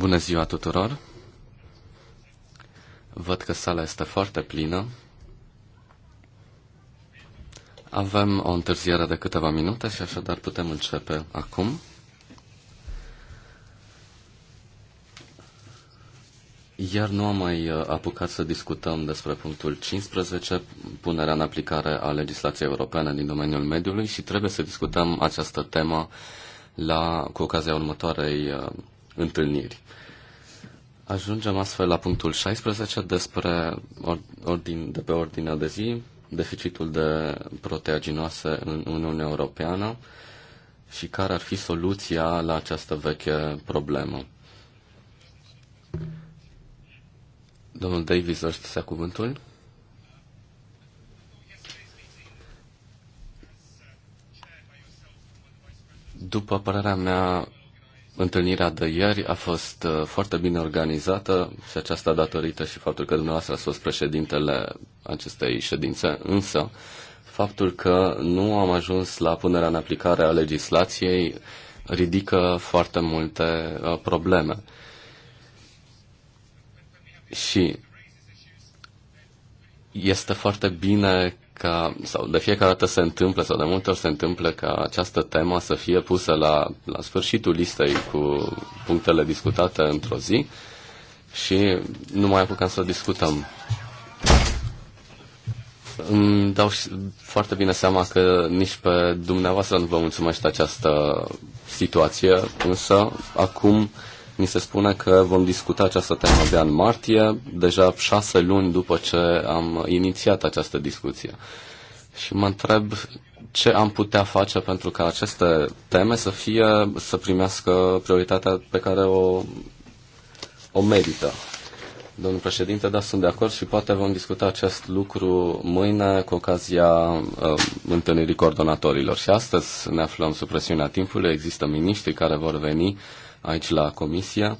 Bună ziua tuturor! Văd că sala este foarte plină. Avem o întârziere de câteva minute și așadar putem începe acum. Iar nu am mai uh, apucat să discutăm despre punctul 15, punerea în aplicare a legislației europene din domeniul mediului și trebuie să discutăm această temă la, cu ocazia următoarei uh, întâlniri. Ajungem astfel la punctul 16 despre ordin, de pe ordinea de zi, deficitul de proteaginoase în Uniunea Europeană și care ar fi soluția la această veche problemă. Domnul Davis, aș să cuvântul. După părerea mea, Întâlnirea de ieri a fost uh, foarte bine organizată și aceasta datorită și faptul că dumneavoastră ați fost președintele acestei ședințe, însă faptul că nu am ajuns la punerea în aplicare a legislației ridică foarte multe uh, probleme. Și este foarte bine ca, sau de fiecare dată se întâmplă, sau de multe ori se întâmplă ca această temă să fie pusă la, la sfârșitul listei cu punctele discutate într-o zi și nu mai apucăm să discutăm. Îmi dau foarte bine seama că nici pe dumneavoastră nu vă mulțumește această situație, însă acum uh, mi se spune că vom discuta această temă abia în martie, deja șase luni după ce am inițiat această discuție. Și mă întreb ce am putea face pentru ca aceste teme să fie, să primească prioritatea pe care o, o merită. Domnul președinte, da, sunt de acord și poate vom discuta acest lucru mâine cu ocazia uh, întâlnirii coordonatorilor. Și astăzi ne aflăm sub presiunea timpului, există miniștri care vor veni uh, aici la comisia.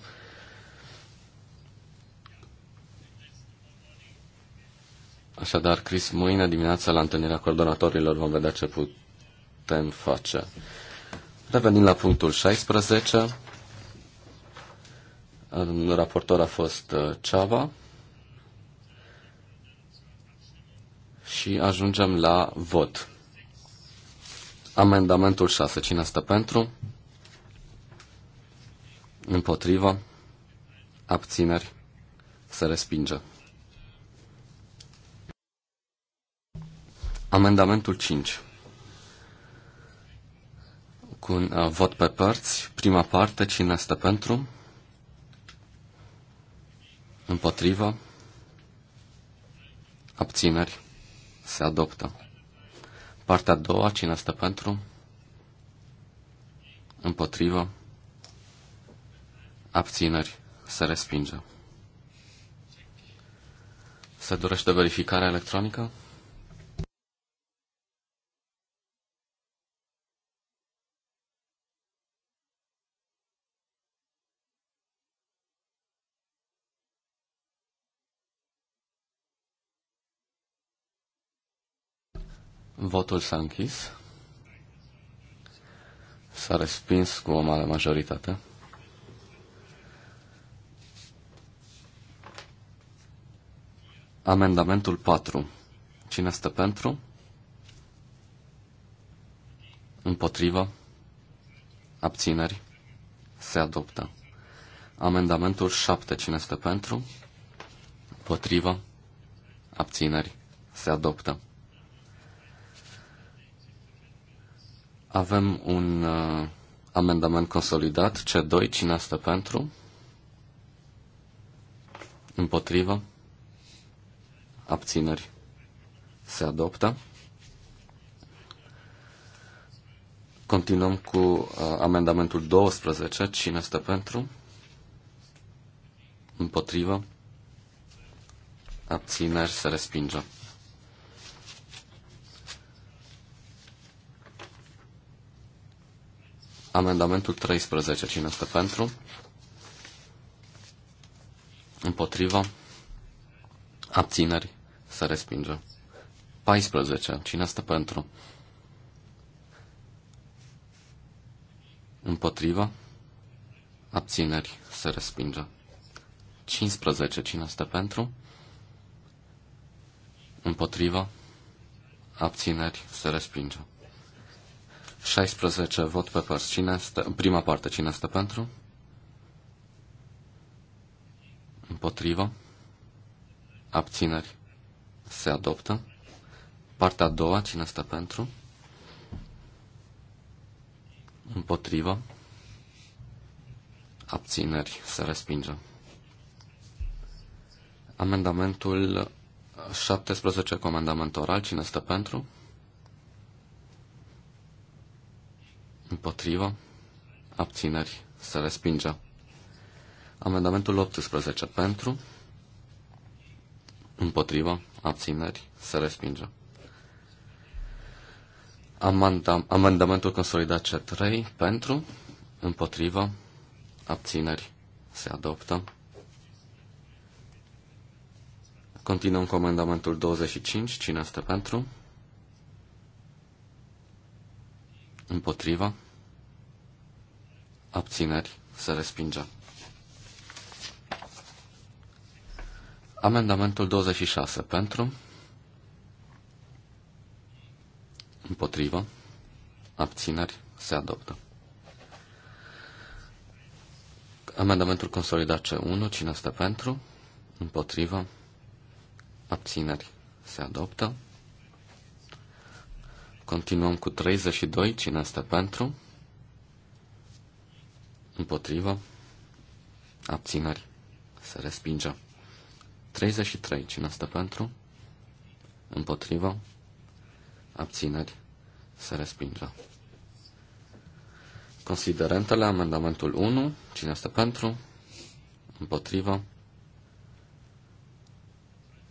Așadar, Chris, mâine dimineața la întâlnirea coordonatorilor vom vedea ce putem face. Revenim la punctul 16, raportor a fost uh, Ceava și ajungem la vot. Amendamentul 6. Cine stă pentru? împotrivă, abțineri, se respinge. Amendamentul 5. Cu un uh, vot pe părți, prima parte, cine este pentru? Împotrivă, abțineri, se adoptă. Partea a doua, cine este pentru? Împotrivă, abțineri, se respinge. Se dorește verificarea electronică? Votul s-a închis. S-a respins cu o mare majoritate. Amendamentul 4. Cine este pentru? Împotrivă? Abțineri? Se adoptă. Amendamentul 7. Cine este pentru? Împotrivă? Abțineri? Se adoptă. Avem un uh, amendament consolidat, C2, cine este pentru? Împotrivă? abțineri, se adoptă. Continuăm cu uh, amendamentul 12. Cine este pentru? Împotrivă? Abțineri se respinge. Amendamentul 13. Cine este pentru? Împotrivă? Abțineri se respinge. 14. Cine stă pentru? Împotriva? Abțineri se respinge. 15. Cine stă pentru? Împotriva? Abțineri se respinge. 16. Vot pe părți. Cine stă... În prima parte, cine stă pentru? Împotriva? Abțineri se adoptă. Partea a doua, cine stă pentru? Împotrivă. Abțineri, se respinge. Amendamentul 17, comandament oral, cine stă pentru? Împotrivă. Abțineri, se respinge. Amendamentul 18, pentru? Împotrivă. Abțineri. Se respinge. Amanda, amendamentul consolidat C3 pentru, împotrivă, abțineri, se adoptă. Continuăm cu amendamentul 25, cine este pentru? Împotrivă, abțineri, se respinge. Amendamentul 26 pentru, împotrivă, abțineri, se adoptă. Amendamentul consolidat C1, cine stă pentru, împotrivă, abțineri, se adoptă. Continuăm cu 32, cine stă pentru, împotrivă, abțineri, se respinge. 33. Cine stă pentru? Împotrivă? Abțineri? Se respinge. Considerentele, amendamentul 1. Cine stă pentru? Împotrivă?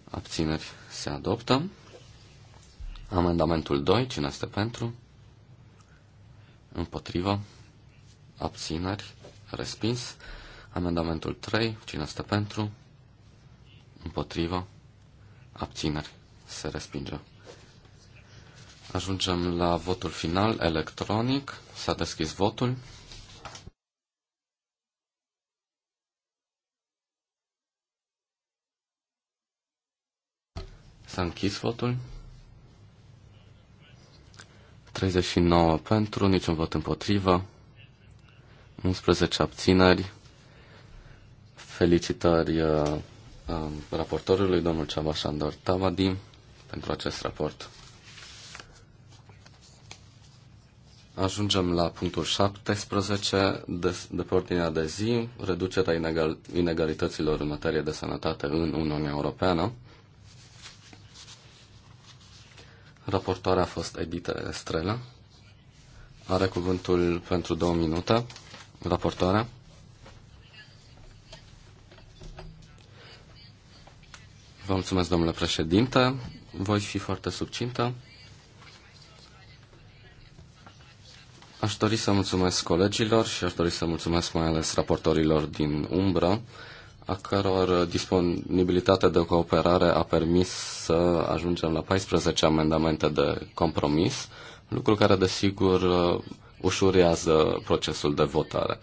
Abțineri? Se adoptă. Amendamentul 2. Cine este pentru? Împotrivă? Abțineri? Respins. Amendamentul 3. Cine este pentru? împotrivă, abțineri, se respinge. Ajungem la votul final electronic. S-a deschis votul. S-a închis votul. 39 pentru, niciun vot împotrivă, 11 abțineri. Felicitări uh, raportorului, domnul Ceaba Andor Tavadi, pentru acest raport. Ajungem la punctul 17 de, de pe ordinea de zi, reducerea inegal, inegalităților în materie de sănătate în Uniunea Europeană. Raportoarea a fost Edita Estrela. Are cuvântul pentru două minute. Raportoarea. Vă mulțumesc, domnule președinte. Voi fi foarte subcintă. Aș dori să mulțumesc colegilor și aș dori să mulțumesc mai ales raportorilor din umbră, a căror disponibilitate de cooperare a permis să ajungem la 14 amendamente de compromis, lucru care, desigur, ușurează procesul de votare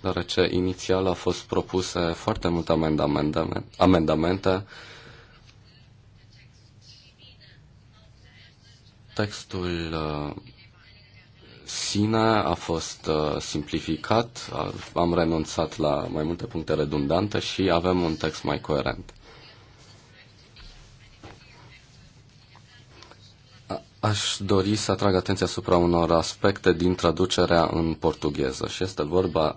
deoarece inițial au fost propuse foarte multe amendamente, amendamente Textul uh, sine a fost uh, simplificat, am renunțat la mai multe puncte redundante și avem un text mai coerent. Aș dori să atrag atenția asupra unor aspecte din traducerea în portugheză și este vorba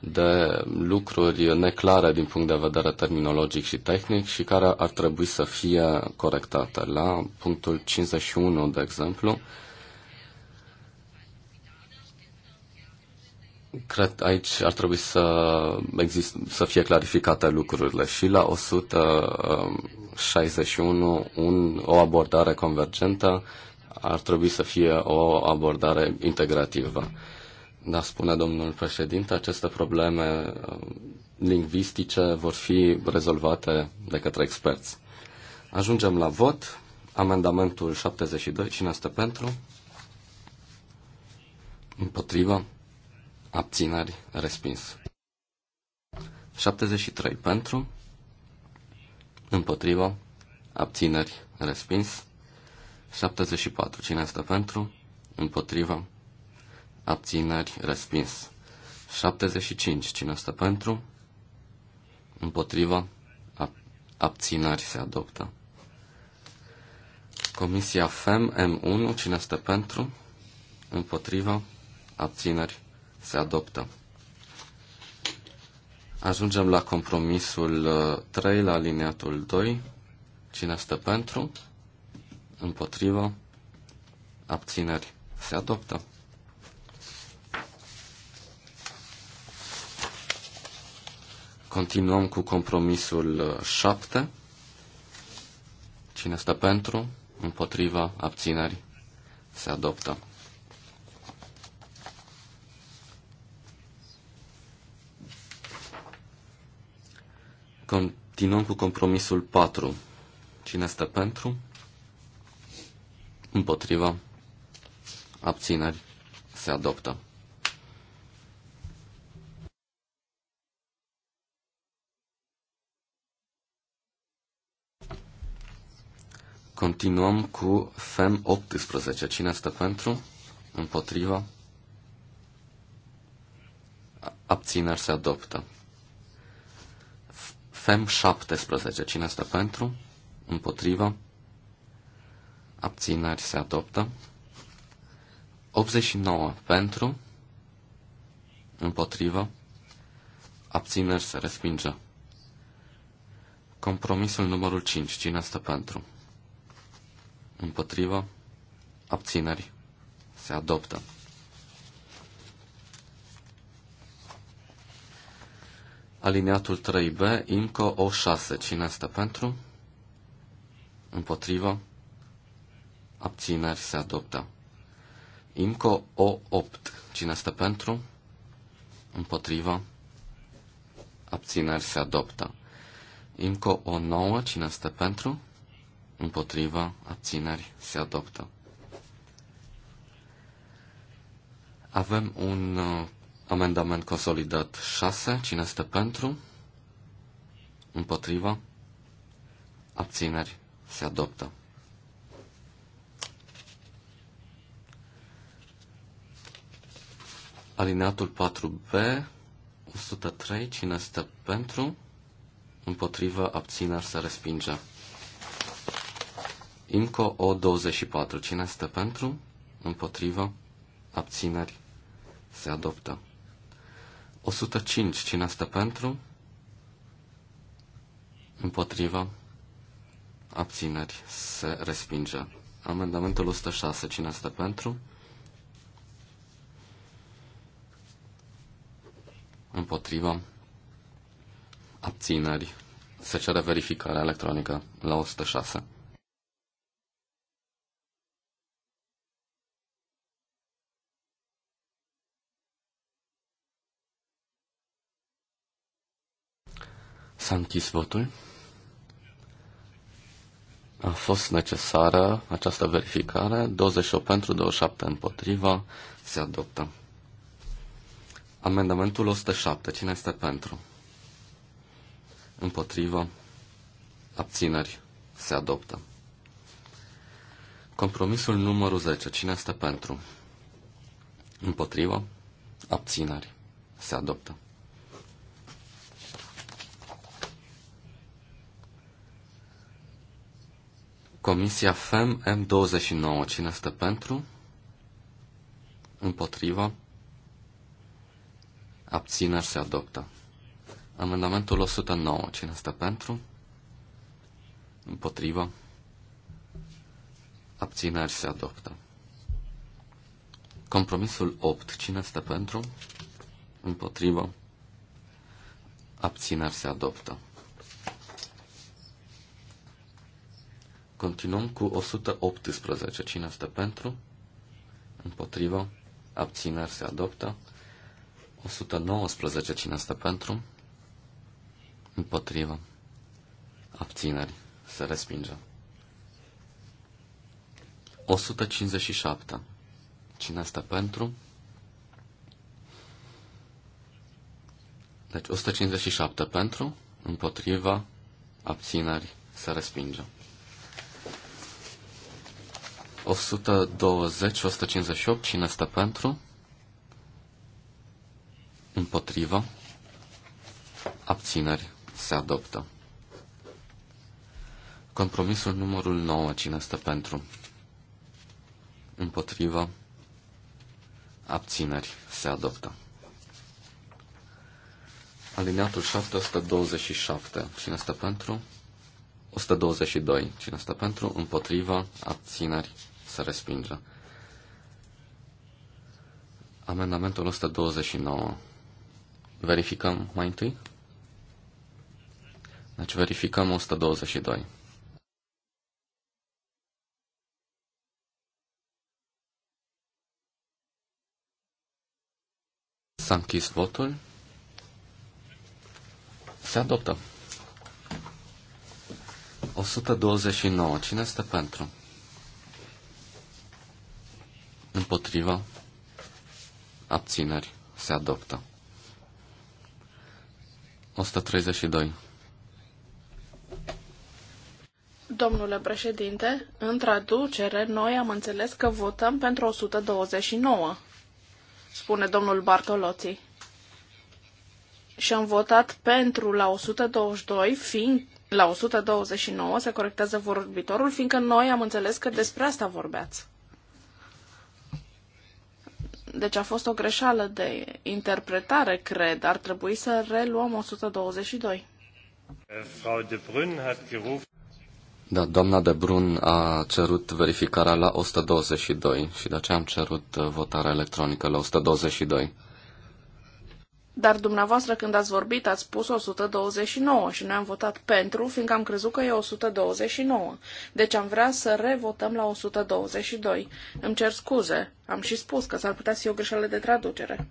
de lucruri neclare din punct de vedere terminologic și tehnic și care ar trebui să fie corectate. La punctul 51, de exemplu, Cred aici ar trebui să, exist, să fie clarificate lucrurile și la 161 un, o abordare convergentă ar trebui să fie o abordare integrativă. Mm-hmm. Da, spune domnul președinte, aceste probleme uh, lingvistice vor fi rezolvate de către experți. Ajungem la vot. Amendamentul 72. Cine este pentru? Împotrivă. Abținări? Respins. 73. Pentru. Împotrivă. Abțineri. Respins. 74. Cine este pentru? Împotrivă abțineri, respins. 75. Cine este pentru? Împotriva, abțineri se adoptă. Comisia FEM M1. Cine este pentru? Împotriva, abțineri se adoptă. Ajungem la compromisul 3, uh, la alineatul 2. Cine stă pentru? împotriva Abțineri? Se adoptă. Continuăm cu compromisul 7. Uh, Cine stă pentru, împotriva, abțineri, se adoptă. Continuăm cu compromisul 4. Cine stă pentru, împotriva, abțineri, se adoptă. Continuăm cu FEM 18. Cine stă pentru? Împotriva? Abțineri se adoptă. FEM 17. Cine stă pentru? Împotriva? Abțineri se adoptă. 89 pentru, Împotriva? abțineri se respinge. Compromisul numărul 5. Cine stă pentru? împotriva, abțineri, se adoptă. Alineatul 3B, INCO O6, cine este pentru? Împotriva, abțineri, se adoptă. INCO O8, cine este pentru? Împotriva, abțineri, se adoptă. INCO O9, cine este pentru? împotriva, abțineri, se adoptă. Avem un uh, amendament consolidat 6. Cine este pentru? Împotriva? Abțineri? Se adoptă. Alineatul 4B, 103, cine este pentru, împotrivă, abțineri, se respinge. IMCO O24. Cine este pentru? Împotrivă? Abțineri? Se adoptă. 105. Cine este pentru? Împotrivă? Abțineri? Se respinge. Amendamentul 106. Cine este pentru? Împotrivă? Abțineri? Se cere verificarea electronică la 106. S-a închis votul. A fost necesară această verificare. 28 pentru, 27 împotriva. Se adoptă. Amendamentul 107. Cine este pentru? Împotrivă. Abțineri. Se adoptă. Compromisul numărul 10. Cine este pentru? Împotrivă. Abțineri. Se adoptă. Comisia FEM M29. Cine este pentru? Împotrivă? Abțineri se adoptă. Amendamentul 109. Cine este pentru? Împotrivă? Abțineri se adoptă. Compromisul 8. Cine este pentru? Împotrivă? Abțineri se adoptă. Continuăm cu 118. Cine este pentru? Împotrivă. Abțineri se adoptă. 119. Cine este pentru? Împotrivă. Abțineri se respinge. 157. Cine este pentru? Deci 157 pentru, împotriva, abțineri, se respinge. 120, 158, cine este pentru? Împotrivă. Abțineri. Se adoptă. Compromisul numărul 9. Cine este pentru? Împotrivă. Abțineri. Se adoptă. Alineatul 7, 127. Cine este pentru? 122. Cine este pentru? Împotrivă. Abțineri se respinge. Amendamentul 129. Verificăm mai întâi? Deci verificăm 122. S-a închis votul. Se adoptă. 129. Cine este pentru? Împotriva. Abțineri. Se adoptă. 132. Domnule președinte, în traducere, noi am înțeles că votăm pentru 129, spune domnul Bartoloții. Și am votat pentru la 122, fiind la 129, se corectează vorbitorul, fiindcă noi am înțeles că despre asta vorbeați. Deci a fost o greșeală de interpretare, cred. Ar trebui să reluăm 122. Frau de Brun hat gerufen. Da, doamna de Brun a cerut verificarea la 122 și de aceea am cerut uh, votarea electronică la 122. Dar dumneavoastră când ați vorbit ați spus 129 și noi am votat pentru, fiindcă am crezut că e 129. Deci am vrea să revotăm la 122. Îmi cer scuze. Am și spus că s-ar putea să fie o greșeală de traducere.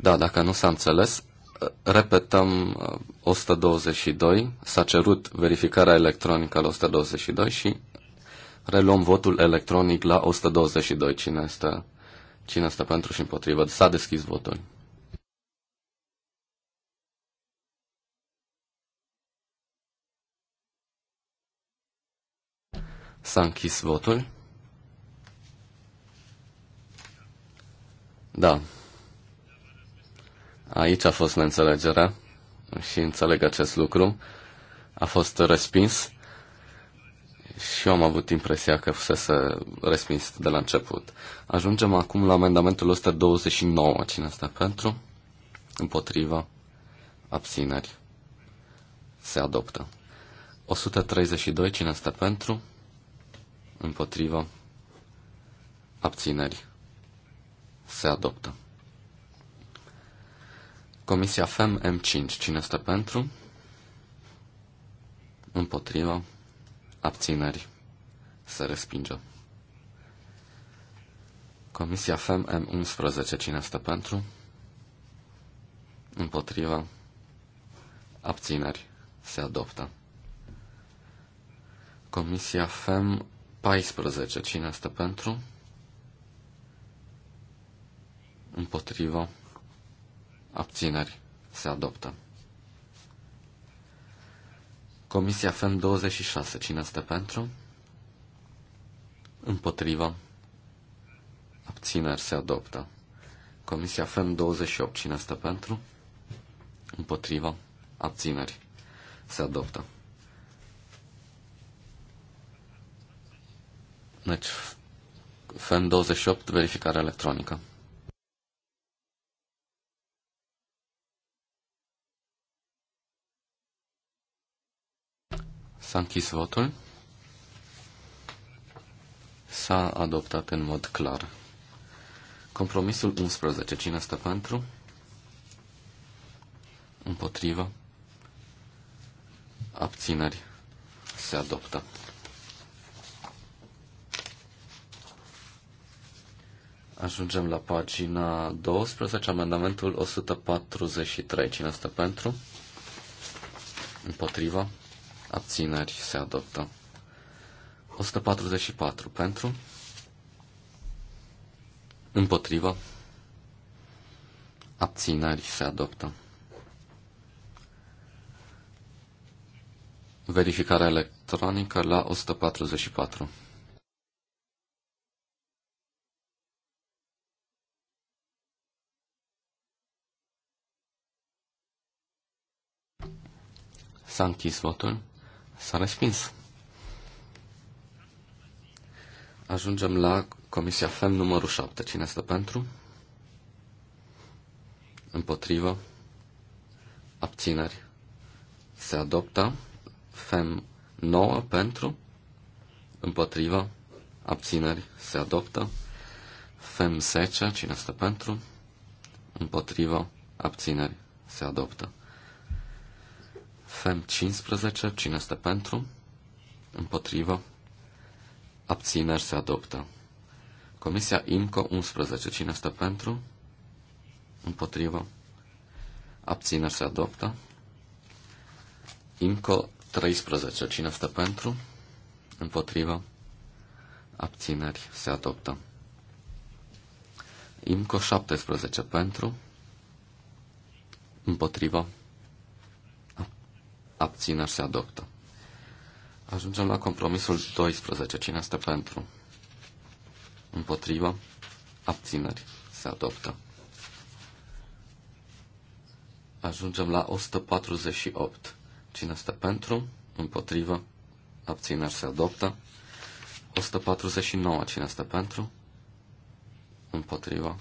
Da, dacă nu s-a înțeles, repetăm 122. Uh, s-a cerut verificarea electronică la 122 și reluăm votul electronic la 122. Cine este, cine este pentru și împotrivă? S-a deschis votul. S-a închis votul. Da. Aici a fost neînțelegerea și înțeleg acest lucru. A fost respins și eu am avut impresia că fusese respins de la început. Ajungem acum la amendamentul 129. Cine asta pentru? Împotriva? Abțineri? Se adoptă. 132. Cine asta pentru? împotrivă, abțineri, se adoptă. Comisia FEM M5, cine este pentru? Împotrivă, abțineri, se respinge. Comisia FEM M11, cine este pentru? Împotrivă, abțineri, se adoptă. Comisia FEM 14. Cine este pentru? Împotrivă. Abțineri. Se adoptă. Comisia FEM 26. Cine este pentru? Împotrivă. Abțineri. Se adoptă. Comisia FEM 28. Cine este pentru? Împotrivă. Abțineri. Se adoptă. Deci, FEM 28, verificare electronică. S-a închis votul. S-a adoptat în mod clar. Compromisul 11. Cine stă pentru? Împotrivă? Abțineri. Se adoptă. Ajungem la pagina 12, amendamentul 143. Cine este pentru? Împotriva? Abțineri se adoptă. 144 pentru? Împotriva? Abțineri se adoptă. Verificare electronică la 144. S-a închis votul. S-a respins. Ajungem la Comisia FEM numărul 7. Cine este pentru? Împotrivă. Abțineri. Se adoptă. FEM 9 pentru. Împotrivă. Abțineri. Se adoptă. FEM 10. Cine este pentru? Împotrivă. Abțineri. Se adoptă. FEM 15, cine este pentru? Împotrivă. Abțineri se adoptă. Comisia INCO 11, cine este pentru? Împotrivă. Abțineri se adoptă. INCO 13, cine este pentru? Împotrivă. Abțineri se adoptă. INCO 17 pentru, împotriva, abțineri se adoptă. Ajungem la compromisul 12. Cine este pentru? Împotrivă? Abțineri se adoptă. Ajungem la 148. Cine este pentru? Împotrivă? Abțineri se adoptă. 149. Cine este pentru? Împotrivă?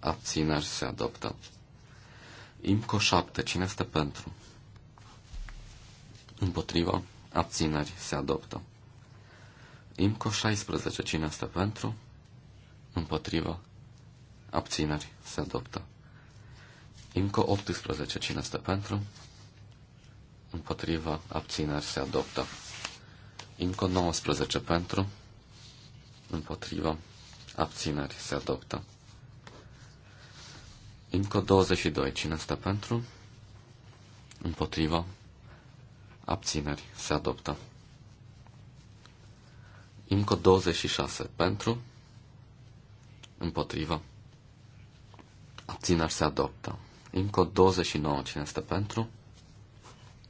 Abțineri se adoptă. IMCO 7. Cine este pentru? Împotriva. Abțineri. Se adoptă. IMCO 16. Cine este pentru? Împotriva. Abțineri. Se adoptă. IMCO 18. Cine este pentru? Împotriva. Abțineri. Se adoptă. IMCO 19. Pentru? Împotriva. Abțineri. Se adoptă. IMCO 22. Cine este pentru? Împotriva abțineri, se adoptă. IMCO 26 pentru, împotrivă, abțineri, se adoptă. IMCO 29, cine este pentru,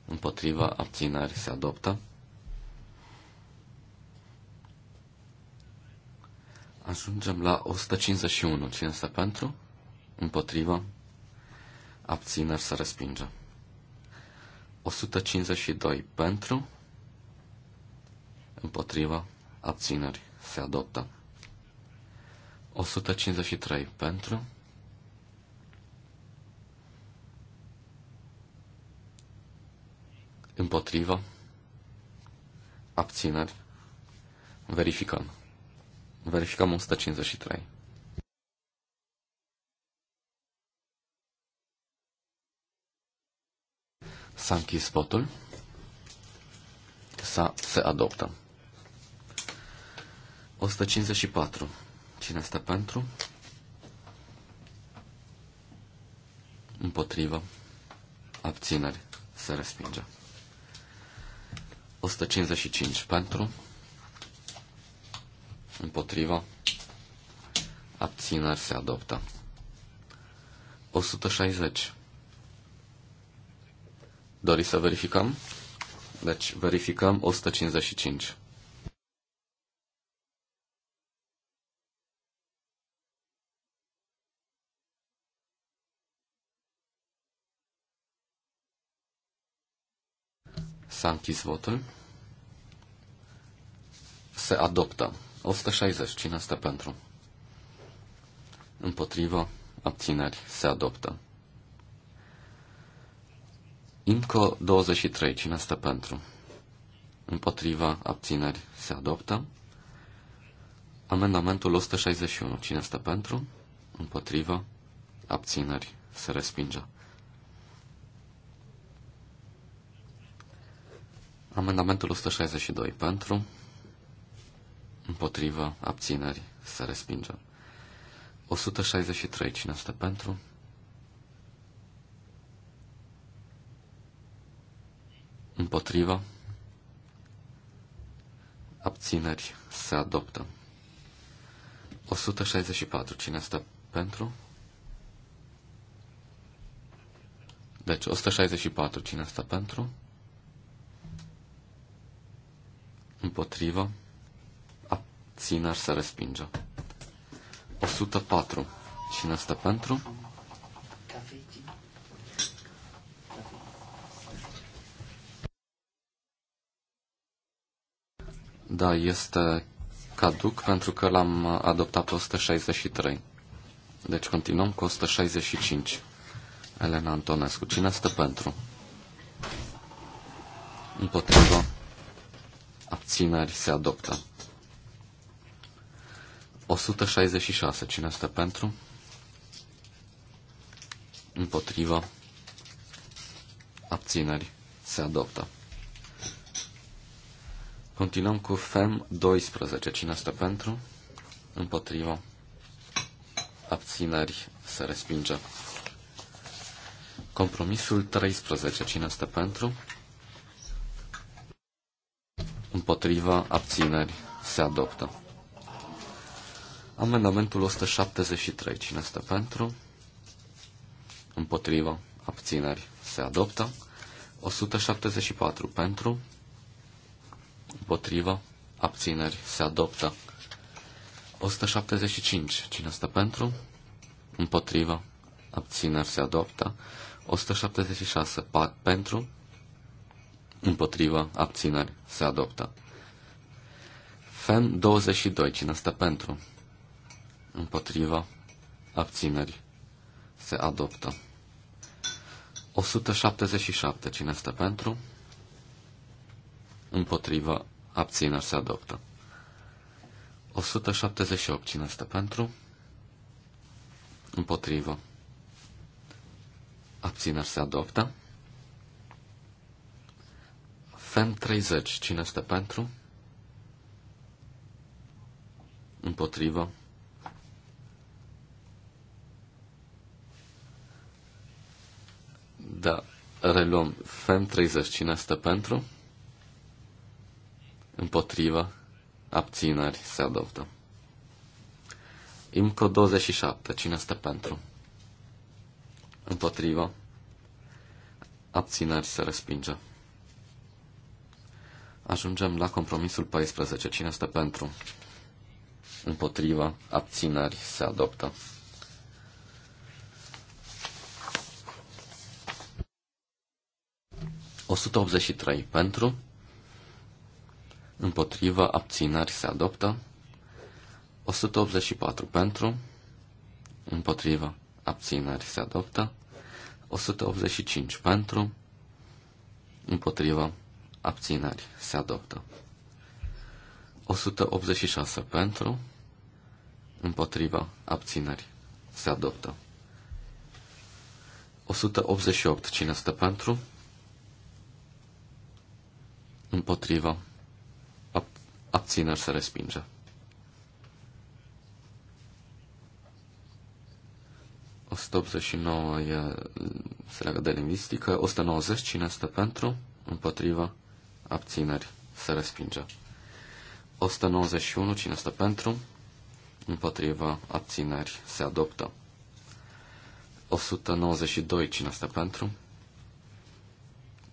împotrivă, abțineri, se adoptă. Ajungem la 151. Cine este pentru? Împotrivă? Abțineri se respinge. 152 pentru, împotriva, abțineri, se adoptă. 153 pentru, împotriva, abțineri, verificăm. Verificăm 153. S-a închis votul. S-a, se adoptă. 154. Cine este pentru? Împotrivă. Abțineri. Se respinge. 155 pentru. Împotrivă. Abțineri se adoptă. 160 Dori să verificăm? Deci verificăm 155. S-a închis votul. Se adoptă. 160. Cine este pentru? Împotrivă. Abțineri. Se adoptă. Inco 23. Cine stă pentru? Împotriva abțineri se adoptă. Amendamentul 161. Cine stă pentru? Împotriva abțineri se respinge. Amendamentul 162 pentru, împotriva abțineri, se respinge. 163, cine este pentru, Împotrivă. Abțineri. Se adoptă. 164. Cine stă pentru? Deci 164. Cine stă pentru? Împotrivă. Abțineri se respinge. 104. Cine stă pentru? Da, este caduc pentru că l-am adoptat pe 163. Deci continuăm cu 165. Elena Antonescu. Cine este pentru? Împotriva. Abțineri se adoptă. 166. Cine este pentru? Împotriva. Abțineri se adoptă. Continuăm cu FEM 12. Cine stă pentru? Împotrivă. Abțineri se respinge. Compromisul 13. Cine stă pentru? Împotriva abțineri se adoptă. Amendamentul 173. Cine stă pentru? Împotriva abțineri se adoptă. 174 pentru Împotrivă. Abțineri. Se adoptă. 175. Cine stă pentru? Împotrivă. Abțineri. Se adoptă. 176. Pat pentru. Împotrivă. Abțineri. Se adoptă. FEM 22. Cine stă pentru? Împotrivă. Abțineri. Se adoptă. 177. Cine stă pentru? împotriva, abținerii se adoptă. 178. Cine este pentru? Împotriva. Abținerii se adoptă. FEM 30. Cine este pentru? Împotrivă. Da, reluăm. FEM 30. Cine este pentru? împotriva, abțineri, se adoptă. IMCO 27. Cine este pentru? Împotriva, abțineri, se respinge. Ajungem la compromisul 14. Cine este pentru? Împotriva, abțineri, se adoptă. ...183 pentru, împotrivă, abținări se adoptă. 184 pentru, împotrivă, abținări se adoptă. 185 pentru, împotrivă, abținări se adoptă. 186 pentru, împotriva, abținări se adoptă. 188, cine stă pentru? Împotriva, abțineri se respinge. O 189 e, se leagă de lingvistică, 190 cine este pentru, împotriva, abțineri se respinge. 191 cine este pentru, împotriva, abțineri se adoptă. 192 cine este pentru,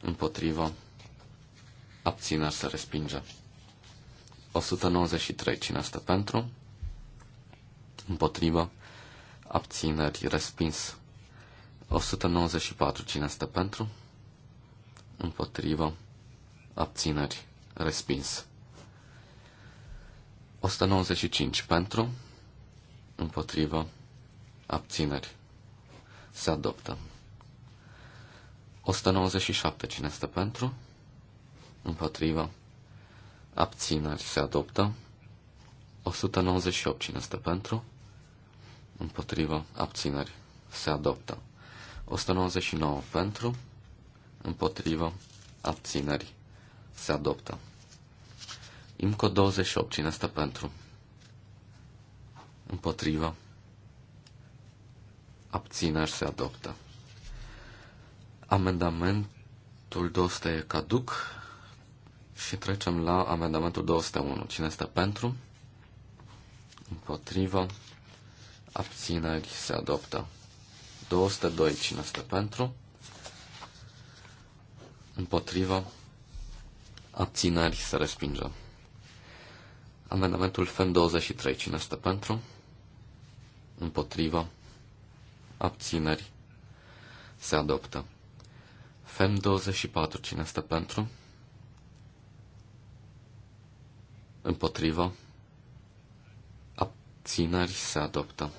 împotriva, abțineri se respinge. 193. Cine este pentru? Împotrivă. Abțineri. Respins. 194. Cine este pentru? Împotrivă. Abțineri. Respins. 195. Pentru. Împotrivă. Abțineri. Se adoptă. 197. Cine este pentru? Împotrivă abțineri se adoptă. 198 cine este pentru, împotrivă, abțineri se adoptă. 199 pentru, împotrivă, abțineri se adoptă. IMCO 28 cine este pentru, împotrivă, abțineri se adoptă. Amendamentul 200 e caduc, și trecem la amendamentul 201. Cine este pentru? Împotrivă. Abțineri se adoptă. 202. Cine este pentru? Împotrivă. Abțineri se respinge. Amendamentul FEM 23. Cine este pentru? Împotrivă. Abțineri se adoptă. FEM 24. Cine este pentru? Împotrivă. Abțineri se adoptă.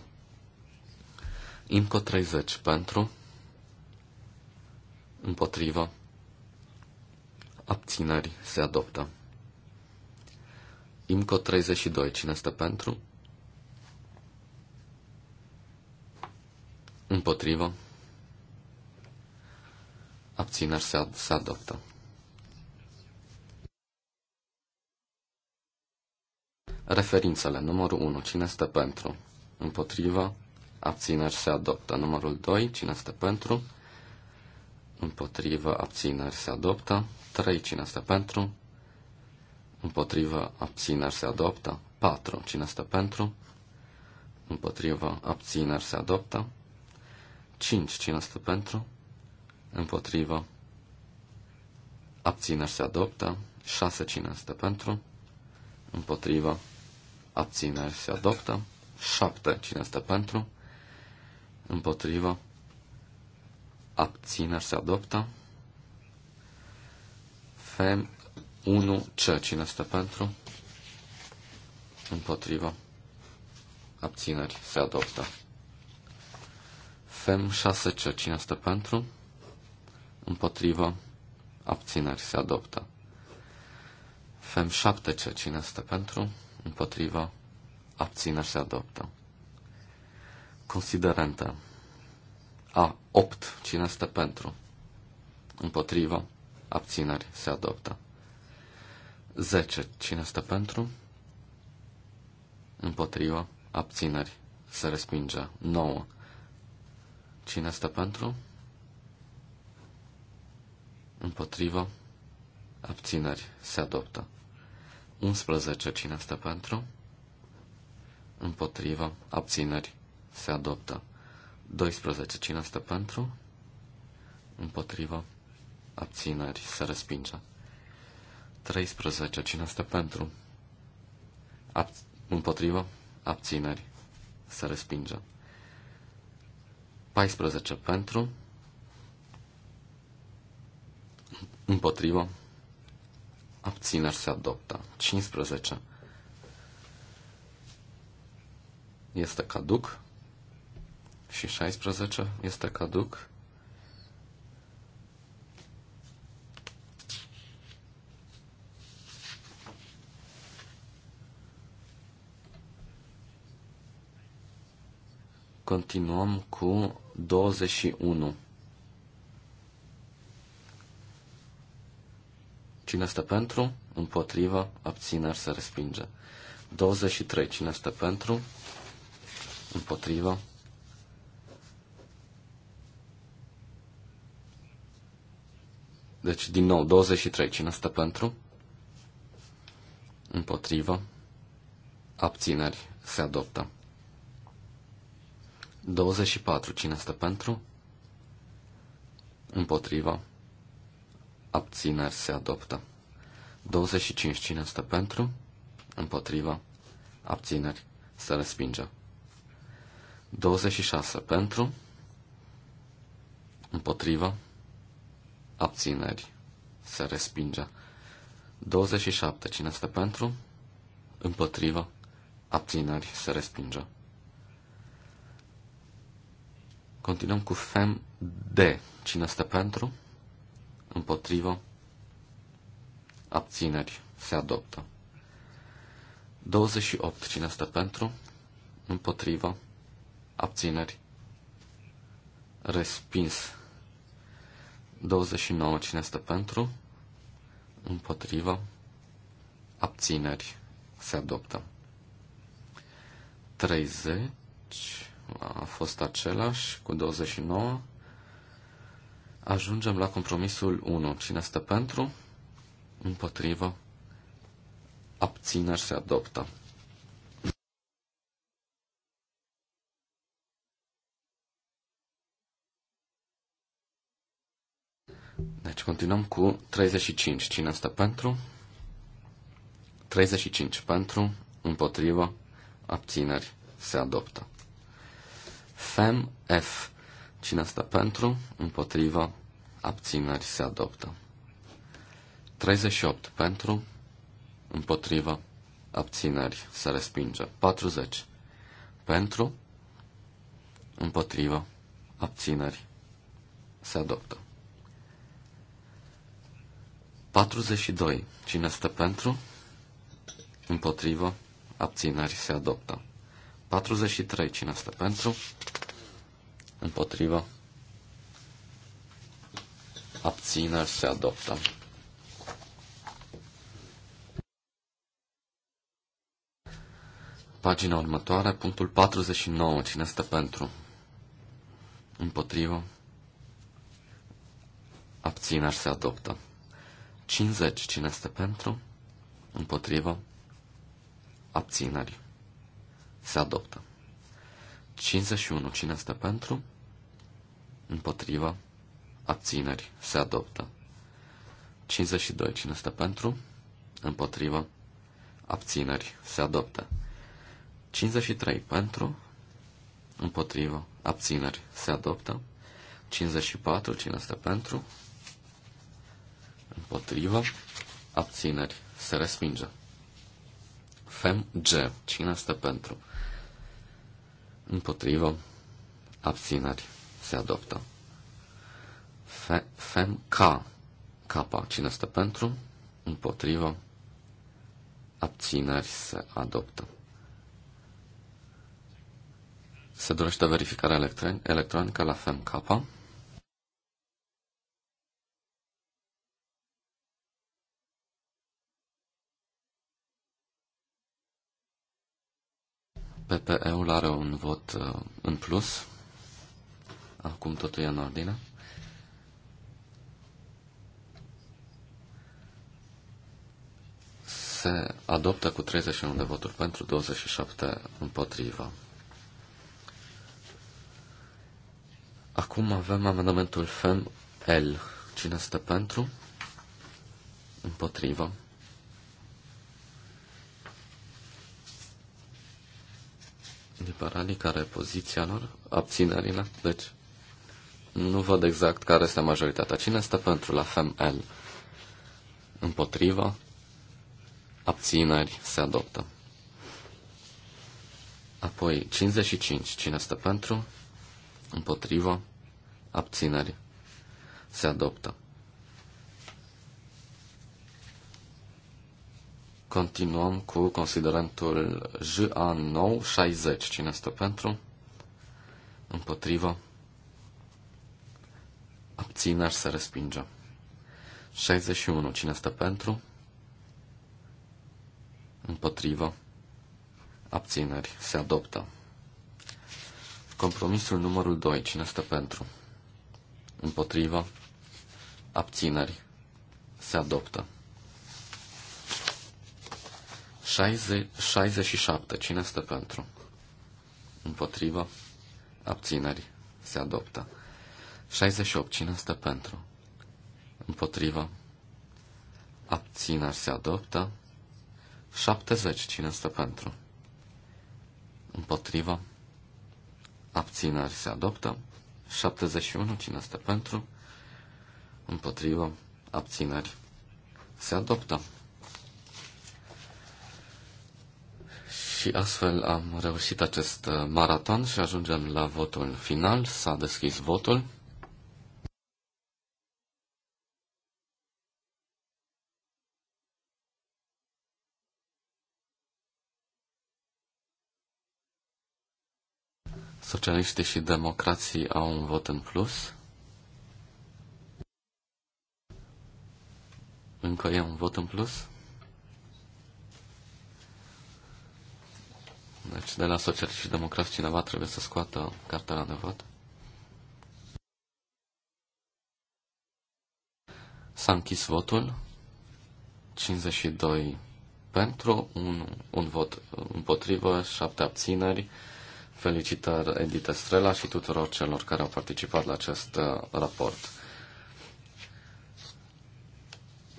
IMCO 30 pentru. Împotrivă. Abțineri se adoptă. IMCO 32. Cine este pentru? Împotrivă. Abțineri se, ad- se adoptă. Referințele. Numărul 1. Cine este pentru? Împotriva. Abțineri se adoptă. Numărul 2. Cine este pentru? Împotrivă. Abțineri se adoptă. 3. Cine este pentru? Împotrivă. Abțineri se adoptă. 4. Cine este pentru? Împotrivă. Abțineri se adoptă. 5. Cine este pentru? Împotrivă. Abțineri se adoptă. 6. Cine este pentru? Împotrivă abțineri se adoptă. 7. Cine stă pentru? Împotrivă. Abțineri se adoptă. Fem 1. C. Cine stă pentru? Împotrivă. Abțineri se adoptă. Fem 6. C. Cine stă pentru? Împotrivă. Abțineri se adoptă. Fem 7. C. Cine stă pentru? împotrivă, abțină și adoptă. Considerente. A8. Cine este pentru? Împotrivă. abțineri se adoptă. 10. Cine este pentru? Împotrivă. abțineri se respinge. 9. Cine este pentru? Împotrivă. abțineri se adoptă. 11. Cine stă pentru? Împotrivă. Abțineri. Se adoptă. 12. Cine stă pentru? Împotrivă. Abțineri. Se respinge. 13. Cine stă pentru? Ab- împotrivă. Abțineri. Se respinge. 14. Pentru. Împotrivă abțineri se adoptă. 15. Este caduc. Și 16 este caduc. Continuăm cu 21. Cine este pentru? Împotrivă. Abțineri se respinge. 23. Cine este pentru? Împotrivă. Deci, din nou, 23. Cine stă pentru? Împotrivă. Abțineri. Se adoptă. 24. Cine stă pentru? Împotrivă abțineri se adoptă. 25. Cine este pentru? Împotriva. Abțineri se respinge. 26. Pentru? Împotriva. Abțineri se respinge. 27. Cine este pentru? Împotriva. Abțineri se respinge. Continuăm cu FEM D. Cine este pentru? împotrivă, abțineri, se adoptă. 28. Cine este pentru, împotrivă, abțineri, respins. 29. Cine este pentru, împotrivă, abțineri, se adoptă. 30 a fost același cu 29, Ajungem la compromisul 1. Cine stă pentru? Împotrivă. Abțineri se adoptă. Deci continuăm cu 35. Cine stă pentru? 35 pentru, împotrivă, abțineri se adoptă. FEM F Cine stă pentru, împotriva, abțineri se adoptă. 38 pentru, împotriva, abțineri se respinge. 40 pentru, împotriva, abțineri se adoptă. 42. Cine stă pentru? Împotrivă. Abțineri se adoptă. 43. Cine stă pentru? Împotrivă. Abțineri se adoptă. Pagina următoare, punctul 49. Cine este pentru? Împotrivă. Abțineri se adoptă. 50. Cine este pentru? Împotrivă. Abțineri se adoptă. 51. Cine este pentru? Împotriva. Abțineri. Se adoptă. 52. Cine este pentru? Împotriva. Abțineri. Se adoptă. 53. Pentru. Împotriva. Abțineri. Se adoptă. 54. Cine este pentru? Împotriva. Abțineri. Se respinge. Fem G. Cine este pentru? împotrivă, abțineri, se adoptă. Fe, fem, K, K, cine stă pentru, împotrivă, abțineri, se adoptă. Se dorește verificarea electronică la FEMK. PPE-ul are un vot uh, în plus. Acum totul e în ordine. Se adoptă cu 31 de voturi pentru 27 împotriva. Acum avem amendamentul FEM L. Cine este pentru? Împotriva. Liberalii care e poziția lor? Abținerile? Deci, nu văd exact care este majoritatea. Cine este pentru la FML? Împotriva? Abțineri se adoptă. Apoi 55. Cine este pentru? Împotriva? Abțineri se adoptă. Continuăm cu considerentul JA960. Cine stă pentru? Împotrivă? Abțineri se respinge. 61. Cine stă pentru? Împotrivă? Abțineri se adoptă. Compromisul numărul 2. Cine stă pentru? Împotrivă? Abțineri se adoptă. 67. Cine stă pentru? Împotrivă. Abțineri. Se adoptă. 68. Cine stă pentru? Împotrivă. Abțineri. Se adoptă. 70. Cine stă pentru? Împotrivă. Abțineri. Se adoptă. 71. Cine stă pentru? Împotrivă. Abțineri. Se adoptă. Și astfel am reușit acest uh, maraton și ajungem la votul final. S-a deschis votul. Socialiștii și democrații au un vot în plus. Încă e un vot în plus? Deci de la Socialiști și Democrați cineva trebuie să scoată cartea de vot. S-a închis votul. 52 pentru, un, un vot împotrivă, 7 abțineri. Felicitări Edita Strela și tuturor celor care au participat la acest uh, raport.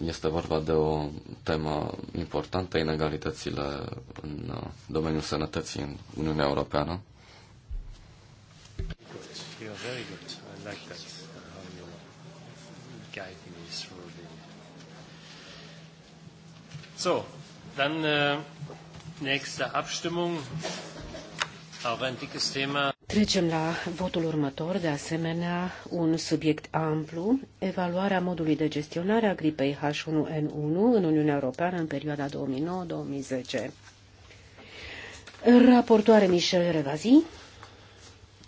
Este vorba de o temă importantă, inegalitățile în uh, domeniul sănătății în Uniunea Europeană. So, dann äh, nächste Abstimmung Trecem la votul următor, de asemenea, un subiect amplu, evaluarea modului de gestionare a gripei H1N1 în Uniunea Europeană în perioada 2009-2010. Raportoare Michel Revazi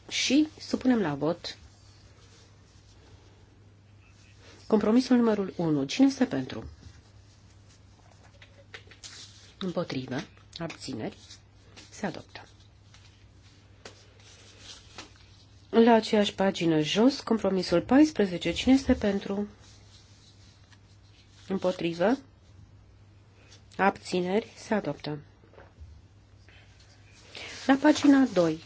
și supunem la vot compromisul numărul 1. Cine este pentru? Împotrivă. Abțineri. Se adoptă. La aceeași pagină jos, compromisul 14. Cine este pentru? Împotrivă? Abțineri? Se adoptă. La pagina 2.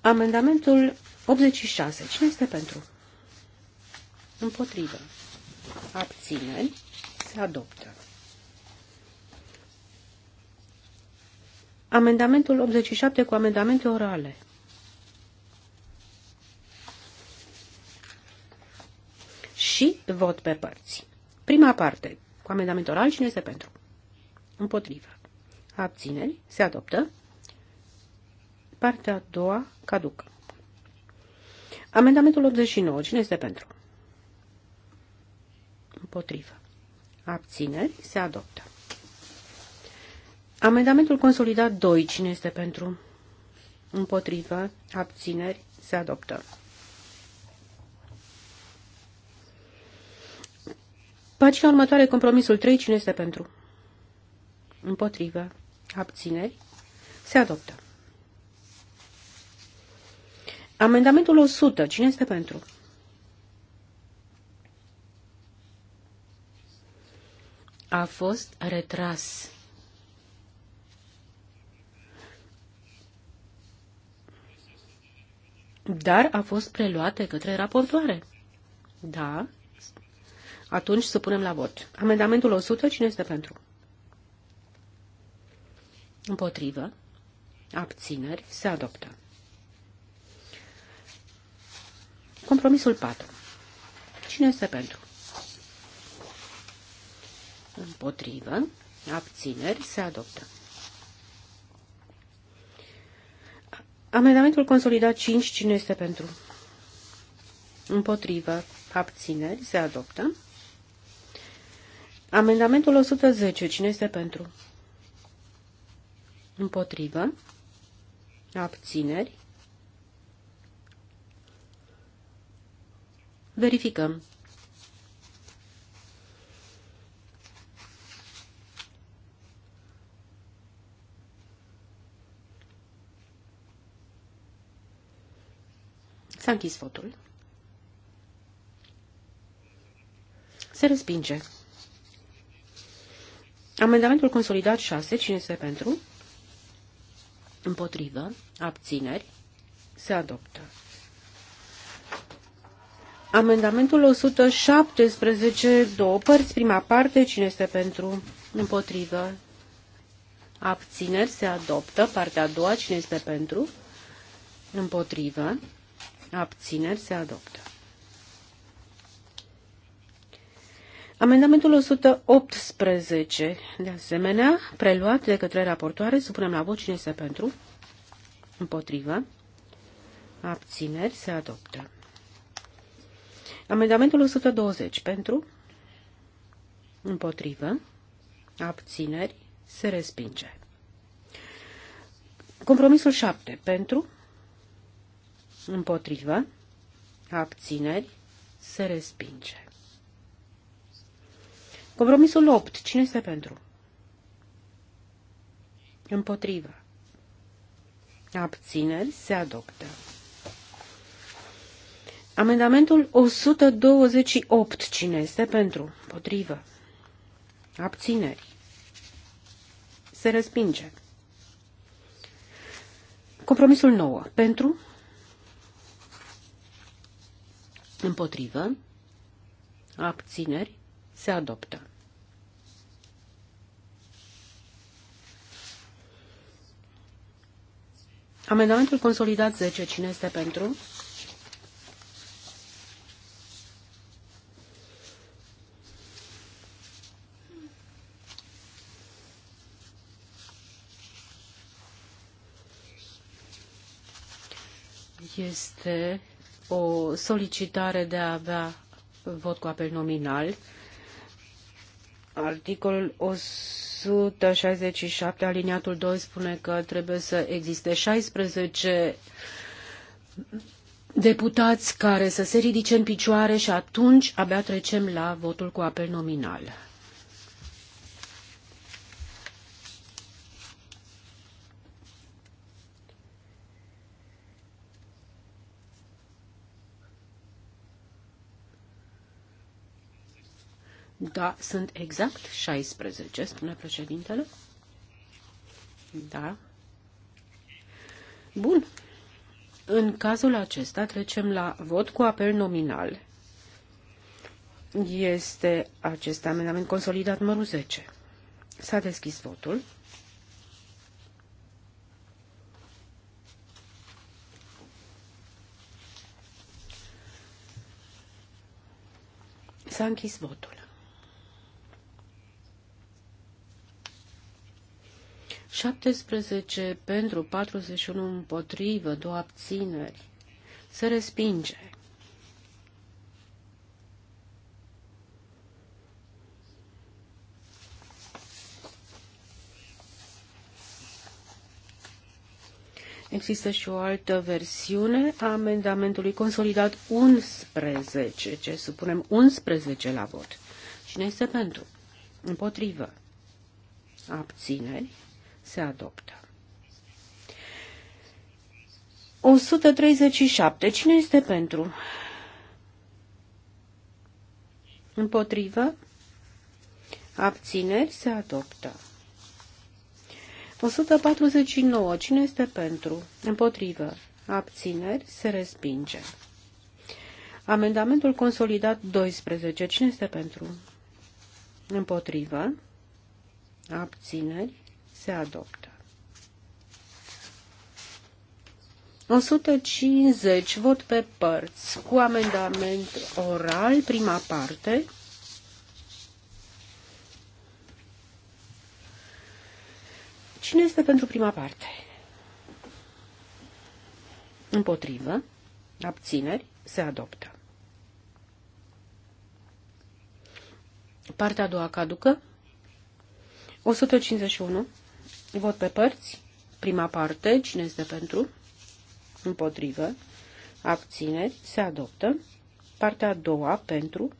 Amendamentul 86. Cine este pentru? Împotrivă. Abțineri? Se adoptă. Amendamentul 87 cu amendamente orale. și vot pe părți. Prima parte. Cu amendament oral, cine este pentru? Împotrivă. Abțineri. Se adoptă. Partea a doua caducă. Amendamentul 89. Cine este pentru? Împotrivă. Abțineri. Se adoptă. Amendamentul consolidat 2. Cine este pentru? Împotrivă. Abțineri. Se adoptă. Pagina următoare, compromisul 3, cine este pentru? Împotrivă. Abțineri. Se adoptă. Amendamentul 100, cine este pentru? A fost retras. Dar a fost preluat de către raportoare. Da, atunci să punem la vot. Amendamentul 100, cine este pentru? Împotrivă. Abțineri. Se adoptă. Compromisul 4. Cine este pentru? Împotrivă. Abțineri. Se adoptă. Amendamentul consolidat 5. Cine este pentru? Împotrivă. Abțineri. Se adoptă. Amendamentul 110. Cine este pentru? Împotrivă. Abțineri. Verificăm. S-a închis votul. Se respinge. Amendamentul consolidat 6, cine este pentru? Împotrivă, abțineri, se adoptă. Amendamentul 117, două părți, prima parte, cine este pentru? Împotrivă, abțineri, se adoptă. Partea a doua, cine este pentru? Împotrivă, abțineri, se adoptă. Amendamentul 118, de asemenea, preluat de către raportoare, supunem la vot cine este pentru, împotrivă, abțineri, se adoptă. Amendamentul 120, pentru, împotrivă, abțineri, se respinge. Compromisul 7, pentru, împotrivă, abțineri, se respinge. Compromisul 8. Cine este pentru? Împotrivă. Abțineri se adoptă. Amendamentul 128. Cine este pentru? Potrivă. Abțineri. Se respinge. Compromisul 9. Pentru? Împotrivă. Abțineri. Se adoptă. Amendamentul consolidat 10. Cine este pentru? Este o solicitare de a avea vot cu apel nominal. Articolul 167, aliniatul 2, spune că trebuie să existe 16 deputați care să se ridice în picioare și atunci abia trecem la votul cu apel nominal. Da, sunt exact 16, spune președintele. Da. Bun. În cazul acesta trecem la vot cu apel nominal. Este acest amendament consolidat numărul 10. S-a deschis votul. S-a închis votul. 17 pentru, 41 împotrivă, două abțineri. Se respinge. Există și o altă versiune a amendamentului consolidat 11, ce supunem 11 la vot. Cine este pentru? Împotrivă. Abțineri se adoptă. 137. Cine este pentru? Împotrivă? Abțineri se adoptă. 149. Cine este pentru? Împotrivă. Abțineri se respinge. Amendamentul consolidat 12. Cine este pentru? Împotrivă. Abțineri se adoptă. 150 vot pe părți cu amendament oral, prima parte. Cine este pentru prima parte? Împotrivă, abțineri, se adoptă. Partea a doua caducă. 151 Vot pe părți. Prima parte, cine este pentru? Împotrivă. Abțineri. Se adoptă. Partea a doua, pentru.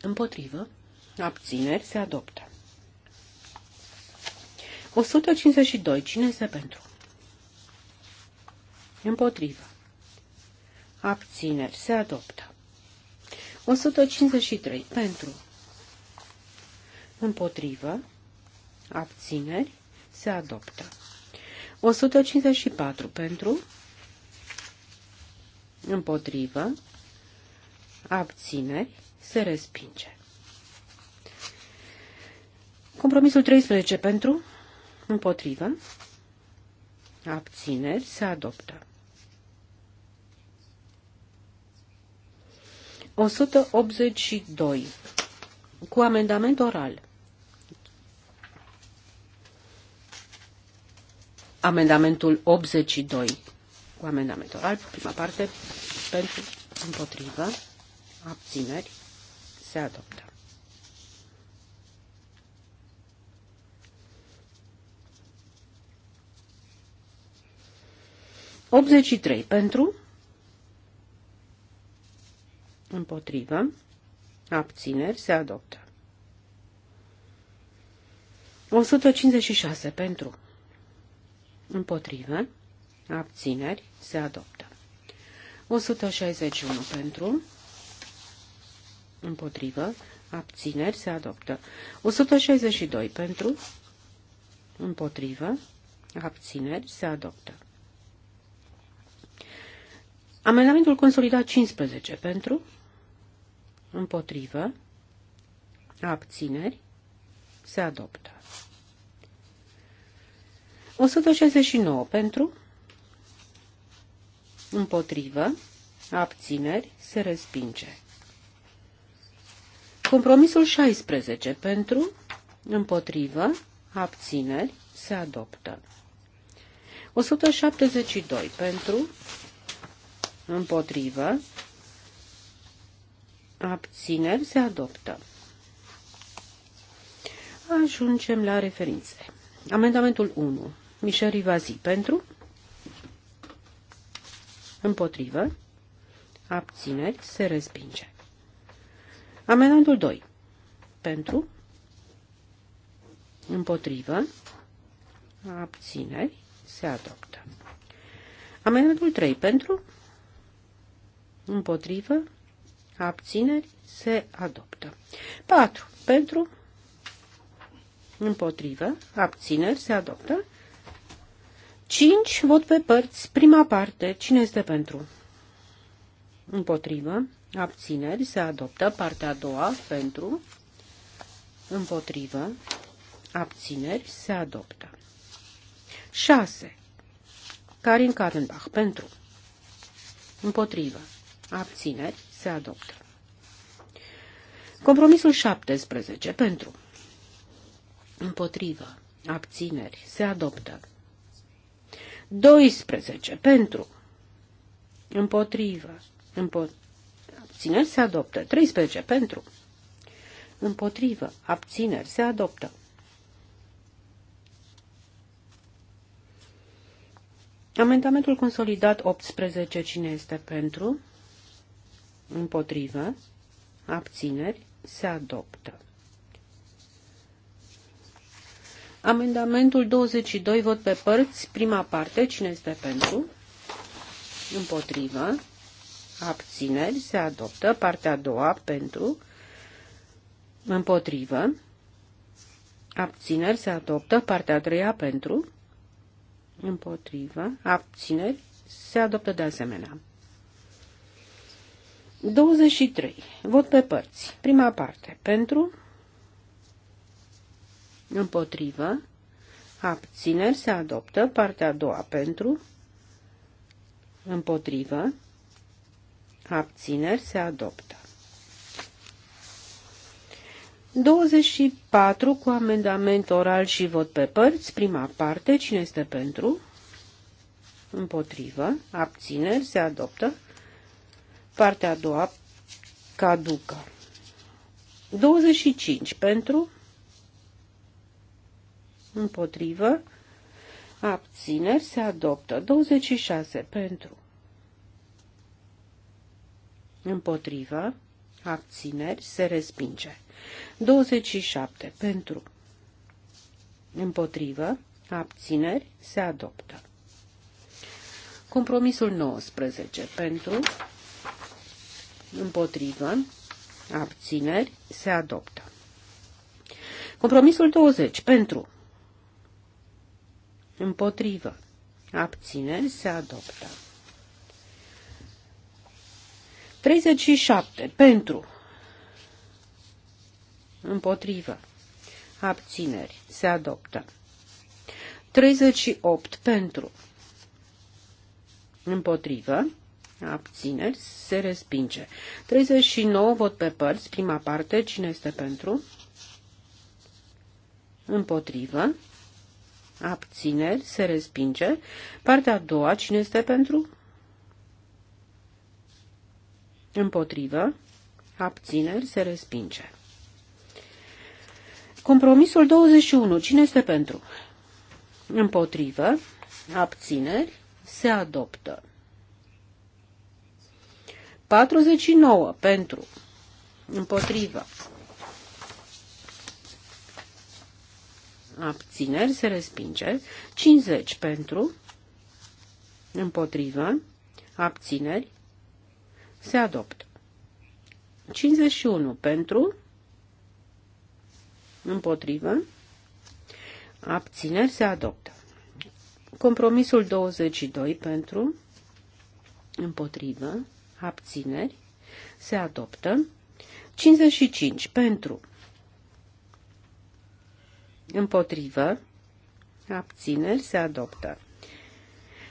Împotrivă. Abțineri. Se adoptă. 152. Cine este pentru? Împotrivă. Abțineri. Se adoptă. 153. Pentru. Împotrivă abțineri, se adoptă. 154 pentru, împotrivă, abțineri, se respinge. Compromisul 13 pentru, împotrivă, abțineri, se adoptă. 182. Cu amendament oral. amendamentul 82 cu amendament oral, prima parte, pentru, împotrivă, abțineri, se adoptă. Optzeci trei pentru, împotrivă, abțineri, se adoptă. 156 pentru, împotrivă, abțineri, se adoptă. 161 pentru, împotrivă, abțineri, se adoptă. 162 pentru, împotrivă, abțineri, se adoptă. Amendamentul consolidat 15 pentru, împotrivă, abțineri, se adoptă. 169 pentru, împotrivă, abțineri, se respinge. Compromisul 16 pentru, împotrivă, abțineri, se adoptă. 172 pentru, împotrivă, abțineri, se adoptă. Ajungem la referințe. Amendamentul 1 Michel Rivazi pentru, împotrivă, abțineri, se respinge. Amendamentul 2. Pentru, împotrivă, abțineri, se adoptă. Amendamentul 3. Pentru, împotrivă, abțineri, se adoptă. 4. Pentru, împotrivă, abțineri, se adoptă. 5. Vot pe părți. Prima parte. Cine este pentru? Împotrivă. Abțineri. Se adoptă. Partea a doua. Pentru. Împotrivă. Abțineri. Se adoptă. 6. Karin Kadenbach. Pentru. Împotrivă. Abțineri. Se adoptă. Compromisul 17. Pentru. Împotrivă. Abțineri. Se adoptă. 12 pentru, împotrivă, împotrivă, abțineri se adoptă. 13 pentru, împotrivă, abțineri se adoptă. Amendamentul consolidat 18, cine este pentru? Împotrivă, abțineri se adoptă. Amendamentul 22, vot pe părți, prima parte, cine este pentru? Împotrivă. Abțineri, se adoptă. Partea a doua, pentru. Împotrivă. Abțineri, se adoptă. Partea a treia, pentru. Împotrivă. Abțineri, se adoptă de asemenea. 23. Vot pe părți. Prima parte, pentru împotrivă, abțineri se adoptă, partea a doua pentru, împotrivă, abțineri se adoptă. 24 cu amendament oral și vot pe părți, prima parte, cine este pentru? Împotrivă, abțineri se adoptă, partea a doua caducă. 25 pentru, împotrivă, abțineri se adoptă. 26 pentru, împotrivă, abțineri se respinge. 27 pentru, împotrivă, abțineri se adoptă. Compromisul 19 pentru, împotrivă, abțineri se adoptă. Compromisul 20 pentru, Împotrivă. Abțineri se adoptă. 37. Pentru. Împotrivă. Abțineri. Se adoptă. 38. Pentru. Împotrivă. Abțineri. Se respinge. 39. Vot pe părți. Prima parte. Cine este pentru? Împotrivă abțineri, se respinge. Partea a doua, cine este pentru? Împotrivă, abțineri, se respinge. Compromisul 21, cine este pentru? Împotrivă, abțineri, se adoptă. 49 pentru, împotrivă, abțineri se respinge, 50 pentru, împotrivă, abțineri se adoptă. 51 pentru, împotrivă, abțineri se adoptă. Compromisul 22 pentru, împotrivă, abțineri se adoptă. 55 pentru, împotrivă, abțineri, se adoptă.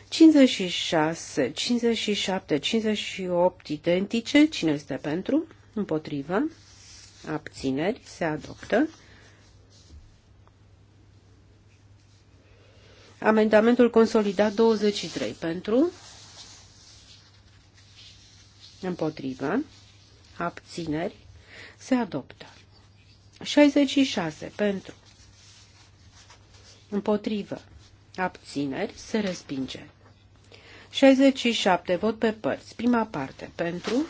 56, 57, 58 identice, cine este pentru, împotrivă, abțineri, se adoptă. Amendamentul consolidat 23 pentru, împotrivă, abțineri, se adoptă. 66 pentru, Împotrivă. Abțineri. Se respinge. 67. Vot pe părți. Prima parte. Pentru.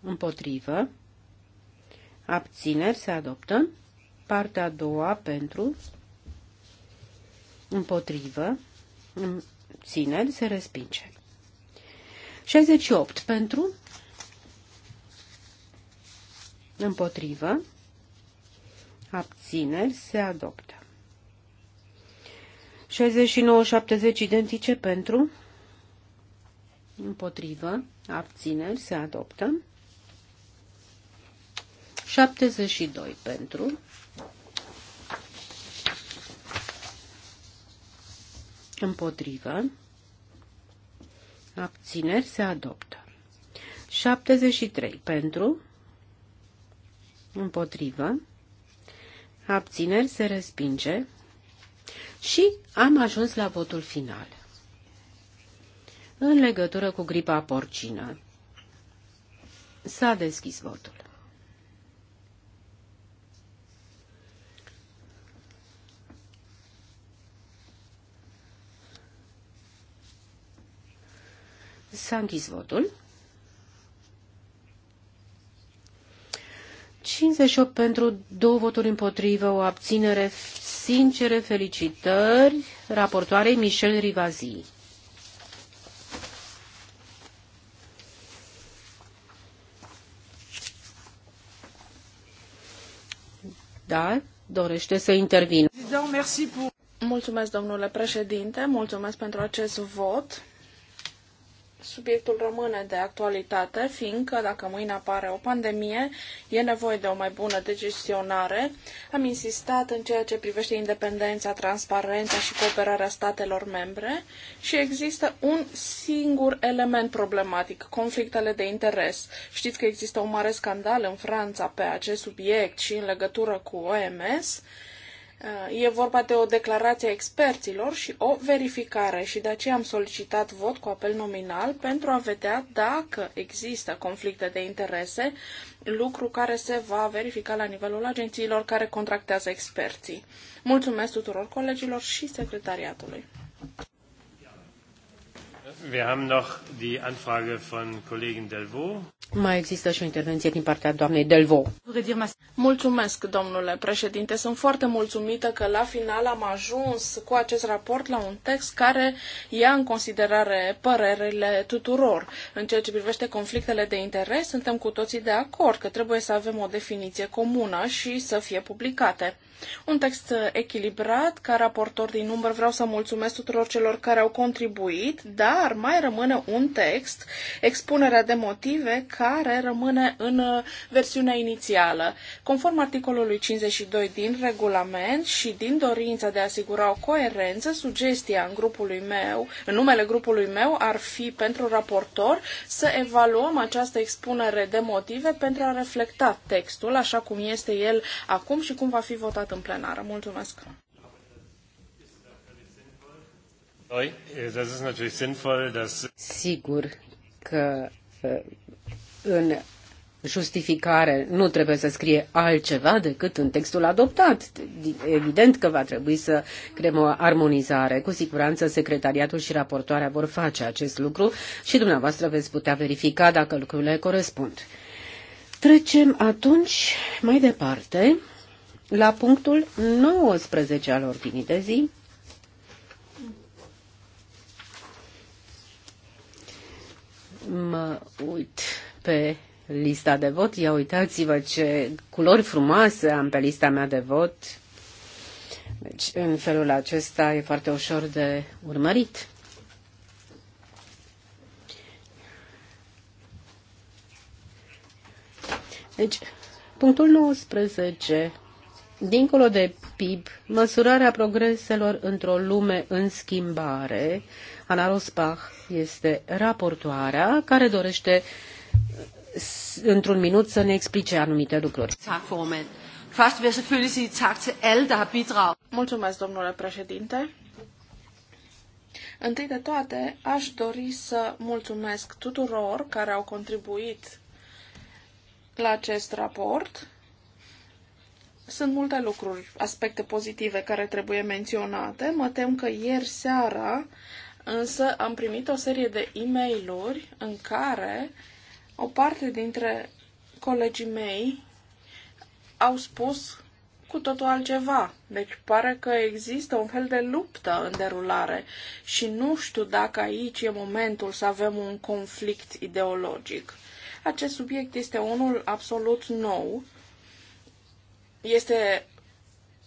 Împotrivă. Abțineri. Se adoptă. Partea a doua. Pentru. Împotrivă. Abțineri. Se respinge. 68. Pentru. Împotrivă abțineri, se adoptă. 69-70 identice pentru, împotrivă, abțineri, se adoptă. 72 pentru, împotrivă, abțineri, se adoptă. 73 pentru, împotrivă, abțineri se respinge și am ajuns la votul final. În legătură cu gripa porcină, s-a deschis votul. S-a închis votul. 58 pentru, două voturi împotrivă, o abținere. Sincere felicitări raportoarei Michel Rivazi. Da, dorește să intervină. Mulțumesc, domnule președinte, mulțumesc pentru acest vot subiectul rămâne de actualitate, fiindcă dacă mâine apare o pandemie, e nevoie de o mai bună degestionare. Am insistat în ceea ce privește independența, transparența și cooperarea statelor membre și există un singur element problematic, conflictele de interes. Știți că există un mare scandal în Franța pe acest subiect și în legătură cu OMS E vorba de o declarație a experților și o verificare și de aceea am solicitat vot cu apel nominal pentru a vedea dacă există conflicte de interese, lucru care se va verifica la nivelul agențiilor care contractează experții. Mulțumesc tuturor colegilor și secretariatului. Wir haben noch die Anfrage von Delvaux. Mai există și o intervenție din partea doamnei Delvaux. Mulțumesc, domnule președinte. Sunt foarte mulțumită că la final am ajuns cu acest raport la un text care ia în considerare părerile tuturor. În ceea ce privește conflictele de interes, suntem cu toții de acord că trebuie să avem o definiție comună și să fie publicate. Un text echilibrat, ca raportor din număr vreau să mulțumesc tuturor celor care au contribuit, dar mai rămâne un text, expunerea de motive, care rămâne în uh, versiunea inițială. Conform articolului 52 din regulament și din dorința de a asigura o coerență, sugestia în grupului meu, în numele grupului meu ar fi pentru raportor să evaluăm această expunere de motive pentru a reflecta textul așa cum este el acum și cum va fi votat votat în plenară. Mulțumesc! Sigur că uh, în justificare nu trebuie să scrie altceva decât în textul adoptat. Evident că va trebui să creăm o armonizare. Cu siguranță secretariatul și raportoarea vor face acest lucru și dumneavoastră veți putea verifica dacă lucrurile corespund. Trecem atunci mai departe la punctul 19 al ordinii de zi. Mă uit pe lista de vot. Ia uitați-vă ce culori frumoase am pe lista mea de vot. Deci, în felul acesta e foarte ușor de urmărit. Deci, punctul 19 dincolo de PIB, măsurarea progreselor într-o lume în schimbare. Ana Rosbach este raportoarea care dorește într-un minut să ne explice anumite lucruri. Mulțumesc, domnule președinte. Întâi de toate, aș dori să mulțumesc tuturor care au contribuit la acest raport sunt multe lucruri, aspecte pozitive care trebuie menționate. Mă tem că ieri seara însă am primit o serie de e mail în care o parte dintre colegii mei au spus cu totul altceva. Deci pare că există un fel de luptă în derulare și nu știu dacă aici e momentul să avem un conflict ideologic. Acest subiect este unul absolut nou este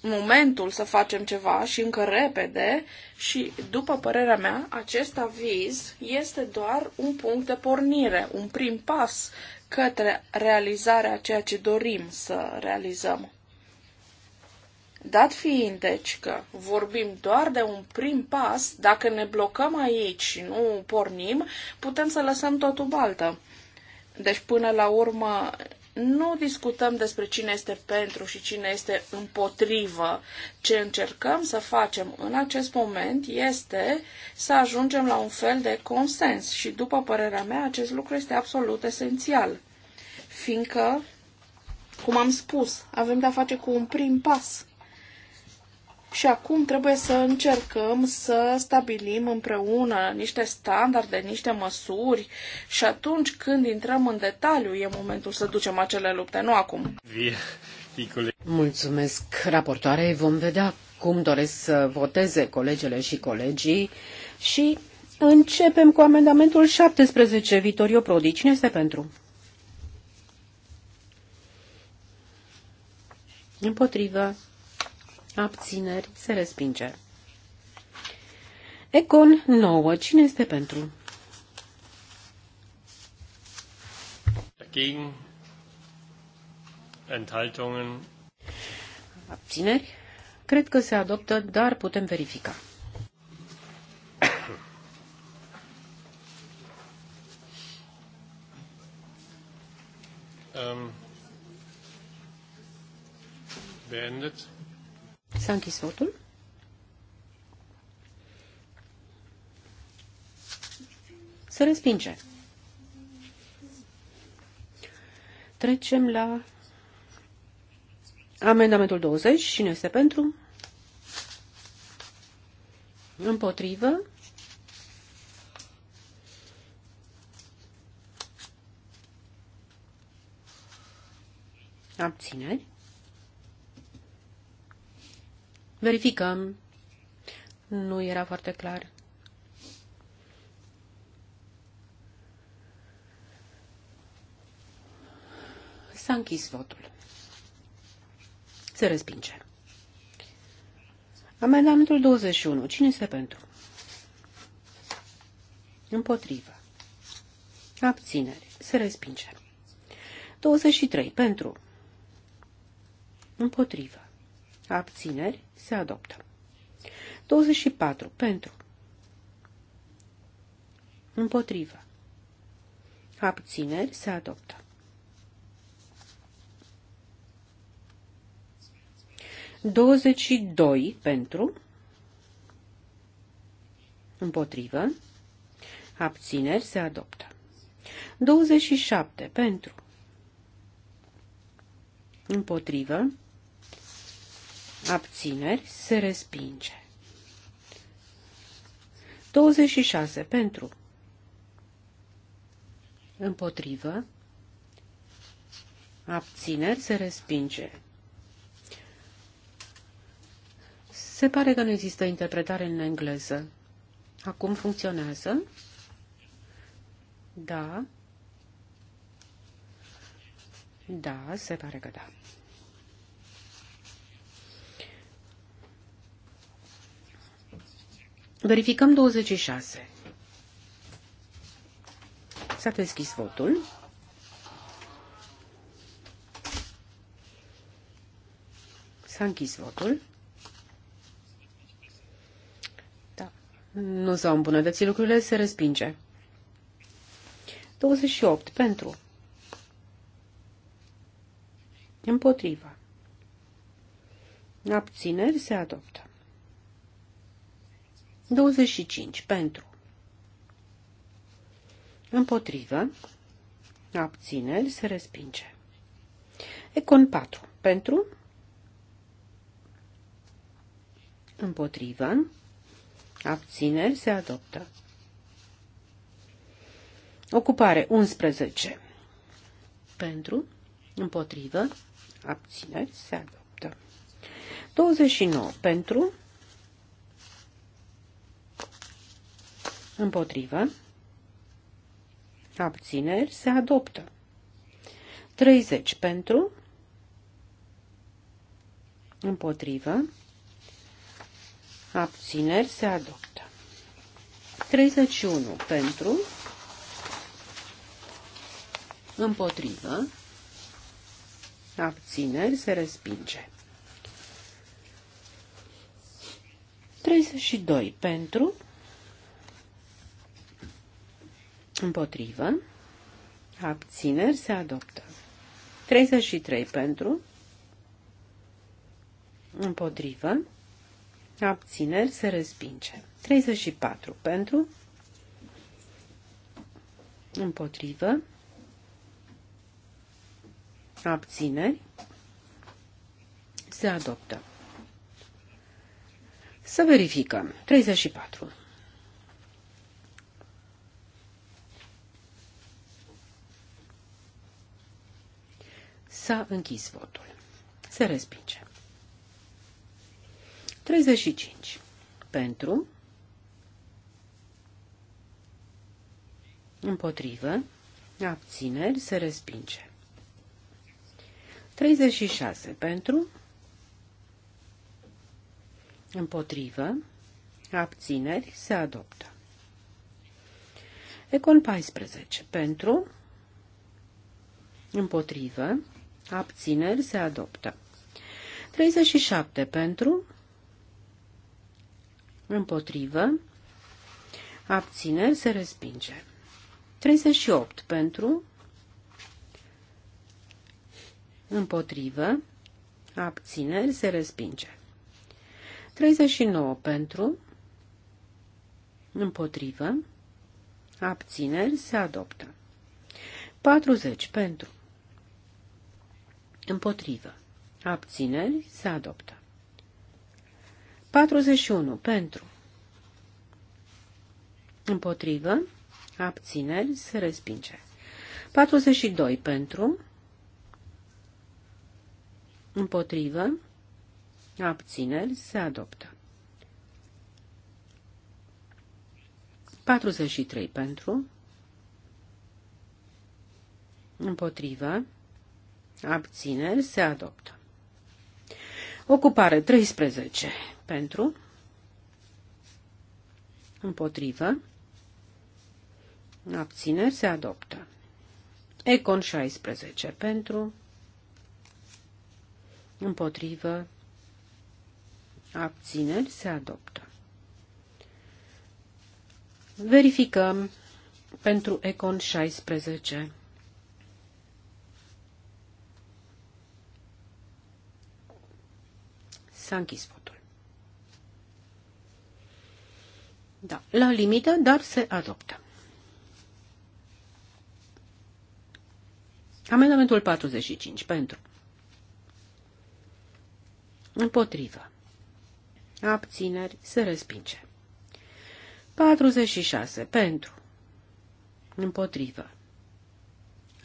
momentul să facem ceva și încă repede și, după părerea mea, acest aviz este doar un punct de pornire, un prim pas către realizarea ceea ce dorim să realizăm. Dat fiind, deci, că vorbim doar de un prim pas, dacă ne blocăm aici și nu pornim, putem să lăsăm totul baltă. Deci, până la urmă, nu discutăm despre cine este pentru și cine este împotrivă. Ce încercăm să facem în acest moment este să ajungem la un fel de consens și, după părerea mea, acest lucru este absolut esențial. Fiindcă, cum am spus, avem de-a face cu un prim pas și acum trebuie să încercăm să stabilim împreună niște standarde, niște măsuri și atunci când intrăm în detaliu e momentul să ducem acele lupte, nu acum. Mulțumesc, raportoare. Vom vedea cum doresc să voteze colegele și colegii și începem cu amendamentul 17. Vitorio Prodi, cine este pentru? Împotrivă abțineri, se respinge. Econ 9. Cine este pentru? Dagegen. Enthaltungen. Abțineri? Cred că se adoptă, dar putem verifica. um, beendet. S-a închis votul. Se respinge. Trecem la amendamentul 20. Cine este pentru? Împotrivă. Abțineri. Verificăm. Nu era foarte clar. S-a închis votul. Se respinge. Amendamentul 21. Cine este pentru? Împotrivă. Abținere. Se respinge. 23. Pentru. Împotrivă. Abțineri. Se adoptă. 24. Pentru. Împotrivă. Abțineri. Se adoptă. 22 pentru, împotrivă, abțineri se adoptă. 27 pentru, împotrivă, abțineri, se respinge. 26 pentru, împotrivă, abțineri, se respinge. Se pare că nu există interpretare în engleză. Acum funcționează? Da. Da, se pare că da. Verificăm 26. S-a deschis votul. S-a închis votul. Da. Nu s-au îmbunătățit lucrurile, se respinge. 28. Pentru. Împotriva. Abțineri se adoptă. 25 pentru. Împotrivă. Abțineri se respinge. Econ 4 pentru. Împotrivă. Abțineri se adoptă. Ocupare 11 pentru. Împotrivă. Abțineri se adoptă. 29 pentru Împotrivă. Abțineri se adoptă. 30 pentru. Împotrivă. Abțineri se adoptă. 31 pentru. Împotrivă. Abțineri se respinge. 32 pentru. Împotrivă. Abțineri se adoptă. 33 pentru. Împotrivă. Abțineri se respinge. 34 pentru. Împotrivă. Abțineri se adoptă. Să verificăm. 34. S-a închis votul. Se respinge. 35. Pentru. Împotrivă. Abțineri. Se respinge. 36. Pentru. Împotrivă. Abțineri. Se adoptă. Econ 14. Pentru. Împotrivă abțineri se adoptă. 37 pentru, împotrivă, abțineri se respinge. 38 pentru, împotrivă, abțineri se respinge. 39 pentru, împotrivă, abțineri se adoptă. 40 pentru, Împotrivă. Abțineri se adoptă. 41. Pentru. Împotrivă. Abțineri se respinge. 42. Pentru. Împotrivă. Abțineri se adoptă. 43 pentru, împotrivă, abțineri, se adoptă. Ocupare 13 pentru, împotrivă, abțineri, se adoptă. Econ 16 pentru, împotrivă, abțineri, se adoptă. Verificăm pentru Econ 16. S-a închis votul. Da, la limită, dar se adoptă. Amendamentul 45. Pentru. Împotrivă. Abțineri. Se respinge. 46. Pentru. Împotrivă.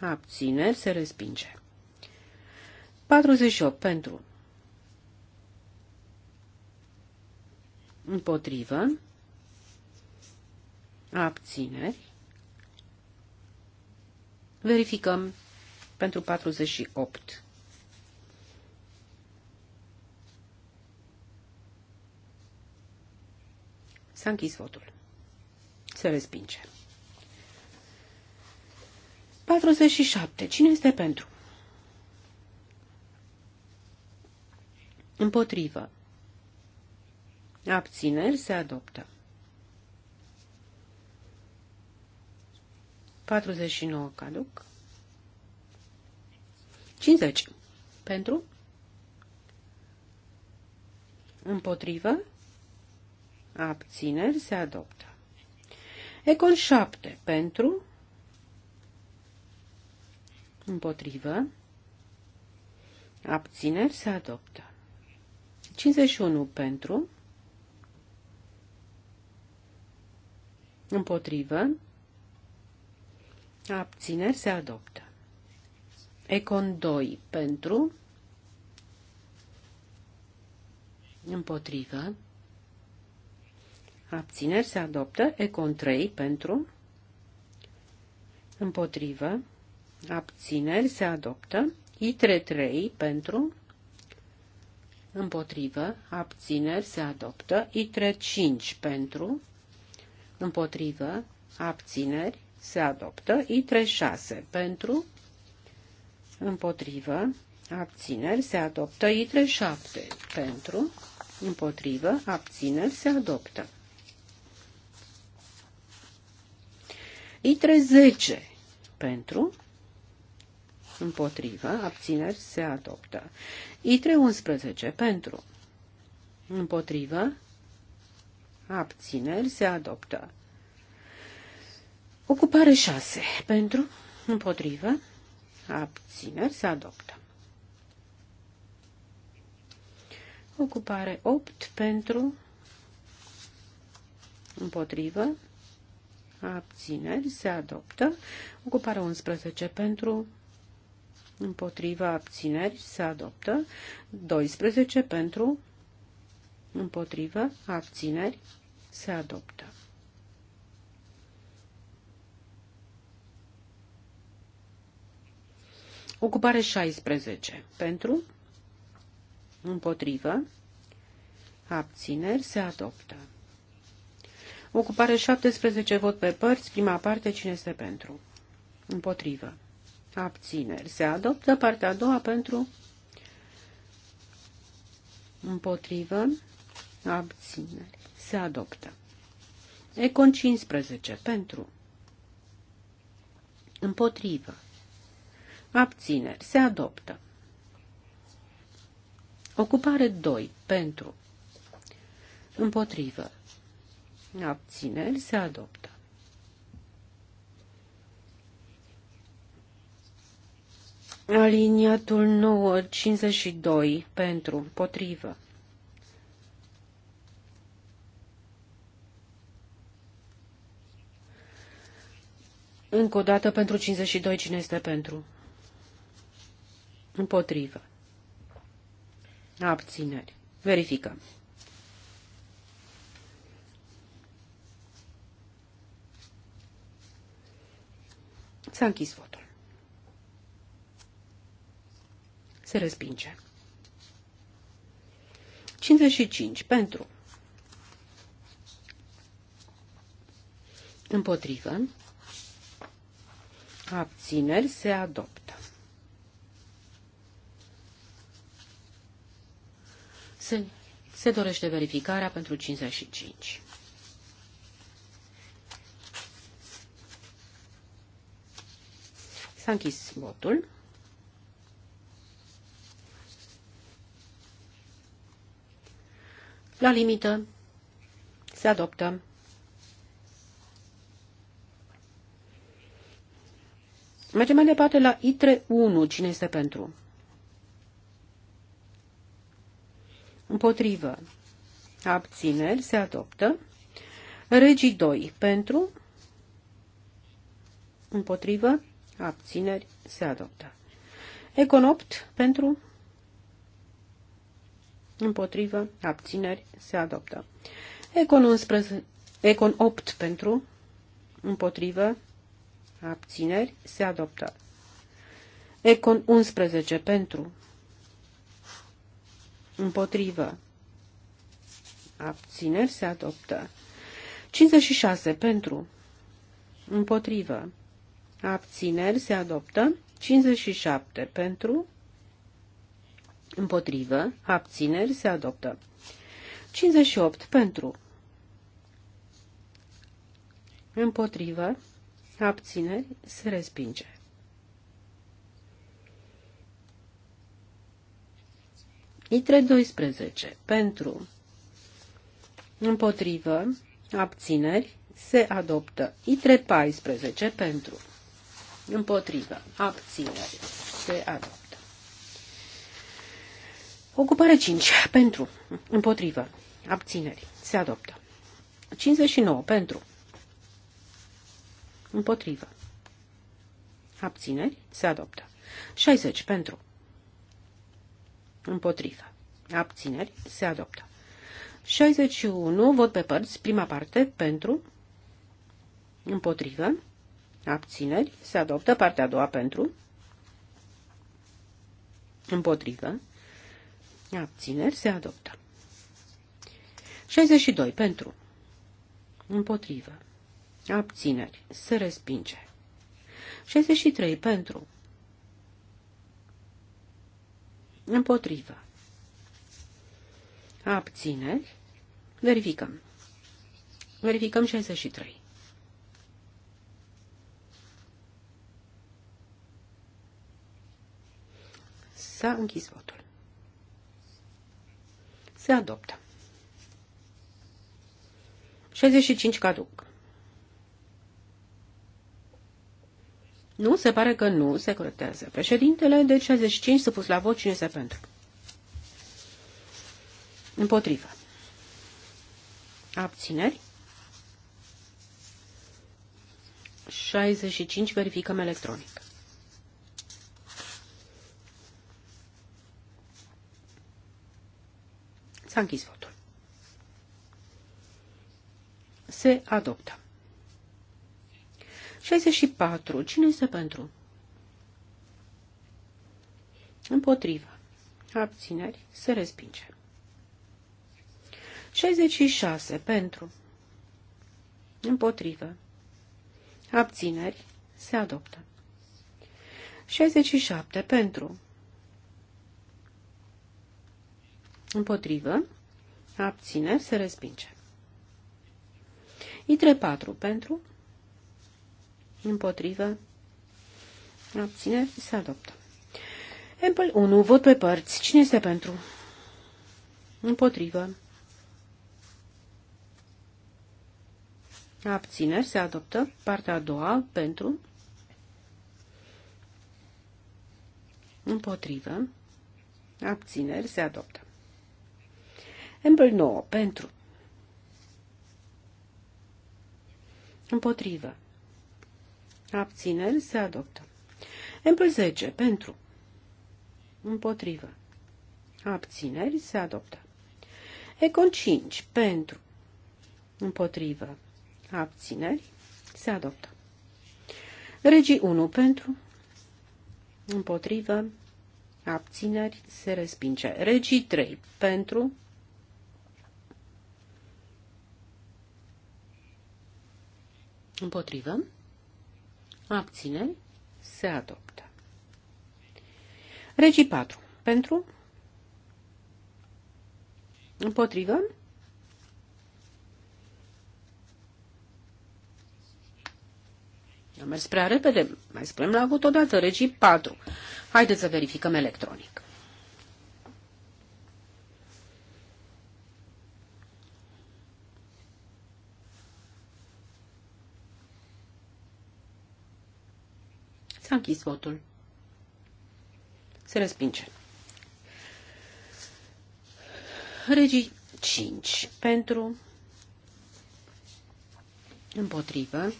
Abțineri. Se respinge. 48. Pentru. Împotrivă. Abțineri. Verificăm pentru 48. S-a închis votul. Se respinge. 47. Cine este pentru? Împotrivă. Abțineri se adoptă. 49 caduc. 50 pentru. Împotrivă. Abțineri se adoptă. Econ 7 pentru. Împotrivă. Abțineri se adoptă. 51 pentru. Împotrivă. Abțineri se adoptă. Econ 2 pentru. Împotrivă. Abțineri se adoptă. Econ 3 pentru. Împotrivă. Abțineri se adoptă. ITRE 3 pentru. Împotrivă. Abțineri se adoptă. ITRE 5 pentru împotrivă, abțineri, se adoptă. I36 pentru, împotrivă, abțineri, se adoptă. I37 pentru, împotrivă, abțineri, se adoptă. I30 pentru, împotrivă, abțineri, se adoptă. I311 pentru, împotrivă, abțineri, se adoptă. Ocupare 6. Pentru, împotrivă, abțineri, se adoptă. Ocupare 8. Pentru, împotrivă, abțineri, se adoptă. Ocupare 11. Pentru, împotrivă, abțineri se adoptă, 12 pentru împotrivă, abțineri, se adoptă. Ocupare 16. Pentru, împotrivă, abțineri, se adoptă. Ocupare 17, vot pe părți, prima parte, cine este pentru? Împotrivă. Abțineri. Se adoptă partea a doua pentru împotrivă abțineri, se adoptă. Econ 15 pentru, împotrivă, abțineri, se adoptă. Ocupare 2 pentru, împotrivă, abțineri, se adoptă. Aliniatul 9, 52 pentru, potrivă. Încă o dată pentru 52, cine este pentru? Împotrivă. Abțineri. Verificăm. S-a închis votul. Se respinge. 55 pentru. Împotrivă abțineri se adoptă. Se, se dorește verificarea pentru 55. S-a închis votul. La limită se adoptă Mergem mai departe la ITRE 1. Cine este pentru? Împotrivă. Abțineri. Se adoptă. Regii 2. Pentru. Împotrivă. Abțineri. Se adoptă. Econopt. Pentru. Împotrivă. Abțineri. Se adoptă. Econ 11. Econ 8 pentru, împotrivă, abțineri, se adoptă. Econ 11 pentru, împotrivă, abțineri, se adoptă. 56 pentru, împotrivă, abțineri, se adoptă. 57 pentru, împotrivă, abțineri, se adoptă. 58 pentru, împotrivă, abțineri, se respinge. Itre 12. Pentru împotrivă, abțineri, se adoptă. Itre 14. Pentru împotrivă, abțineri, se adoptă. Ocupare 5. Pentru. Împotrivă. Abțineri. Se adoptă. 59. Pentru. Împotrivă. Abțineri. Se adoptă. 60 pentru. Împotrivă. Abțineri. Se adoptă. 61. Vot pe părți. Prima parte. Pentru. Împotrivă. Abțineri. Se adoptă. Partea a doua. Pentru. Împotrivă. Abțineri. Se adoptă. 62. Pentru. Împotrivă. Abțineri. Se respinge. 63. Pentru. Împotrivă. Abțineri. Verificăm. Verificăm 63. S-a închis votul. Se adoptă. 65 caduc. Nu, se pare că nu se corectează. Președintele de 65 s-a pus la vot cine se pentru. Împotrivă. Abțineri. 65 verificăm electronic. S-a închis votul. Se adoptă. 64. Cine este pentru? Împotriva. Abțineri. Se respinge. 66. Pentru. Împotrivă. Abțineri. Se adoptă. 67. Pentru. Împotrivă. Abțineri. Se respinge. i 4. Pentru împotrivă, abțineri, se adoptă. Ample 1, vot pe părți. Cine este pentru? Împotrivă. Abțineri, se adoptă. Partea a doua, pentru. Împotrivă. Abțineri, se adoptă. Ample 9, pentru. Împotrivă. Abțineri se adoptă. Empl 10. Pentru. Împotrivă. Abțineri se adoptă. Econ 5. Pentru. Împotrivă. Abțineri se adoptă. Regii 1. Pentru. Împotrivă. Abțineri se respinge. Regii 3. Pentru. Împotrivă. Abținem. Se adoptă. Regii 4. Pentru? Împotrivă? Am mers prea repede. Mai spunem la avut odată. Regii 4. Haideți să verificăm electronic. închis votul. Se respinge. Regii 5 pentru împotrivă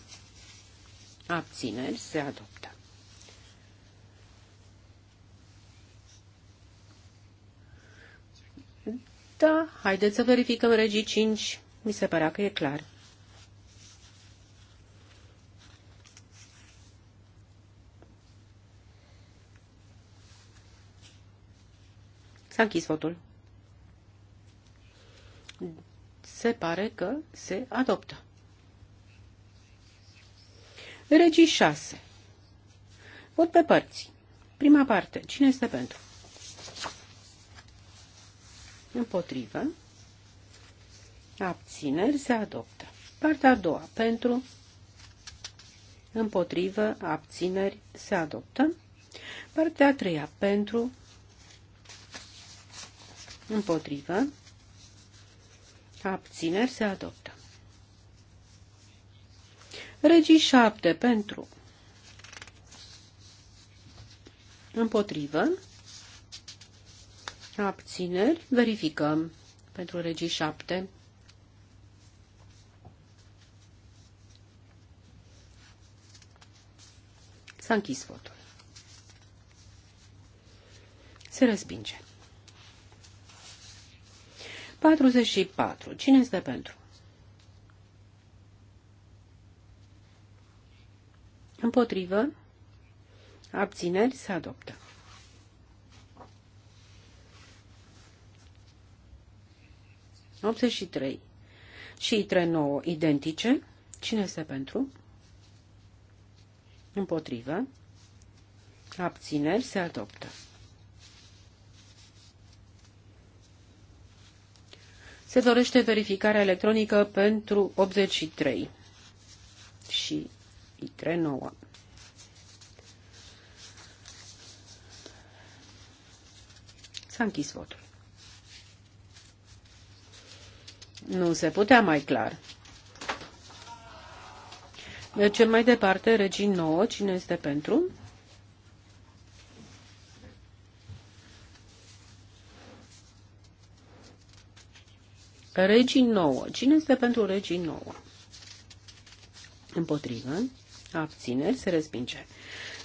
abțineri se adoptă. Da, haideți să verificăm regii 5. Mi se părea că e clar. S-a închis votul. Se pare că se adoptă. Regii 6. Vot pe părți. Prima parte. Cine este pentru? Împotrivă. Abțineri se adoptă. Partea a doua. Pentru. Împotrivă. Abțineri se adoptă. Partea a treia. Pentru. Împotrivă. Abțineri se adoptă. Regii 7 pentru. Împotrivă. Abțineri. Verificăm pentru regii 7. S-a închis votul. Se respinge. 44. Cine este pentru? Împotrivă. Abțineri se adoptă. și 83 și 39 identice. Cine este pentru? Împotrivă. Abțineri se adoptă. Se dorește verificarea electronică pentru 83 și ITRE 9. S-a închis votul. Nu se putea mai clar. Mergem deci, mai departe, regii 9, cine este pentru? Regii nouă. Cine este pentru regii nouă? Împotrivă. Abțineri. Se respinge.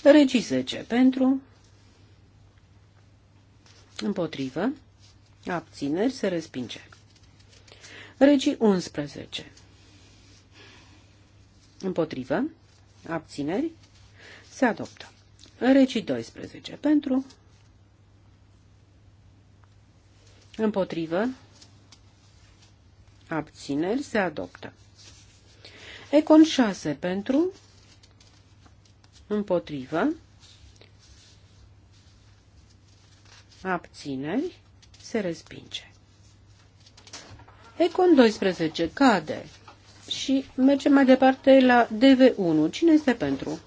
Regii 10. Pentru. Împotrivă. Abțineri. Se respinge. Regii 11. Împotrivă. Abțineri. Se adoptă. Regii 12. Pentru. Împotrivă abțineri, se adoptă. Econ 6 pentru, împotrivă, abțineri, se respinge. Econ 12 cade și mergem mai departe la DV1. Cine este pentru?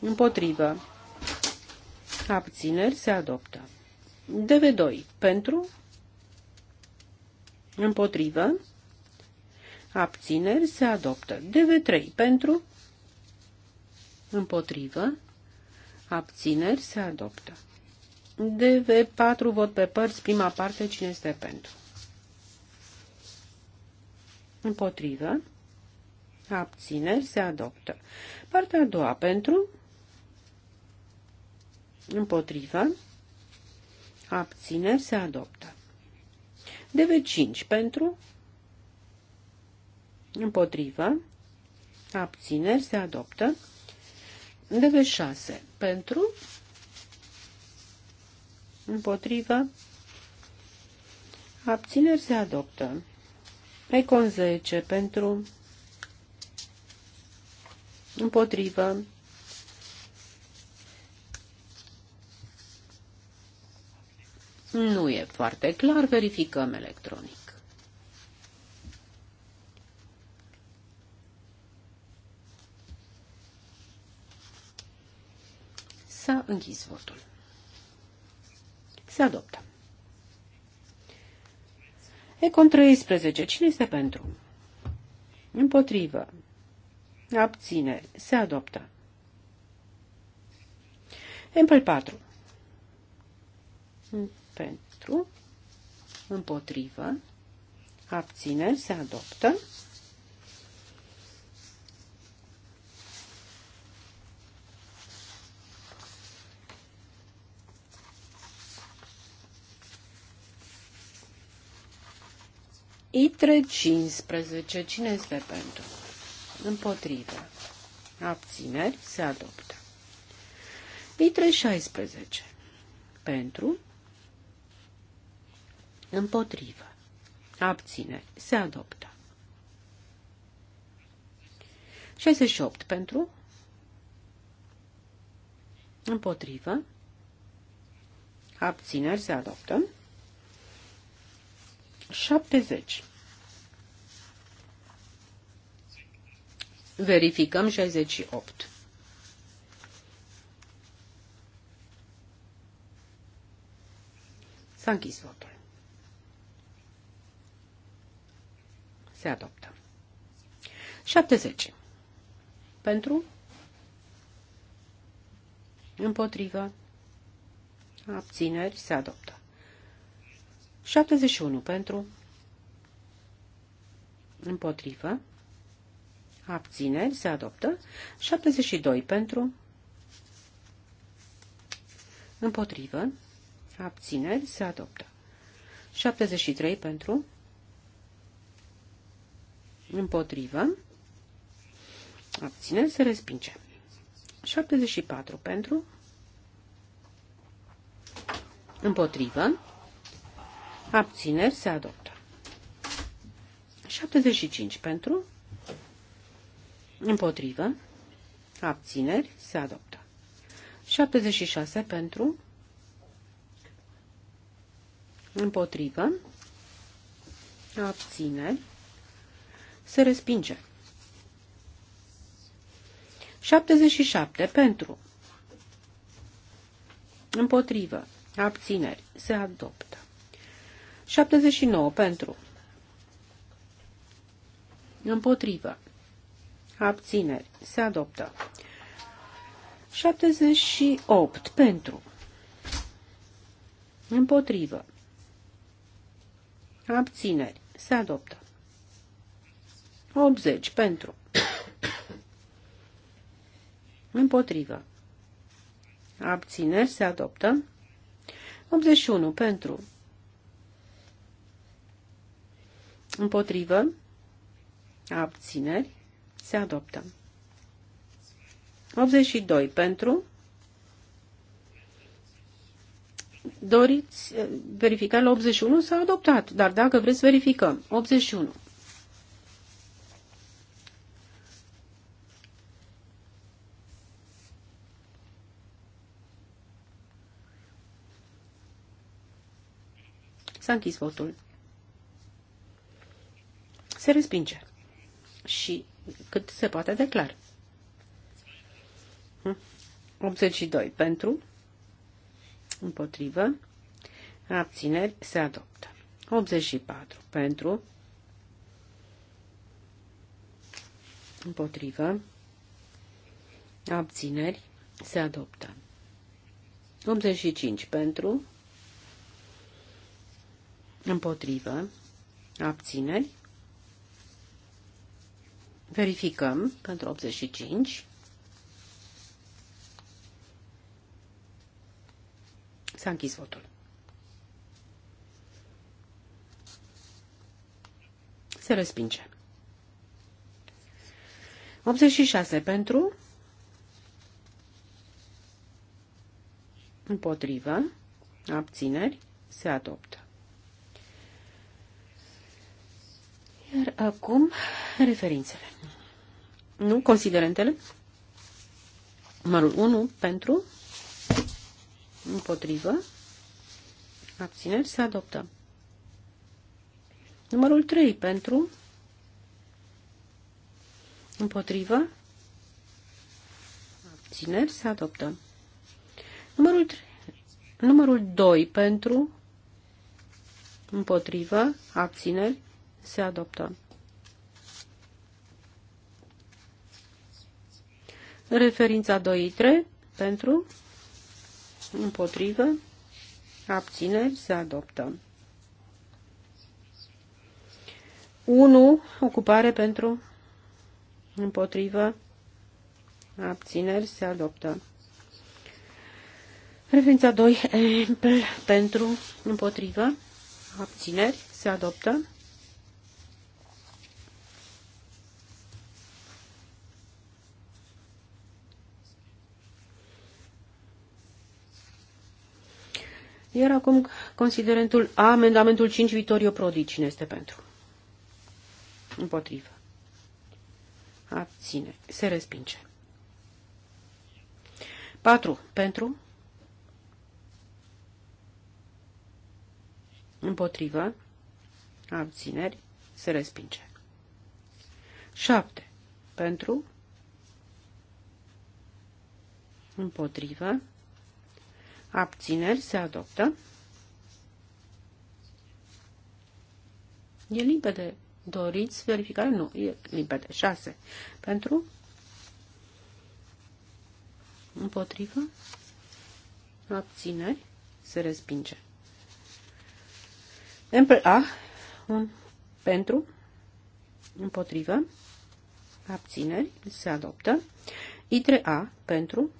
Împotrivă. Abțineri se adoptă. DV2 pentru Împotrivă. Abțineri se adoptă. DV3 pentru. Împotrivă. Abțineri se adoptă. DV4 vot pe părți, prima parte, cine este pentru? Împotrivă. Abțineri se adoptă. Partea a doua pentru. Împotrivă. Abțineri se adoptă. DV5 pentru, împotrivă, abțineri, se adoptă. DV6 pentru, împotrivă, abțineri, se adoptă. Recon 10 pentru, împotrivă, Nu e foarte clar, verificăm electronic. S-a închis votul. Se adoptă. Econ 13. Cine este pentru? Împotrivă. Abține. Se adoptă. Empel 4 pentru, împotrivă, abține, se adoptă. ITRE 15. Cine este pentru? Împotrivă. Abțineri. Se adoptă. ITRE 16. Pentru. Împotrivă. abține, Se adoptă. 68 pentru. Împotrivă. Abțineri. Se adoptă. 70. Verificăm 68. S-a închis votul. Se adoptă. 70. Pentru? Împotrivă. Abțineri. Se adoptă. 71. Pentru? Împotrivă. Abțineri. Se adoptă. 72. Pentru? Împotrivă. Abțineri. Se adoptă. 73. Pentru? Împotrivă. Abțineri se respinge. 74 pentru. Împotrivă. Abțineri se adoptă. 75 pentru. Împotrivă. Abțineri se adoptă. 76 pentru. Împotrivă. Abțineri se respinge. 77 pentru. Împotrivă. Abțineri. Se adoptă. 79 pentru. Împotrivă. Abțineri. Se adoptă. 78 pentru. Împotrivă. Abțineri. Se adoptă. 80 pentru. Împotrivă. Abțineri se adoptă. 81 pentru. Împotrivă. Abțineri se adoptă. 82 pentru. Doriți eh, verificarea la 81 s-a adoptat, dar dacă vreți verificăm. 81. S-a închis votul. Se respinge. Și cât se poate declar. 82 hm. pentru, împotrivă, abțineri, se adoptă. 84 pentru, împotrivă, abțineri, se adoptă. 85 pentru, împotrivă, abțineri. Verificăm pentru 85. S-a închis votul. Se respinge. 86 pentru, împotrivă, abțineri, se adoptă. Iar acum, referințele. Nu? Considerentele? Numărul 1 pentru, împotrivă, abțineri, se adoptă. Numărul 3 pentru, împotrivă, abțineri, se adoptă. Numărul, 3, numărul 2 pentru, împotrivă, abțineri, se adoptă. Referința 2-3 pentru, împotrivă, abțineri, se adoptă. 1. Ocupare pentru, împotrivă, abțineri, se adoptă. Referința 2. Pentru, împotrivă, abțineri, se adoptă. Iar acum considerentul A, amendamentul 5, Vitorio Prodi, cine este pentru? Împotrivă. Abține. Se respinge. 4. Pentru. Împotrivă. Abțineri. Se respinge. 7. Pentru. Împotrivă abțineri, se adoptă. E limpede. Doriți verificare? Nu, e limpede. 6. Pentru? Împotrivă? Abțineri? Se respinge. A. Un pentru? Împotrivă? Abțineri? Se adoptă. I3A pentru?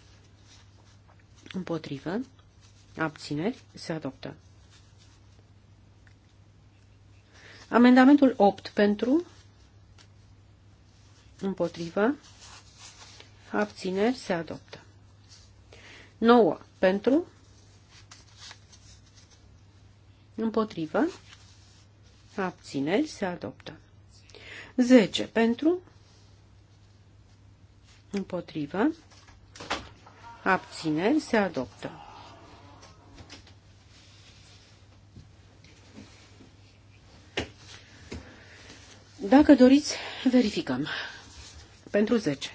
Împotrivă? Abțineri. Se adoptă. Amendamentul 8 pentru. Împotrivă. Abțineri. Se adoptă. 9 pentru. Împotrivă. Abțineri. Se adoptă. 10 pentru. Împotrivă. Abțineri. Se adoptă. Dacă doriți, verificăm. Pentru 10.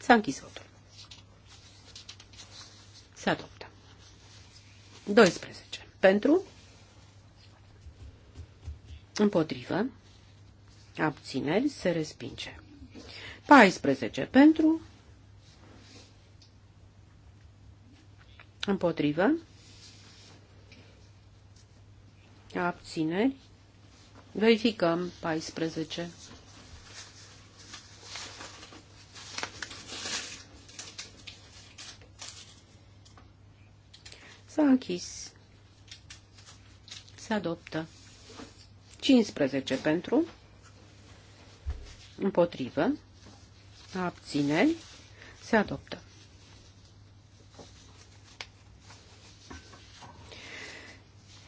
S-a închis votul. Se adoptă. 12. Pentru? Împotrivă. Abțineri se respinge. 14. Pentru? Împotrivă. Abțineri. Verificăm 14. S-a închis. Se adoptă. 15 pentru. Împotrivă. Abțineri. Se adoptă.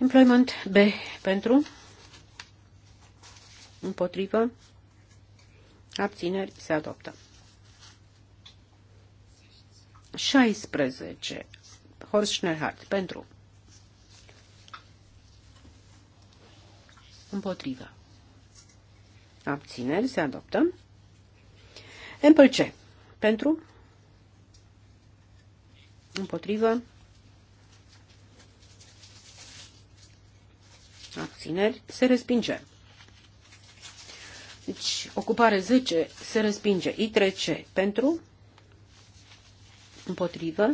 Employment B pentru, împotrivă, abțineri se adoptă. 16. Horst Schnellhardt pentru, împotrivă, abțineri se adoptă. Ample C pentru, împotrivă, abțineri, se respinge. Deci, ocupare 10 se respinge. i trece pentru, împotrivă,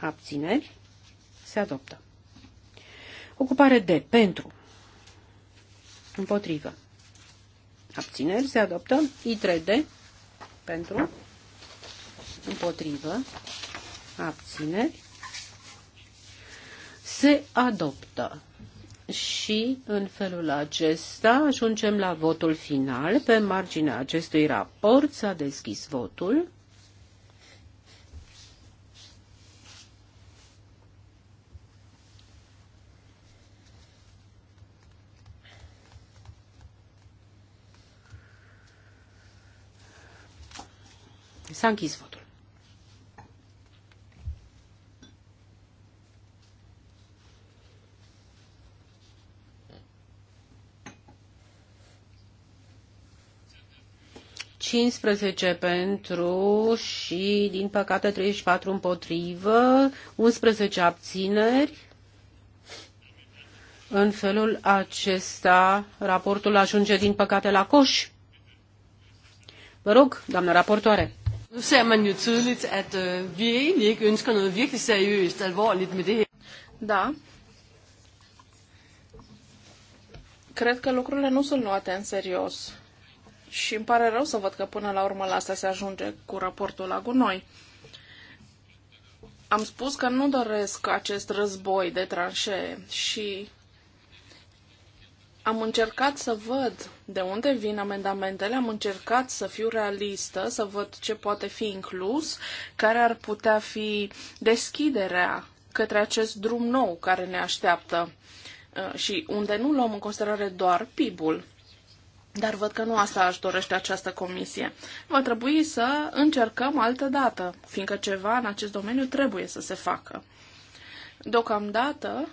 abțineri, se adoptă. Ocupare D pentru, împotrivă, abțineri, se adoptă. i trece d pentru, împotrivă, abțineri, se adoptă și în felul acesta ajungem la votul final. Pe marginea acestui raport s-a deschis votul. S-a închis votul. 15 pentru și, din păcate, 34 împotrivă, 11 abțineri. În felul acesta, raportul ajunge, din păcate, la coș. Vă rog, doamnă raportoare. Nu se man jo tydeligt, at uh, vi egentlig ikke ønsker noget virkelig seriøst, alvorligt med det her. Da. Cred că lucrurile nu sunt luate în serios și îmi pare rău să văd că până la urmă la asta se ajunge cu raportul la gunoi. Am spus că nu doresc acest război de tranșee și am încercat să văd de unde vin amendamentele, am încercat să fiu realistă, să văd ce poate fi inclus, care ar putea fi deschiderea către acest drum nou care ne așteaptă uh, și unde nu luăm în considerare doar PIB-ul. Dar văd că nu asta își dorește această comisie. Va trebui să încercăm altă dată, fiindcă ceva în acest domeniu trebuie să se facă. Deocamdată,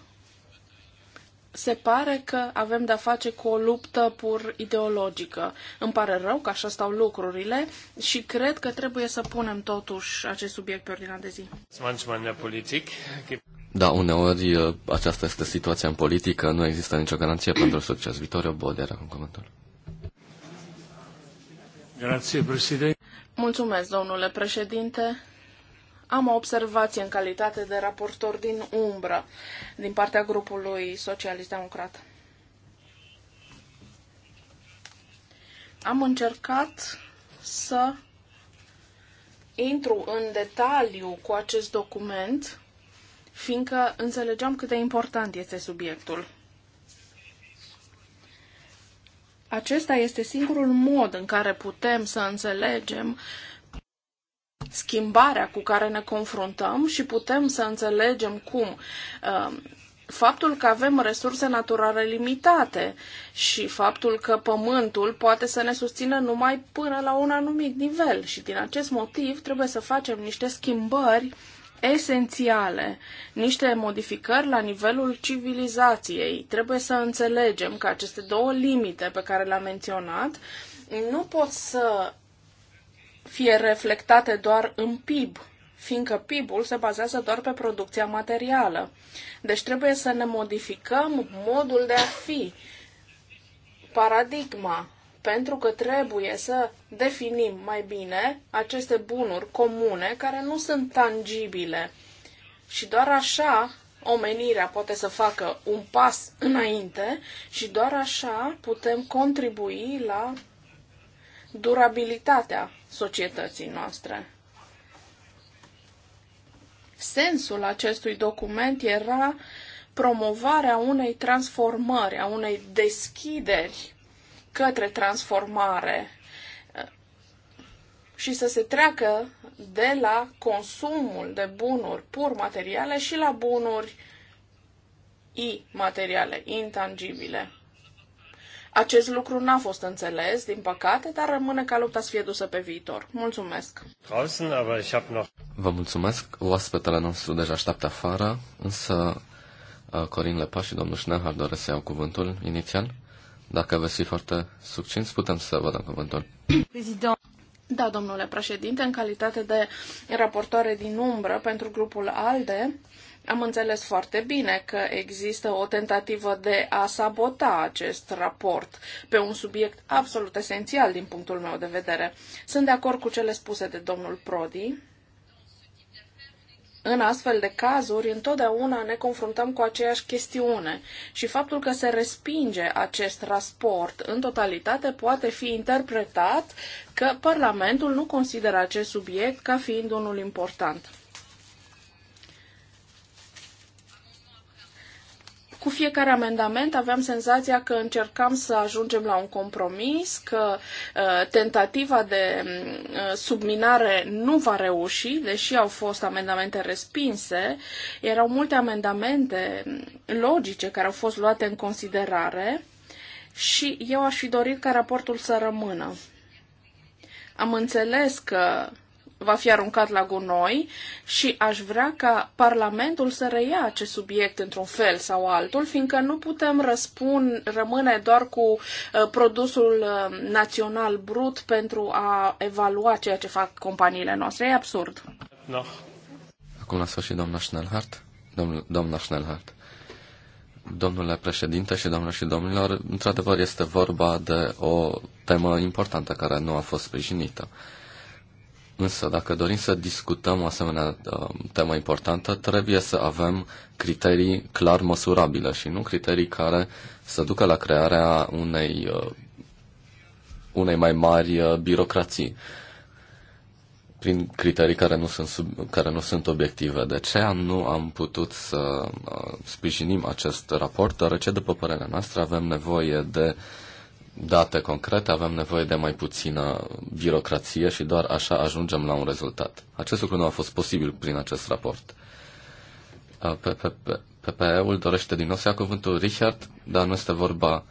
se pare că avem de-a face cu o luptă pur ideologică. Îmi pare rău că așa stau lucrurile și cred că trebuie să punem totuși acest subiect pe ordinea de zi. Da, uneori uh, aceasta este situația în politică, nu există nicio garanție pentru succes. Vitorio Boder, acum comentariu. Mulțumesc, domnule președinte. Am o observație în calitate de raportor din umbră, din partea grupului socialist-democrat. Am încercat să intru în detaliu cu acest document, fiindcă înțelegeam cât de important este subiectul. Acesta este singurul mod în care putem să înțelegem schimbarea cu care ne confruntăm și putem să înțelegem cum um, faptul că avem resurse naturale limitate și faptul că pământul poate să ne susțină numai până la un anumit nivel și din acest motiv trebuie să facem niște schimbări esențiale, niște modificări la nivelul civilizației. Trebuie să înțelegem că aceste două limite pe care le-am menționat nu pot să fie reflectate doar în PIB, fiindcă PIB-ul se bazează doar pe producția materială. Deci trebuie să ne modificăm modul de a fi, paradigma, pentru că trebuie să definim mai bine aceste bunuri comune care nu sunt tangibile. Și doar așa omenirea poate să facă un pas înainte și doar așa putem contribui la durabilitatea societății noastre. Sensul acestui document era promovarea unei transformări, a unei deschideri către transformare și să se treacă de la consumul de bunuri pur materiale și la bunuri imateriale, intangibile. Acest lucru n-a fost înțeles, din păcate, dar rămâne ca lupta să fie dusă pe viitor. Mulțumesc! Vă mulțumesc! Oaspetele nostru deja așteaptă afară, însă uh, Corin Lepa și domnul Schnehar doresc să iau cuvântul inițial. Dacă veți fi foarte succint, putem să vă dăm cuvântul. Prezident. Da, domnule președinte, în calitate de raportoare din umbră pentru grupul ALDE, am înțeles foarte bine că există o tentativă de a sabota acest raport pe un subiect absolut esențial din punctul meu de vedere. Sunt de acord cu cele spuse de domnul Prodi în astfel de cazuri, întotdeauna ne confruntăm cu aceeași chestiune și faptul că se respinge acest raport în totalitate poate fi interpretat că Parlamentul nu consideră acest subiect ca fiind unul important. Cu fiecare amendament aveam senzația că încercam să ajungem la un compromis, că uh, tentativa de mm, uh, subminare nu va reuși, deși au fost amendamente respinse. Erau multe amendamente mm, logice care au fost luate în considerare și eu aș fi dorit ca raportul să rămână. Am înțeles că va fi aruncat la gunoi și aș vrea ca Parlamentul să reia acest subiect într-un fel sau altul, fiindcă nu putem răspun, rămâne doar cu uh, produsul uh, național brut pentru a evalua ceea ce fac companiile noastre. E absurd. No. Acum la sfârșit, doamna Schnellhardt. Domn, doamna Schnellhardt. Domnule președinte și doamnelor și domnilor, într-adevăr este vorba de o temă importantă care nu a fost sprijinită. Uh, Însă, dacă dorim să discutăm o asemenea uh, temă importantă, trebuie să avem criterii clar măsurabile și nu criterii care să ducă la crearea unei, uh, unei mai mari uh, birocrații prin criterii care nu sunt, sub, care nu sunt obiective. De ce nu am putut să sprijinim acest raport, deoarece, după părerea noastră, avem nevoie de uh, date concrete, avem nevoie de mai puțină birocrație și doar așa ajungem la un rezultat. Acest lucru nu a fost posibil prin acest raport. PPE-ul dorește din nou să ia cuvântul Richard, dar nu este vorba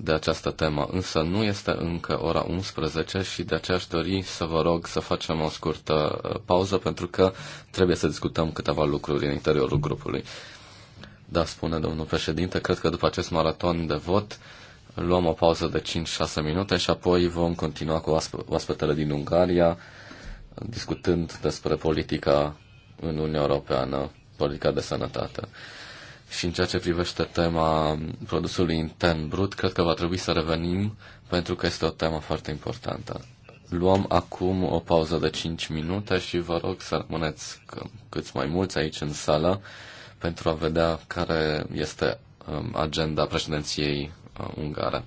de această temă, însă nu este încă ora 11 și de aceea aș dori să vă rog să facem o scurtă uh, pauză pentru că trebuie să discutăm câteva lucruri în interiorul grupului. Da, spune domnul președinte, cred că după acest maraton de vot luăm o pauză de 5-6 minute și apoi vom continua cu oaspetele din Ungaria, discutând despre politica în Uniunea Europeană, politica de sănătate. Și în ceea ce privește tema produsului intern brut, cred că va trebui să revenim pentru că este o temă foarte importantă. Luăm acum o pauză de 5 minute și vă rog să rămâneți câți mai mulți aici în sală pentru a vedea care este um, agenda președinției ungară.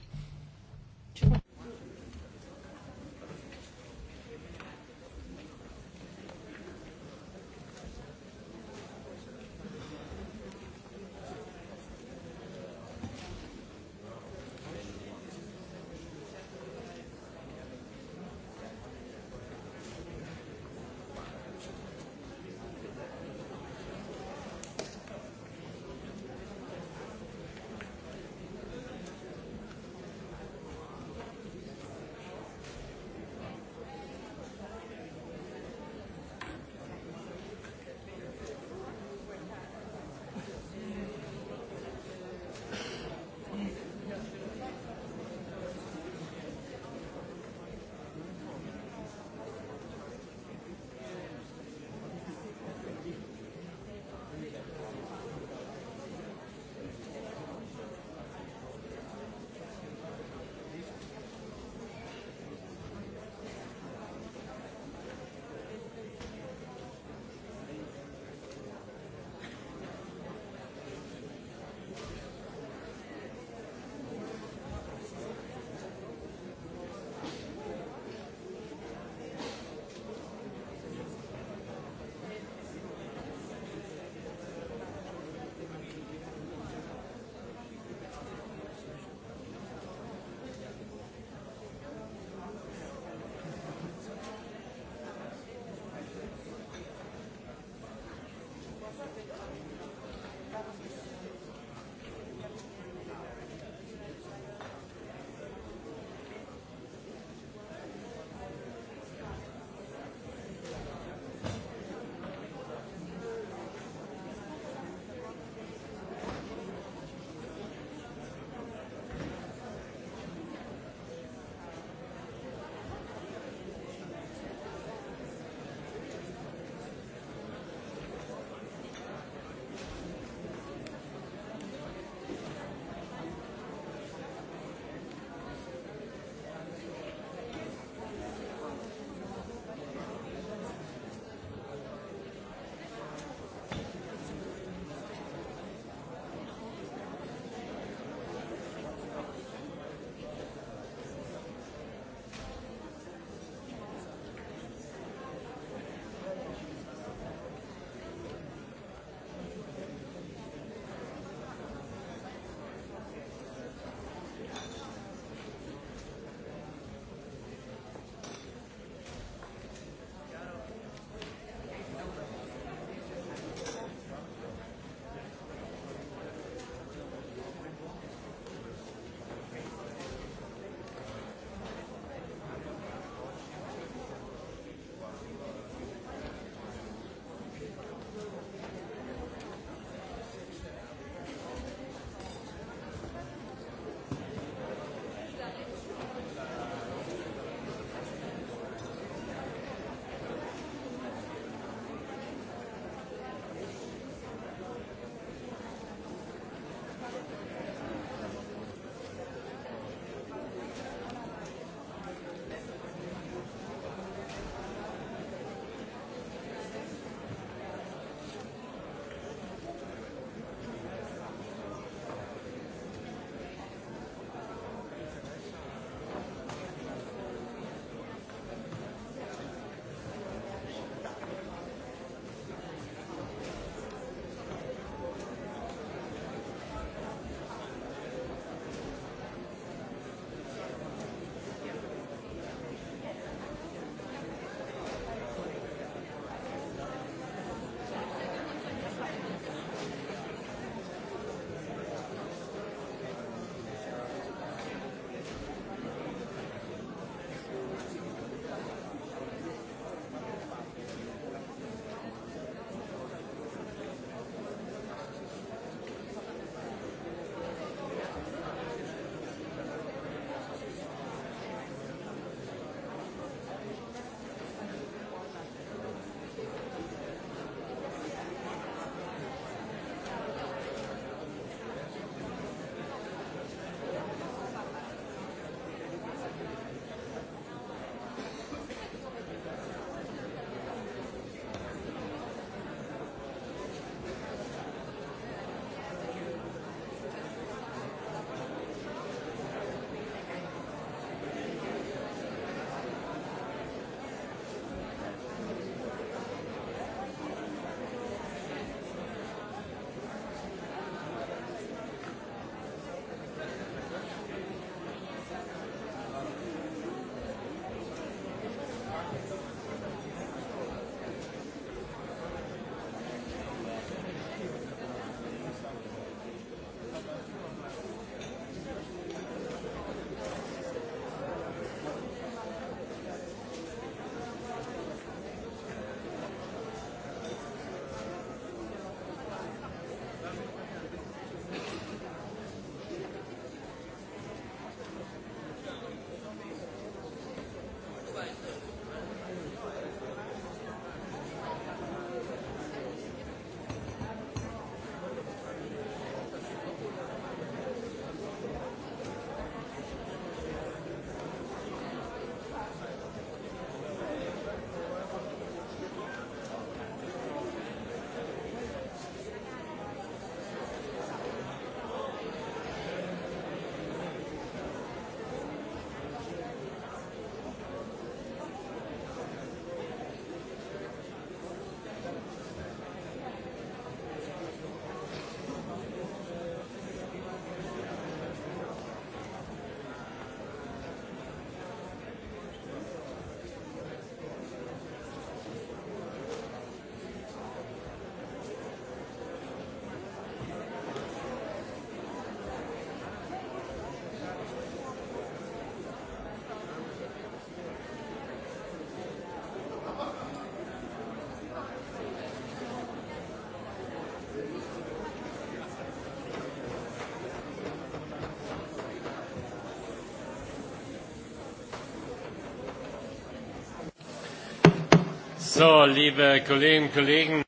So, liebe Kollegen.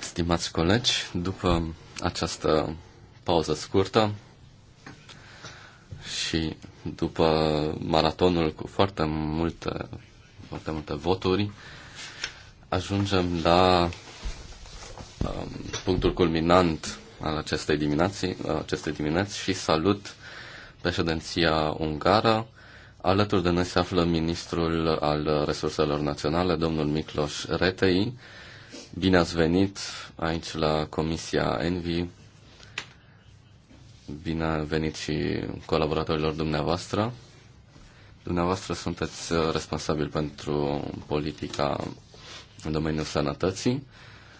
Stimați colegi, după această pauză scurtă și după maratonul cu foarte multe, foarte multe voturi, ajungem la um, punctul culminant al acestei dimineați, acestei dimineți și salut președinția ungară Alături de noi se află ministrul al resurselor naționale, domnul Micloș Retei. Bine ați venit aici la Comisia Envi. Bine ați venit și colaboratorilor dumneavoastră. Dumneavoastră sunteți responsabil pentru politica în domeniul sănătății.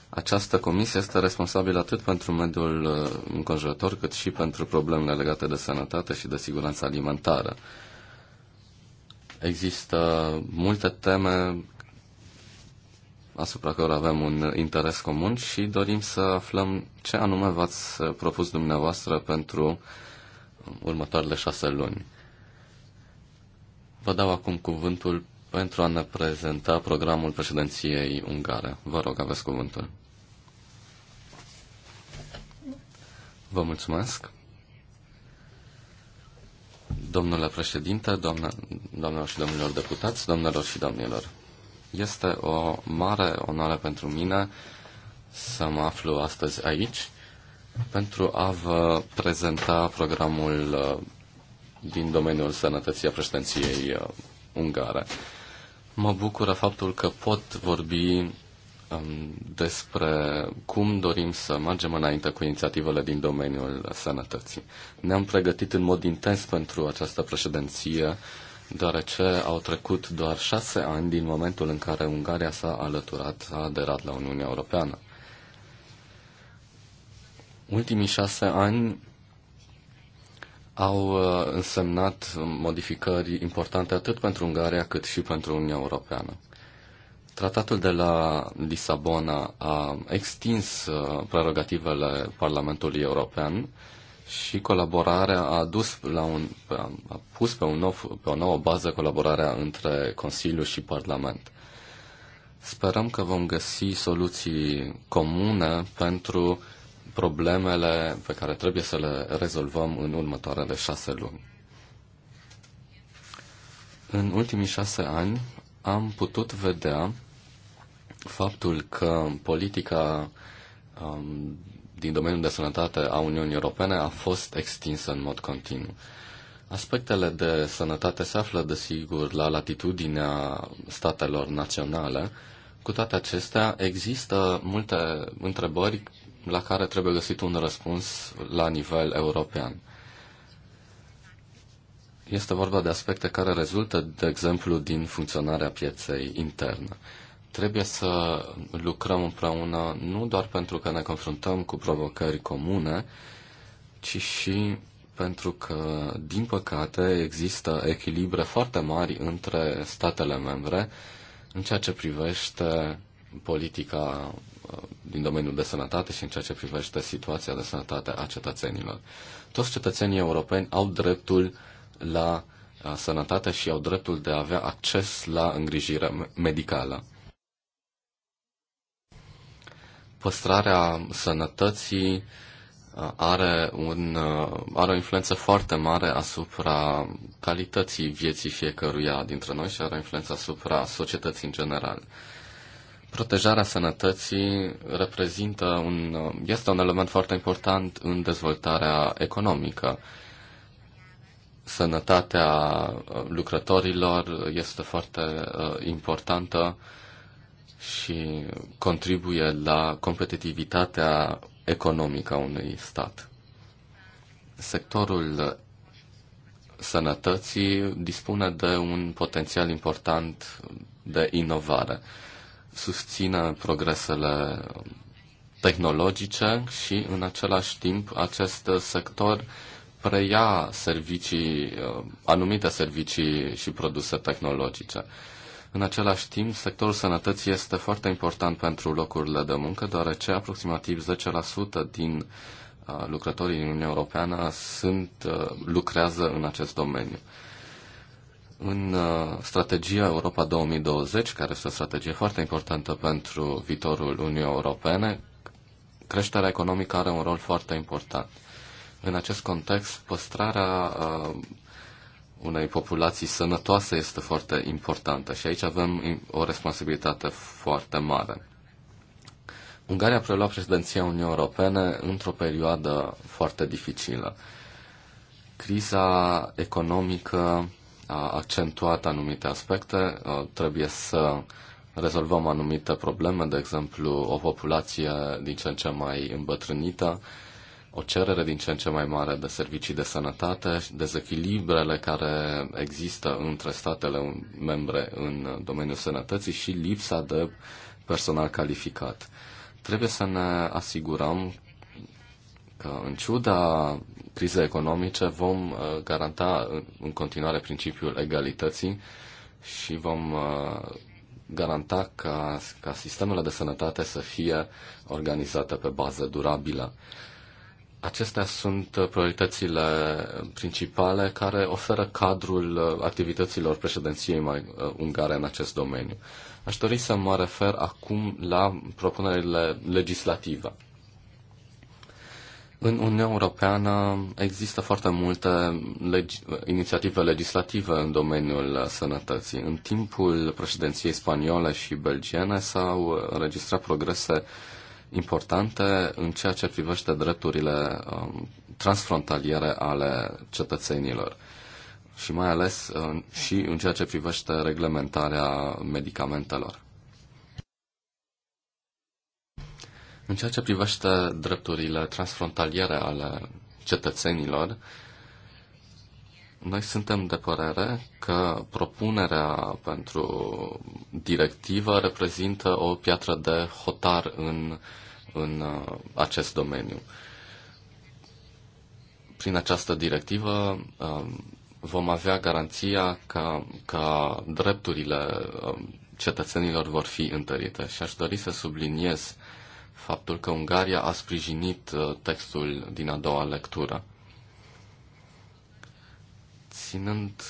Această comisie este responsabilă atât pentru mediul înconjurător, cât și pentru problemele legate de sănătate și de siguranță alimentară. Există multe teme asupra cărora avem un interes comun și dorim să aflăm ce anume v-ați propus dumneavoastră pentru următoarele șase luni. Vă dau acum cuvântul pentru a ne prezenta programul președinției ungare. Vă rog, aveți cuvântul. Vă mulțumesc. Domnule președinte, doamne, doamnelor și domnilor deputați, domnilor și domnilor, este o mare onoare pentru mine să mă aflu astăzi aici pentru a vă prezenta programul uh, din domeniul sănătății a președinției uh, ungare. Mă bucură faptul că pot vorbi Um, despre cum dorim să mergem înainte cu inițiativele din domeniul sănătății. Ne-am pregătit în mod intens pentru această președinție, deoarece au trecut doar șase ani din momentul în care Ungaria s-a alăturat, a aderat la Uniunea Europeană. Ultimii șase ani au uh, însemnat modificări importante atât pentru Ungaria cât și pentru Uniunea Europeană. Tratatul de la Lisabona a extins uh, prerogativele Parlamentului European și colaborarea a dus la un, a pus pe, un nou, pe o nouă bază colaborarea între Consiliu și Parlament. Sperăm că vom găsi soluții comune pentru problemele pe care trebuie să le rezolvăm în următoarele șase luni. În ultimii șase ani am putut vedea faptul că politica um, din domeniul de sănătate a Uniunii Europene a fost extinsă în mod continuu. Aspectele de sănătate se află, desigur, la latitudinea statelor naționale. Cu toate acestea, există multe întrebări la care trebuie găsit un răspuns la nivel european. Este vorba de aspecte care rezultă, de exemplu, din funcționarea pieței interne. Trebuie să lucrăm împreună nu doar pentru că ne confruntăm cu provocări comune, ci și pentru că, din păcate, există echilibre foarte mari între statele membre în ceea ce privește politica uh, din domeniul de sănătate și în ceea ce privește situația de sănătate a cetățenilor. Toți cetățenii europeni au dreptul la uh, sănătate și au dreptul de a avea acces la îngrijire medicală. păstrarea sănătății uh, are, un, uh, are o influență foarte mare asupra calității vieții fiecăruia dintre noi și are o influență asupra societății în general. Protejarea sănătății reprezintă un, uh, este un element foarte important în dezvoltarea economică. Sănătatea lucrătorilor este foarte importantă și contribuie la competitivitatea economică a unui stat. Sectorul sănătății dispune de un potențial important de inovare. Susține progresele tehnologice și, în același timp, acest sector preia servicii, anumite servicii și produse tehnologice. În același timp, sectorul sănătății este foarte important pentru locurile de muncă, deoarece aproximativ 10% din lucrătorii din Uniunea Europeană sunt, lucrează în acest domeniu. În strategia Europa 2020, care este o strategie foarte importantă pentru viitorul Uniunii Europene, creșterea economică are un rol foarte important. În acest context, păstrarea unei populații sănătoase este foarte importantă și aici avem o responsabilitate foarte mare. Ungaria a preluat președinția Uniunii Europene într-o perioadă foarte dificilă. Criza economică a accentuat anumite aspecte, uh, trebuie să rezolvăm anumite probleme, de exemplu o populație din ce în ce mai îmbătrânită, o cerere din ce în ce mai mare de servicii de sănătate, dezechilibrele care există între statele membre în domeniul sănătății și lipsa de personal calificat. Trebuie să ne asigurăm că, în ciuda crizei economice, vom uh, garanta în continuare principiul egalității și vom uh, garanta ca, ca sistemele de sănătate să fie organizate pe bază durabilă. Acestea sunt uh, prioritățile principale care oferă cadrul uh, activităților președinției mai uh, ungare în acest domeniu. Aș dori să mă refer acum la propunerile legislative. În Uniunea Europeană există foarte multe legi, inițiative legislative în domeniul sănătății. În timpul președinției spaniole și belgiene s-au înregistrat progrese uh, importante în ceea ce privește drepturile um, transfrontaliere ale cetățenilor și mai ales și în ceea ce privește reglementarea medicamentelor. În ceea ce privește drepturile transfrontaliere ale cetățenilor, noi suntem de părere că propunerea pentru directivă reprezintă o piatră de hotar în, în uh, acest domeniu. Prin această directivă uh, vom avea garanția că, că drepturile uh, cetățenilor vor fi întărite și aș dori să subliniez faptul că Ungaria a sprijinit textul din a doua lectură ținând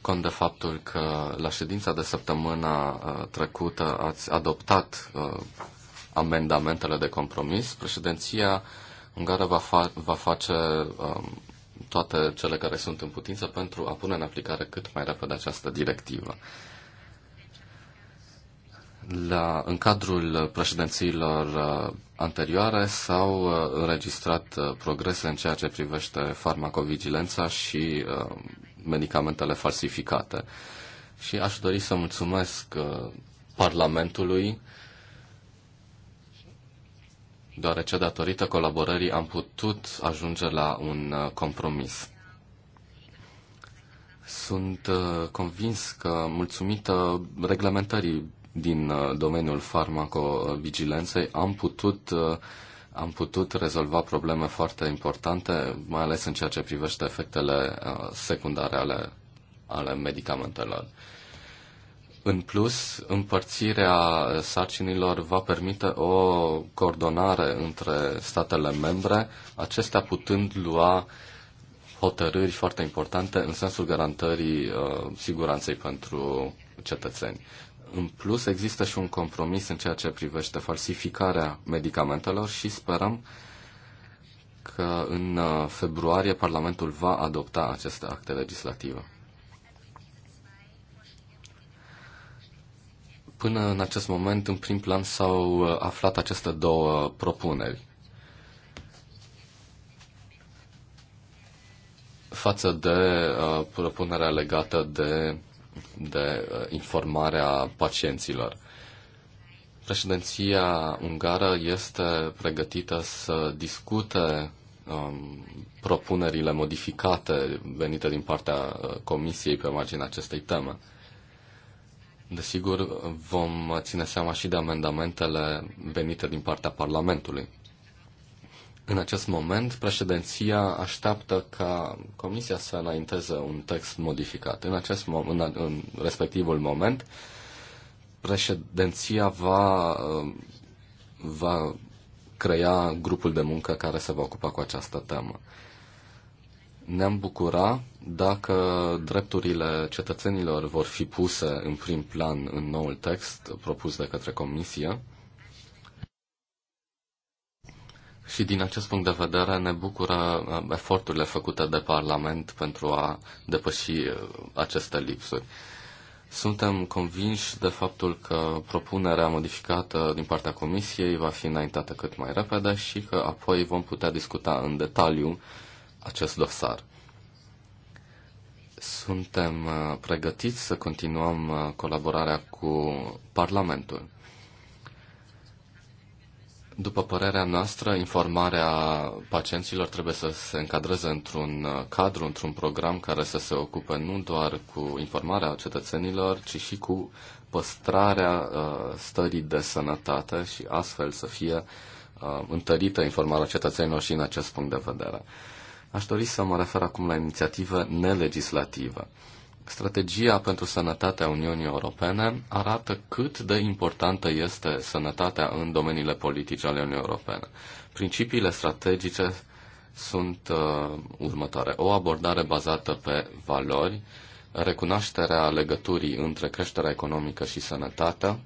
cont de faptul că la ședința de săptămâna uh, trecută ați adoptat uh, amendamentele de compromis, președinția ungară va, fa- va face um, toate cele care sunt în putință pentru a pune în aplicare cât mai repede această directivă. La, în cadrul președințiilor uh, anterioare s-au uh, înregistrat uh, progrese în ceea ce privește farmacovigilența și uh, medicamentele falsificate. Și aș dori să mulțumesc uh, Parlamentului, deoarece datorită colaborării am putut ajunge la un uh, compromis. Sunt uh, convins că, mulțumită reglementării din domeniul farmacovigilenței, am putut am putut rezolva probleme foarte importante, mai ales în ceea ce privește efectele uh, secundare ale, ale medicamentelor. În plus, împărțirea sarcinilor va permite o coordonare între statele membre, acestea putând lua hotărâri foarte importante în sensul garantării uh, siguranței pentru cetățeni. În plus, există și un compromis în ceea ce privește falsificarea medicamentelor și sperăm că în uh, februarie Parlamentul va adopta aceste acte legislative. Până în acest moment, în prim plan, s-au uh, aflat aceste două propuneri. Față de uh, propunerea legată de de uh, informare a pacienților. Președinția ungară este pregătită să discute um, propunerile modificate venite din partea uh, Comisiei pe marginea acestei teme. Desigur, vom ține seama și de amendamentele venite din partea Parlamentului. În acest moment, președinția așteaptă ca Comisia să înainteze un text modificat. În, acest mom- în, în respectivul moment, președinția va, uh, va crea grupul de muncă care se va ocupa cu această temă. Ne-am bucura dacă drepturile cetățenilor vor fi puse în prim plan în noul text propus de către Comisie Și din acest punct de vedere ne bucură uh, eforturile făcute de Parlament pentru a depăși uh, aceste lipsuri. Suntem convinși de faptul că propunerea modificată din partea Comisiei va fi înaintată cât mai repede și că apoi vom putea discuta în detaliu acest dosar. Suntem uh, pregătiți să continuăm colaborarea cu Parlamentul. După părerea noastră, informarea pacienților trebuie să se încadreze într-un uh, cadru, într-un program care să se ocupe nu doar cu informarea cetățenilor, ci și cu păstrarea uh, stării de sănătate și astfel să fie uh, întărită informarea cetățenilor și în acest punct de vedere. Aș dori să mă refer acum la inițiative nelegislative. Strategia pentru sănătatea Uniunii Europene arată cât de importantă este sănătatea în domeniile politice ale Uniunii Europene. Principiile strategice sunt uh, următoare. O abordare bazată pe valori, recunoașterea legăturii între creșterea economică și sănătatea,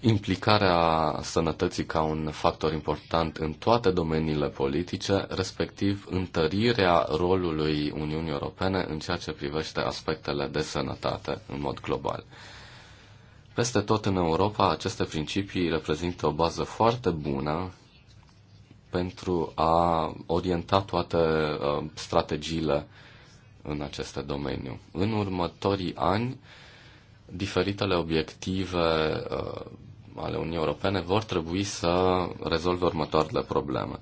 implicarea sănătății ca un factor important în toate domeniile politice, respectiv întărirea rolului Uniunii Europene în ceea ce privește aspectele de sănătate în mod global. Peste tot în Europa, aceste principii reprezintă o bază foarte bună pentru a orienta toate uh, strategiile în acest domeniu. În următorii ani, diferitele obiective uh, ale Uniunii Europene vor trebui să rezolve următoarele probleme.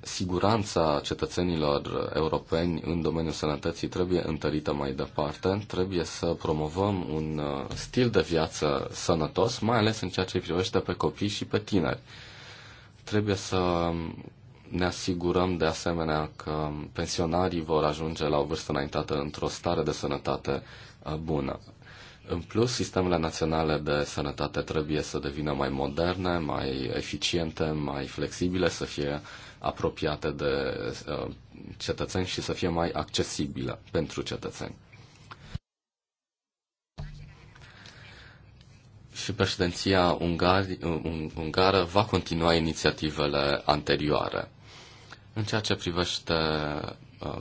Siguranța cetățenilor europeni în domeniul sănătății trebuie întărită mai departe, trebuie să promovăm un uh, stil de viață sănătos, mai ales în ceea ce privește pe copii și pe tineri. Trebuie să ne asigurăm de asemenea că pensionarii vor ajunge la o vârstă înaintată într-o stare de sănătate uh, bună. În plus, sistemele naționale de sănătate trebuie să devină mai moderne, mai eficiente, mai flexibile, să fie apropiate de uh, cetățeni și să fie mai accesibile pentru cetățeni. Și președinția ungari, uh, ungară va continua inițiativele anterioare. În ceea ce privește uh,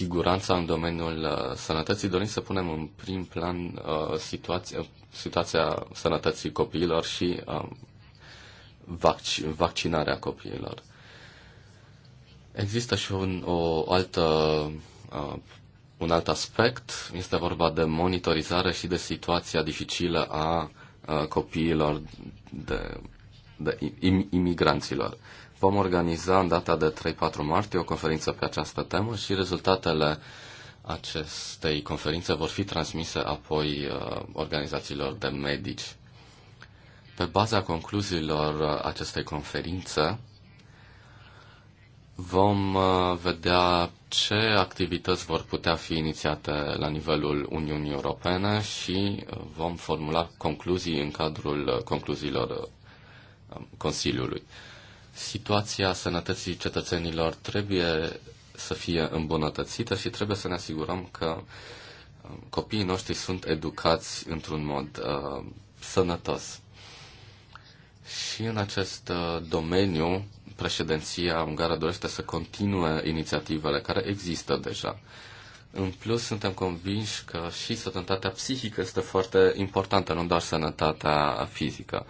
siguranța în domeniul uh, sănătății, dorim să punem în prim plan uh, situația, situația sănătății copiilor și uh, vac- vaccinarea copiilor. Există și un, o altă, un alt aspect, este vorba de monitorizare și de situația dificilă a copiilor de, de imigranților. Vom organiza în data de 3-4 martie o conferință pe această temă și rezultatele acestei conferințe vor fi transmise apoi uh, organizațiilor de medici. Pe baza concluziilor uh, acestei conferințe, vom uh, vedea ce activități vor putea fi inițiate la nivelul Uniunii Europene și vom formula concluzii în cadrul concluziilor Consiliului. Situația sănătății cetățenilor trebuie să fie îmbunătățită și trebuie să ne asigurăm că uh, copiii noștri sunt educați într-un mod uh, sănătos. Și în acest uh, domeniu, președinția ungară dorește să continue inițiativele care există deja. În plus, suntem convinși că și sănătatea psihică este foarte importantă, nu doar sănătatea fizică.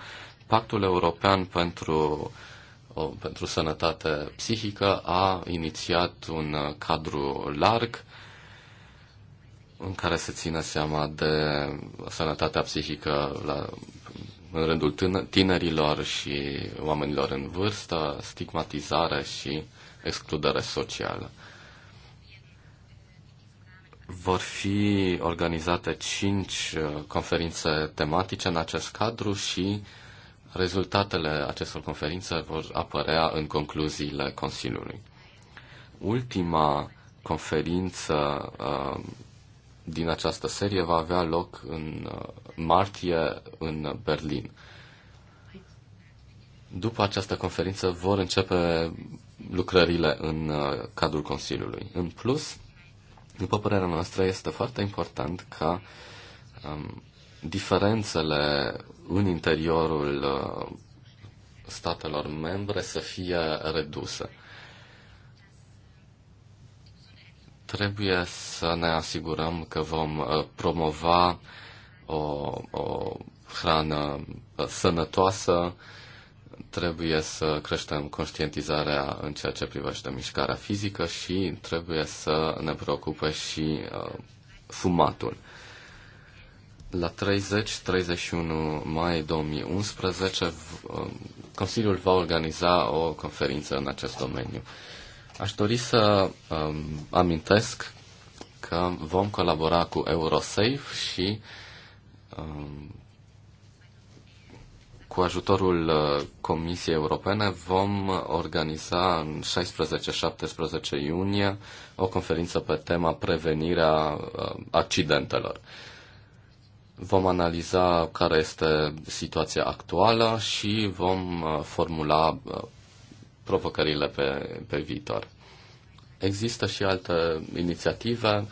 Pactul European pentru uh, pentru sănătate psihică a inițiat un uh, cadru larg în care se ține seama de sănătatea psihică la, în rândul tinerilor și oamenilor în vârstă, stigmatizare și excludere socială. Vor fi organizate cinci uh, conferințe tematice în acest cadru și uh, Rezultatele acestor conferințe vor apărea în concluziile Consiliului. Ultima conferință uh, din această serie va avea loc în uh, martie în Berlin. După această conferință vor începe lucrările în uh, cadrul Consiliului. În plus, după părerea noastră, este foarte important ca um, diferențele în interiorul uh, statelor membre să fie reduse. Trebuie să ne asigurăm că vom uh, promova o, o hrană uh, sănătoasă, trebuie să creștem conștientizarea în ceea ce privește mișcarea fizică și trebuie să ne preocupe și uh, fumatul. La 30-31 mai 2011, um, Consiliul va organiza o conferință în acest domeniu. Aș dori să um, amintesc că vom colabora cu Eurosafe și um, cu ajutorul uh, Comisiei Europene vom organiza în 16-17 iunie o conferință pe tema prevenirea uh, accidentelor. Vom analiza care este situația actuală și vom uh, formula uh, provocările pe, pe viitor. Există și alte inițiative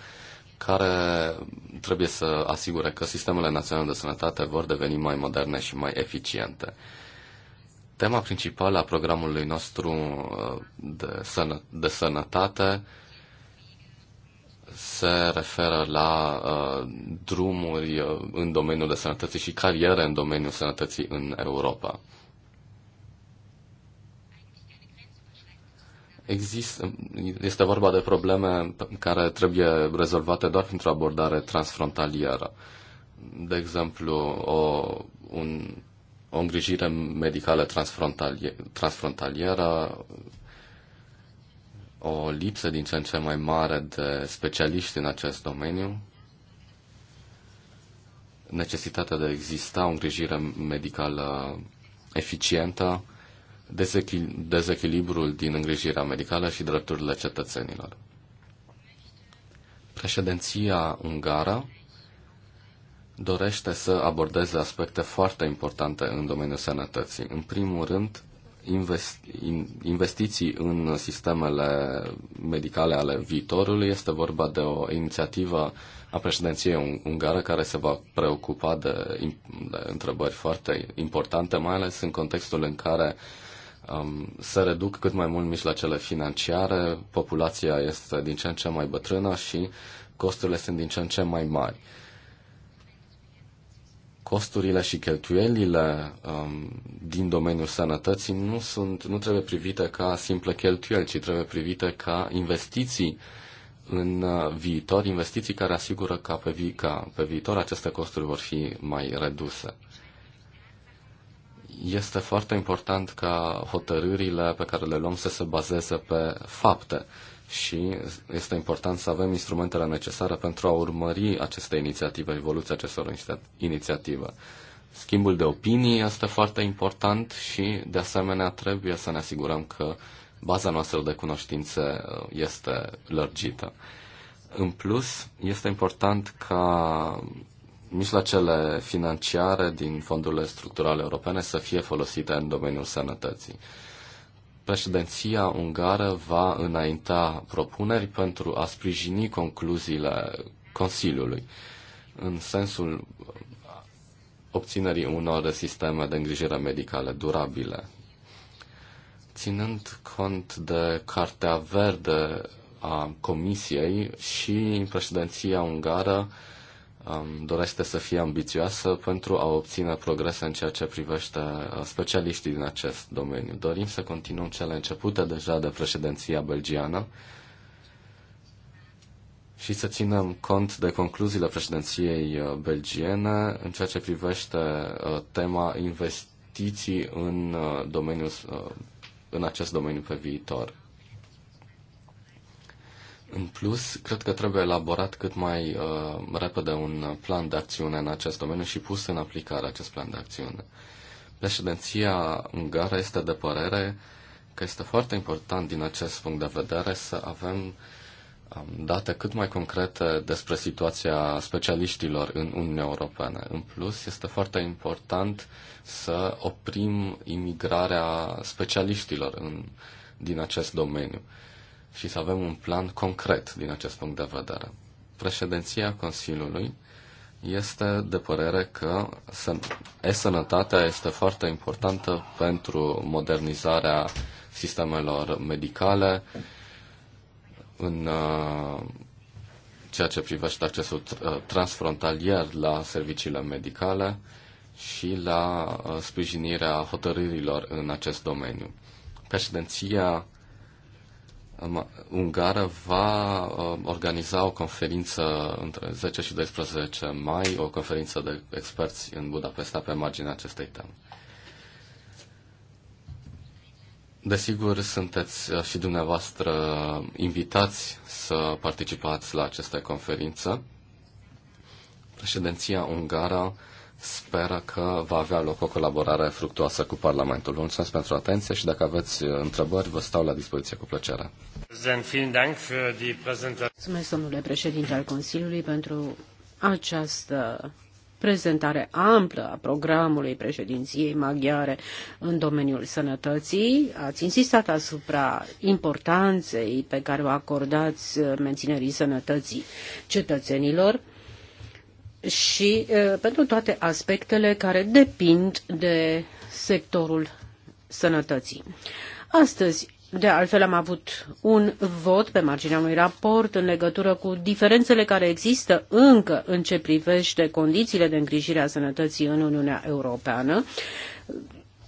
care trebuie să asigure că sistemele naționale de sănătate vor deveni mai moderne și mai eficiente. Tema principală a programului nostru uh, de, sănă, de sănătate se referă la uh, drumuri uh, în domeniul de sănătății și cariere în domeniul sănătății în Europa. Există, este vorba de probleme care trebuie rezolvate doar printr-o abordare transfrontalieră. De exemplu, o, un, o îngrijire medicală transfrontalieră, transfrontalieră, o lipsă din ce în ce mai mare de specialiști în acest domeniu, necesitatea de a exista o îngrijire medicală eficientă, dezechilibrul din îngrijirea medicală și drepturile cetățenilor. Președinția ungară dorește să abordeze aspecte foarte importante în domeniul sănătății. În primul rând, investiții în sistemele medicale ale viitorului. Este vorba de o inițiativă a președinției ungară care se va preocupa de, de întrebări foarte importante, mai ales în contextul în care um, se reduc cât mai mult mijloacele financiare, populația este din ce în ce mai bătrână și costurile sunt din ce în ce mai mari costurile și cheltuielile um, din domeniul sănătății nu, sunt, nu trebuie privite ca simple cheltuieli, ci trebuie privite ca investiții în uh, viitor, investiții care asigură ca pe, vi- ca pe viitor aceste costuri vor fi mai reduse. Este foarte important ca hotărârile pe care le luăm să se bazeze pe fapte și este important să avem instrumentele necesare pentru a urmări aceste inițiative, evoluția acestor inițiative. Schimbul de opinii este foarte important și, de asemenea, trebuie să ne asigurăm că baza noastră de cunoștințe uh, este lărgită. În plus, este important ca mijloacele financiare din fondurile structurale europene să fie folosite în domeniul sănătății președinția ungară va înainta propuneri pentru a sprijini concluziile Consiliului în sensul obținerii unor sisteme de îngrijire medicală durabile. Ținând cont de Cartea Verde a Comisiei și președinția ungară, um, dorește să fie ambițioasă pentru a obține progrese în ceea ce privește uh, specialiștii din acest domeniu. Dorim să continuăm cele începute deja de președinția belgiană și să ținem cont de concluziile președinției uh, belgiene în ceea ce privește uh, tema investiții în, domeniul, în acest domeniu pe viitor. În plus, cred că trebuie elaborat cât mai uh, repede un plan de acțiune în acest domeniu și pus în aplicare acest plan de acțiune. Președinția ungară este de părere că este foarte important din acest punct de vedere să avem um, date cât mai concrete despre situația specialiștilor în Uniunea Europeană. În plus, este foarte important să oprim imigrarea specialiștilor în, din acest domeniu și să avem un plan concret din acest punct de vedere. Președinția Consiliului este de părere că e-sănătatea este foarte importantă pentru modernizarea sistemelor medicale în uh, ceea ce privește accesul uh, transfrontalier la serviciile medicale și la uh, sprijinirea hotărârilor în acest domeniu. Președinția ungară va uh, organiza o conferință între 10 și 12 mai, o conferință de experți în Budapesta pe marginea acestei teme. Desigur, sunteți uh, și dumneavoastră invitați să participați la aceste conferință. Președinția ungară speră că va avea loc o colaborare fructuoasă cu Parlamentul. Vă mulțumesc pentru atenție și dacă aveți uh, întrebări, vă stau la dispoziție cu plăcere. Mulțumesc, domnule președinte al Consiliului, pentru această prezentare amplă a programului președinției maghiare în domeniul sănătății. Ați insistat asupra importanței pe care o acordați menținerii sănătății cetățenilor și pentru toate aspectele care depind de sectorul sănătății. Astăzi, de altfel, am avut un vot pe marginea unui raport în legătură cu diferențele care există încă în ce privește condițiile de îngrijire a sănătății în Uniunea Europeană,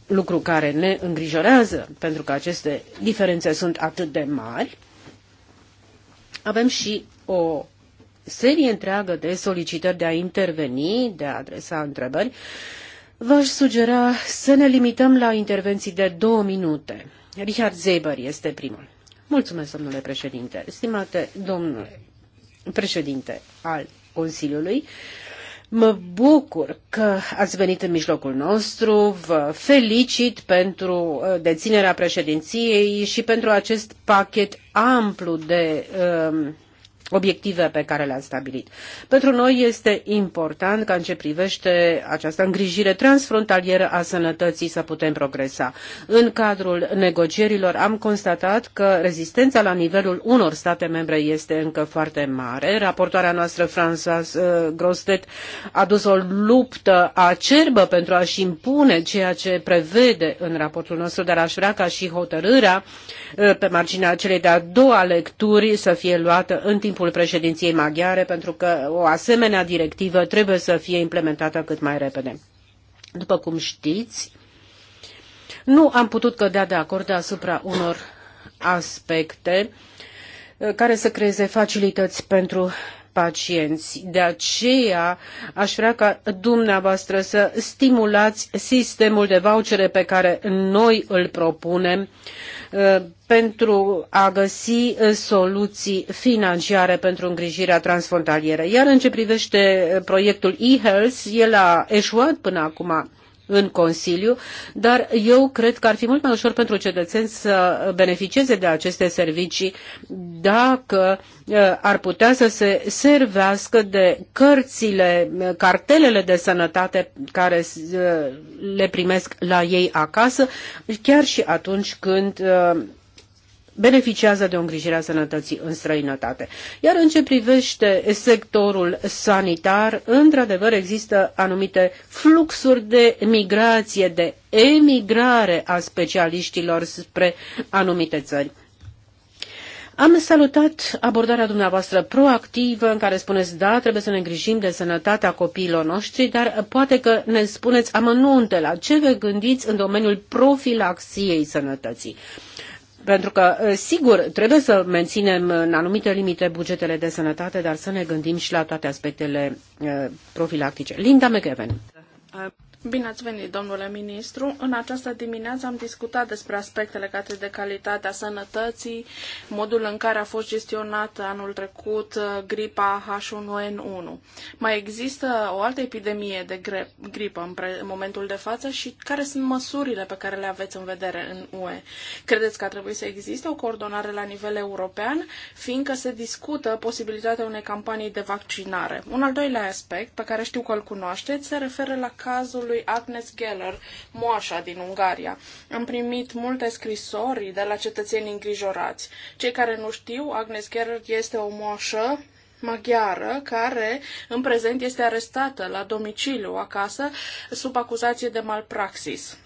lucru care ne îngrijorează pentru că aceste diferențe sunt atât de mari. Avem și o serie întreagă de solicitări de a interveni, de a adresa întrebări, v-aș sugera să ne limităm la intervenții de două minute. Richard Zeber este primul. Mulțumesc, domnule președinte. Stimate domnule președinte al Consiliului, Mă bucur că ați venit în mijlocul nostru, vă felicit pentru uh, deținerea președinției și pentru acest pachet amplu de uh, obiective pe care le-am stabilit. Pentru noi este important ca în ce privește această îngrijire transfrontalieră a sănătății să putem progresa. În cadrul negocierilor am constatat că rezistența la nivelul unor state membre este încă foarte mare. Raportoarea noastră, François uh, Grostet, a dus o luptă acerbă pentru a-și impune ceea ce prevede în raportul nostru, dar aș vrea ca și hotărârea uh, pe marginea celei de-a doua lecturi să fie luată în timpul timpul președinției maghiare, pentru că o asemenea directivă trebuie să fie implementată cât mai repede. După cum știți, nu am putut cădea de acord asupra unor aspecte uh, care să creeze facilități pentru pacienți. De aceea aș vrea ca dumneavoastră să stimulați sistemul de vouchere pe care noi îl propunem uh, pentru a găsi uh, soluții financiare pentru îngrijirea transfrontalieră. Iar în ce privește uh, proiectul e-health, el a eșuat până acum în Consiliu, dar eu cred că ar fi mult mai ușor pentru cetățeni să beneficieze de aceste servicii dacă uh, ar putea să se servească de cărțile, uh, cartelele de sănătate care uh, le primesc la ei acasă, chiar și atunci când beneficiază de o îngrijire a sănătății în străinătate. Iar în ce privește sectorul sanitar, într-adevăr există anumite fluxuri de migrație, de emigrare a specialiștilor spre anumite țări. Am salutat abordarea dumneavoastră proactivă în care spuneți, da, trebuie să ne îngrijim de sănătatea copiilor noștri, dar poate că ne spuneți amănunte la ce vă gândiți în domeniul profilaxiei sănătății. Pentru că, uh, sigur, trebuie să menținem în anumite limite bugetele de sănătate, dar să ne gândim și la toate aspectele uh, profilactice. Linda McEwen. Bine ați venit, domnule ministru. În această dimineață am discutat despre aspecte legate de calitatea sănătății, modul în care a fost gestionat anul trecut uh, gripa H1N1. Mai există o altă epidemie de gripă în, în momentul de față și care sunt măsurile pe care le aveți în vedere în UE? Credeți că ar trebui să existe o coordonare la nivel european, fiindcă se discută posibilitatea unei campanii de vaccinare? Un al doilea aspect, pe care știu că îl cunoașteți, se referă la cazul lui Agnes Geller, moașa din Ungaria. Am primit multe scrisori de la cetățeni îngrijorați. Cei care nu știu, Agnes Geller este o moașă maghiară, care în prezent este arestată la domiciliu acasă sub acuzație de malpraxis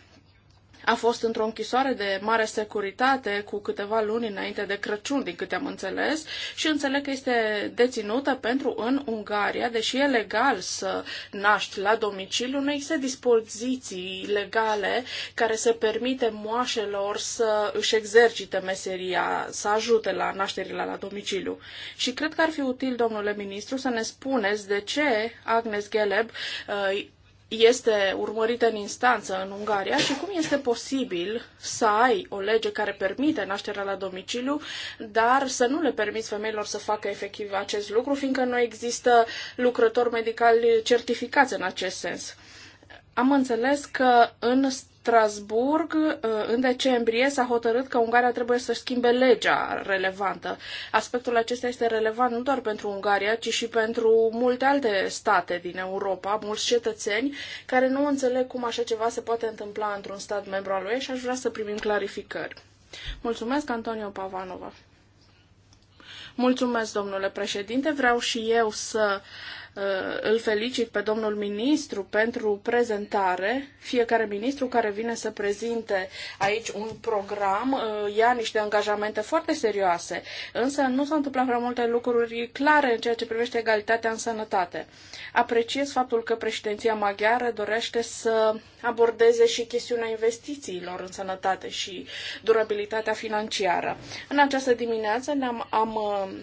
a fost într-o închisoare de mare securitate cu câteva luni înainte de Crăciun, din câte am înțeles, și înțeleg că este deținută pentru în Ungaria, deși e legal să naști la domiciliu, nu există dispoziții legale care să permite moașelor să își exercite meseria, să ajute la nașterile la domiciliu. Și cred că ar fi util, domnule ministru, să ne spuneți de ce Agnes Geleb uh, este urmărită în instanță în Ungaria și cum este posibil să ai o lege care permite nașterea la domiciliu, dar să nu le permiți femeilor să facă efectiv acest lucru, fiindcă nu există lucrători medicali certificați în acest sens. Am înțeles că în Strasburg, uh, în decembrie, s-a hotărât că Ungaria trebuie să schimbe legea relevantă. Aspectul acesta este relevant nu doar pentru Ungaria, ci și pentru multe alte state din Europa, mulți cetățeni care nu înțeleg cum așa ceva se poate întâmpla într-un stat membru al UE și aș vrea să primim clarificări. Mulțumesc, Antonio Pavanova. Mulțumesc, domnule președinte. Vreau și eu să Uh, îl felicit pe domnul ministru pentru prezentare. Fiecare ministru care vine să prezinte aici un program uh, ia niște angajamente foarte serioase, însă nu s-au întâmplat prea multe lucruri clare în ceea ce privește egalitatea în sănătate. Apreciez faptul că președinția maghiară dorește să abordeze și chestiunea investițiilor în sănătate și durabilitatea financiară. În această dimineață ne-am am, am uh,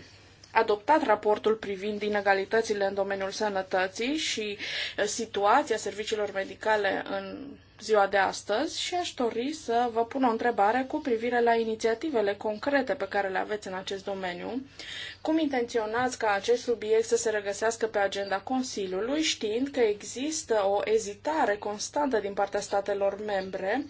adoptat raportul privind inegalitățile în domeniul sănătății și uh, situația serviciilor medicale în ziua de astăzi și aș dori să vă pun o întrebare cu privire la inițiativele concrete pe care le aveți în acest domeniu. Cum intenționați ca acest subiect să se regăsească pe agenda Consiliului, știind că există o ezitare constantă din partea statelor membre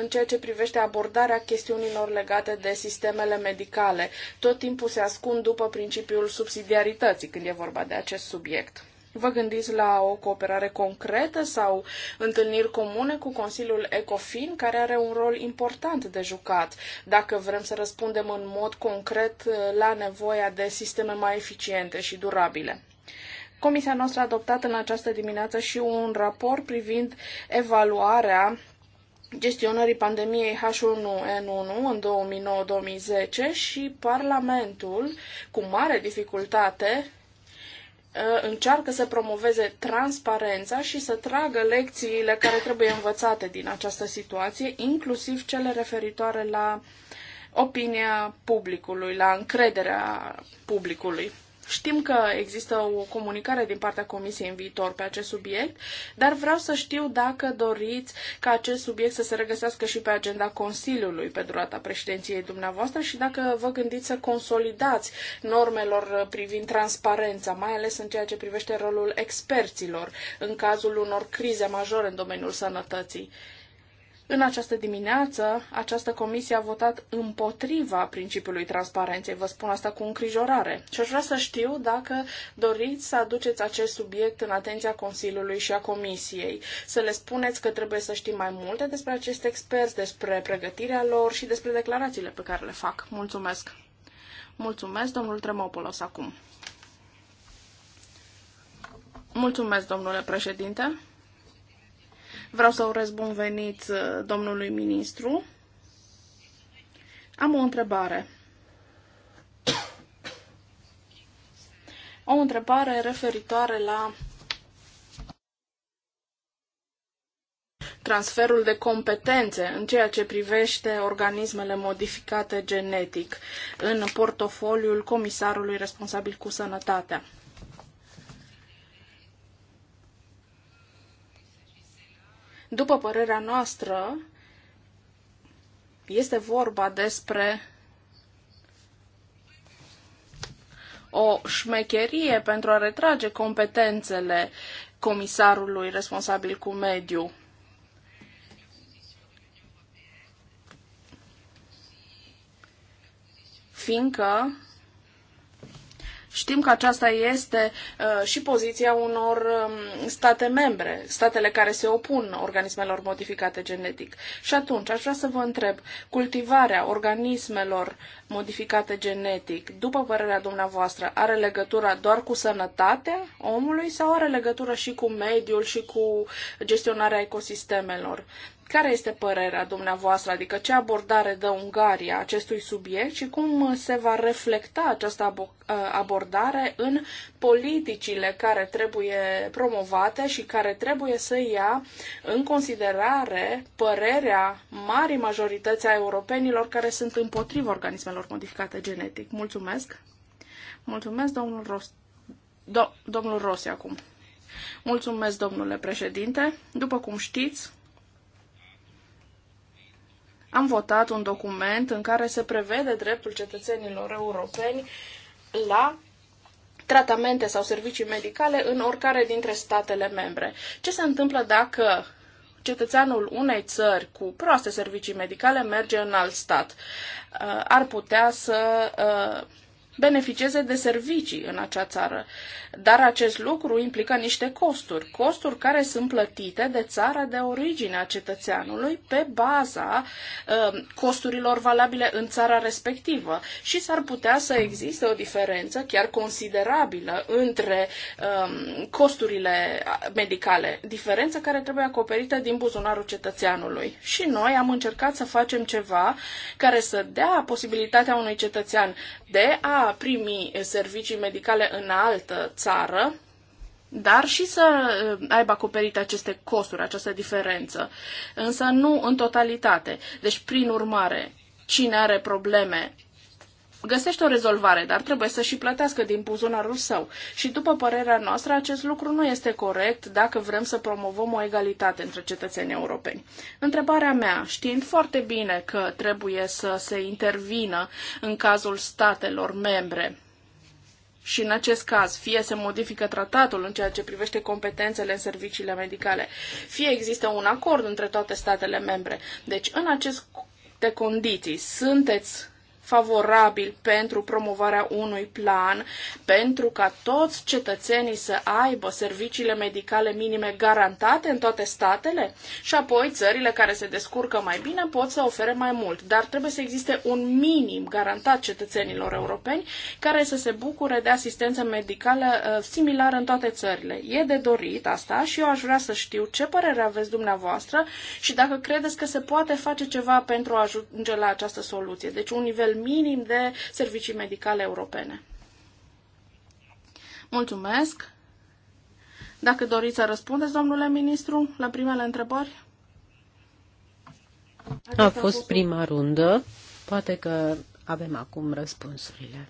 în ceea ce privește abordarea chestiunilor legate de sistemele medicale. Tot timpul se ascund după principiul subsidiarității când e vorba de acest subiect. Vă gândiți la o cooperare concretă sau întâlniri comune cu Consiliul ECOFIN, care are un rol important de jucat, dacă vrem să răspundem în mod concret uh, la nevoia de sisteme mai eficiente și durabile? Comisia noastră a adoptat în această dimineață și un raport privind evaluarea gestionării pandemiei H1N1 în 2009-2010 și Parlamentul, cu mare dificultate, uh, încearcă să promoveze transparența și să tragă lecțiile care trebuie învățate din această situație, inclusiv cele referitoare la opinia publicului, la încrederea publicului. Știm că există o comunicare din partea Comisiei în viitor pe acest subiect, dar vreau să știu dacă doriți ca acest subiect să se regăsească și pe agenda Consiliului pe durata președinției dumneavoastră și dacă vă gândiți să consolidați normelor privind transparența, mai ales în ceea ce privește rolul experților în cazul unor crize majore în domeniul sănătății. În această dimineață, această comisie a votat împotriva principiului transparenței. Vă spun asta cu îngrijorare. Și aș vrea să știu dacă doriți să aduceți acest subiect în atenția Consiliului și a Comisiei, să le spuneți că trebuie să știm mai multe despre acest expert, despre pregătirea lor și despre declarațiile pe care le fac. Mulțumesc! Mulțumesc, domnul Tremopolos, acum. Mulțumesc, domnule președinte. Vreau să urez bun venit uh, domnului ministru. Am o întrebare. O întrebare referitoare la transferul de competențe în ceea ce privește organismele modificate genetic în portofoliul comisarului responsabil cu sănătatea. După părerea noastră, este vorba despre o șmecherie pentru a retrage competențele comisarului responsabil cu mediu. Fiindcă Știm că aceasta este uh, și poziția unor um, state membre, statele care se opun organismelor modificate genetic. Și atunci aș vrea să vă întreb, cultivarea organismelor modificate genetic, după părerea dumneavoastră, are legătura doar cu sănătatea omului sau are legătură și cu mediul și cu gestionarea ecosistemelor? Care este părerea dumneavoastră, adică ce abordare dă Ungaria acestui subiect și cum se va reflecta această uh, abordare în politicile care trebuie promovate și care trebuie să ia în considerare părerea marii majorități a europenilor care sunt împotriva organismelor modificate genetic? Mulțumesc! Mulțumesc, domnul, Ros- Do- domnul Rossi, acum. Mulțumesc, domnule președinte. După cum știți, am votat un document în care se prevede dreptul cetățenilor europeni la tratamente sau servicii medicale în oricare dintre statele membre. Ce se întâmplă dacă cetățeanul unei țări cu proaste servicii medicale merge în alt stat? Uh, ar putea să uh, beneficieze de servicii în acea țară. Dar acest lucru implică niște costuri, costuri care sunt plătite de țara de origine a cetățeanului pe baza uh, costurilor valabile în țara respectivă. Și s-ar putea să existe o diferență chiar considerabilă între uh, costurile medicale, diferență care trebuie acoperită din buzunarul cetățeanului. Și noi am încercat să facem ceva care să dea posibilitatea unui cetățean de a a primi servicii medicale în altă țară, dar și să uh, aibă acoperite aceste costuri, această diferență, însă nu în totalitate. Deci, prin urmare, cine are probleme găsește o rezolvare, dar trebuie să și plătească din buzunarul său. Și după părerea noastră, acest lucru nu este corect dacă vrem să promovăm o egalitate între cetățenii europeni. Întrebarea mea, știind foarte bine că trebuie să se intervină în cazul statelor membre, și în acest caz, fie se modifică tratatul în ceea ce privește competențele în serviciile medicale, fie există un acord între toate statele membre. Deci, în aceste condiții, sunteți favorabil pentru promovarea unui plan pentru ca toți cetățenii să aibă serviciile medicale minime garantate în toate statele și apoi țările care se descurcă mai bine pot să ofere mai mult, dar trebuie să existe un minim garantat cetățenilor europeni care să se bucure de asistență medicală uh, similară în toate țările. E de dorit asta și eu aș vrea să știu ce părere aveți dumneavoastră și dacă credeți că se poate face ceva pentru a ajunge la această soluție. Deci un nivel minim de servicii medicale europene. Mulțumesc! Dacă doriți să răspundeți, domnule ministru, la primele întrebări? a fost prima rundă. Poate că avem acum răspunsurile.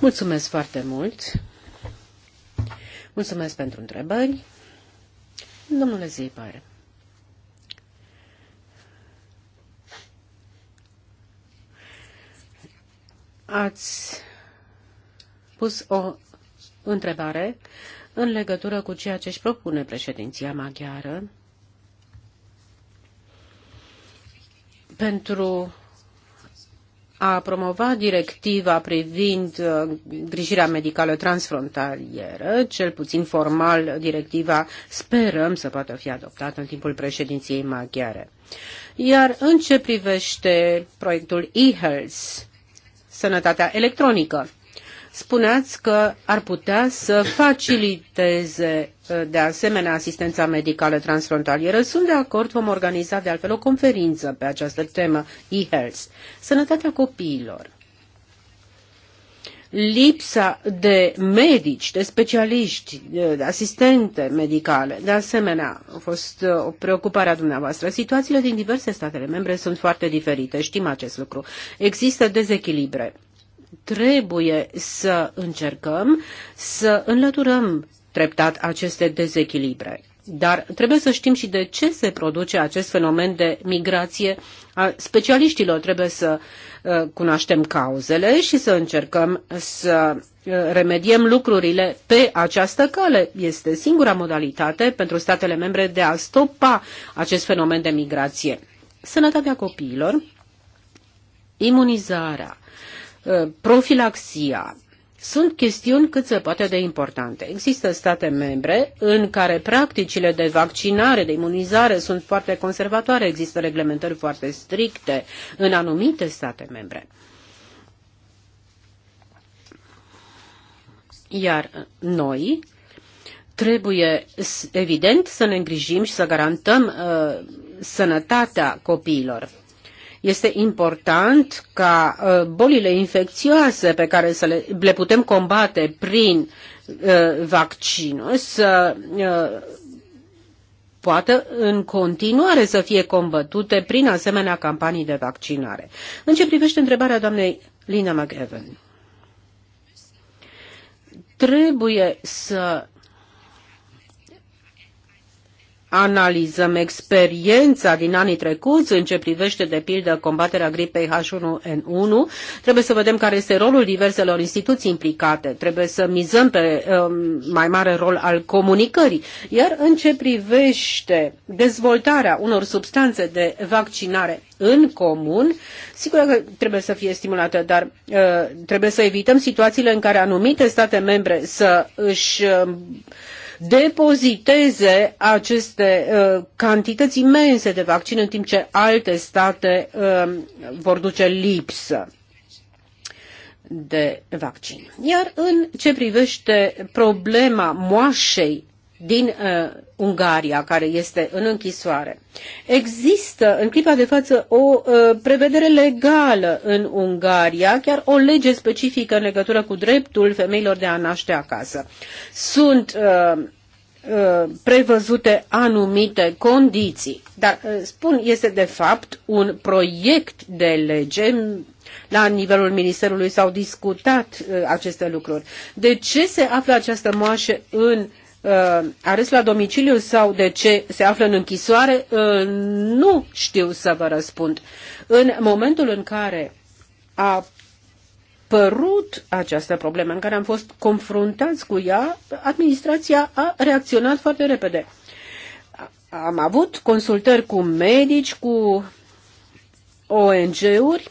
Mulțumesc foarte mult. Mulțumesc pentru întrebări. Domnule Zipare. ați pus o întrebare în legătură cu ceea ce își propune președinția maghiară pentru a promova directiva privind uh, grijirea medicală transfrontalieră, cel puțin formal directiva sperăm să poată fi adoptată în timpul președinției maghiare. Iar în ce privește proiectul e-health, sănătatea electronică. Spuneați că ar putea să faciliteze uh, de asemenea asistența medicală transfrontalieră. Sunt de acord, vom organiza de altfel o conferință pe această temă, e-health, sănătatea copiilor lipsa de medici, de specialiști, de asistente medicale. De asemenea, a fost uh, o preocupare a dumneavoastră. Situațiile din diverse statele membre sunt foarte diferite, știm acest lucru. Există dezechilibre. Trebuie să încercăm să înlăturăm treptat aceste dezechilibre. Dar trebuie să știm și de ce se produce acest fenomen de migrație specialiștilor. Trebuie să Uh, cunoaștem cauzele și să încercăm să uh, remediem lucrurile pe această cale. Este singura modalitate pentru statele membre de a stopa acest fenomen de migrație. Sănătatea copiilor, imunizarea, uh, profilaxia, sunt chestiuni cât se poate de importante. Există state membre în care practicile de vaccinare, de imunizare sunt foarte conservatoare, există reglementări foarte stricte în anumite state membre. Iar noi trebuie, evident, să ne îngrijim și să garantăm uh, sănătatea copiilor. Este important ca uh, bolile infecțioase pe care să le, le putem combate prin uh, vaccin să uh, poată în continuare să fie combătute prin asemenea campanii de vaccinare. În ce privește întrebarea doamnei Lina McEwen, trebuie să analizăm experiența din anii trecuți în ce privește, de pildă, combaterea gripei H1N1, trebuie să vedem care este rolul diverselor instituții implicate, trebuie să mizăm pe um, mai mare rol al comunicării. Iar în ce privește dezvoltarea unor substanțe de vaccinare în comun, sigur că trebuie să fie stimulată, dar uh, trebuie să evităm situațiile în care anumite state membre să își uh, depoziteze aceste uh, cantități imense de vaccin, în timp ce alte state uh, vor duce lipsă de vaccin. Iar în ce privește problema moașei din uh, Ungaria, care este în închisoare. Există în clipa de față o uh, prevedere legală în Ungaria, chiar o lege specifică în legătură cu dreptul femeilor de a naște acasă. Sunt uh, uh prevăzute anumite condiții. Dar, uh, spun, este de fapt un proiect de lege. La nivelul Ministerului s-au discutat uh, aceste lucruri. De ce se află această moașă în Uh, arest la domiciliu sau de ce se află în închisoare, uh, nu știu să vă răspund. În momentul în care a părut această problemă, în care am fost confruntați cu ea, administrația a reacționat foarte repede. Am avut consultări cu medici, cu ONG-uri.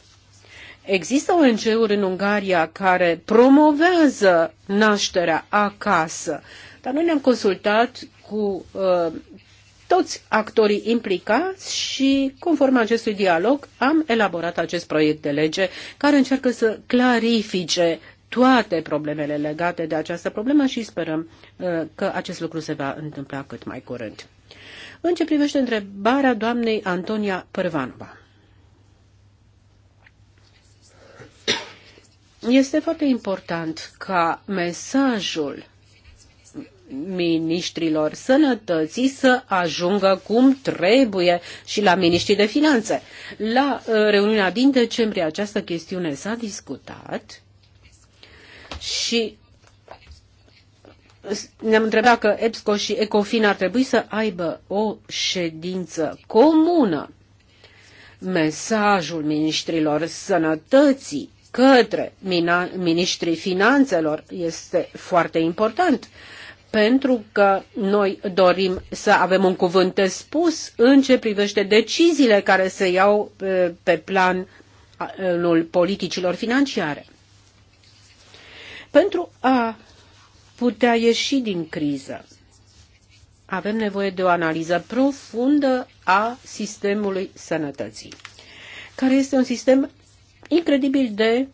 Există ONG-uri în Ungaria care promovează nașterea acasă. Uh, dar noi ne-am consultat cu uh, toți actorii implicați și, conform acestui dialog, am elaborat acest proiect de lege care încearcă să clarifice toate problemele legate de această problemă și sperăm uh, că acest lucru se va întâmpla cât mai curând. În ce privește întrebarea doamnei Antonia Părvanova. Este foarte important ca mesajul ministrilor sănătății să ajungă cum trebuie și la ministrii de finanțe. La uh, reuniunea din decembrie această chestiune s-a discutat și ne-am întrebat că EPSCO și ECOFIN ar trebui să aibă o ședință comună. Mesajul ministrilor sănătății către miniștrii finanțelor este foarte important pentru că noi dorim să avem un cuvânt de spus în ce privește deciziile care se iau pe planul politicilor financiare. Pentru a putea ieși din criză, avem nevoie de o analiză profundă a sistemului sănătății, care este un sistem incredibil de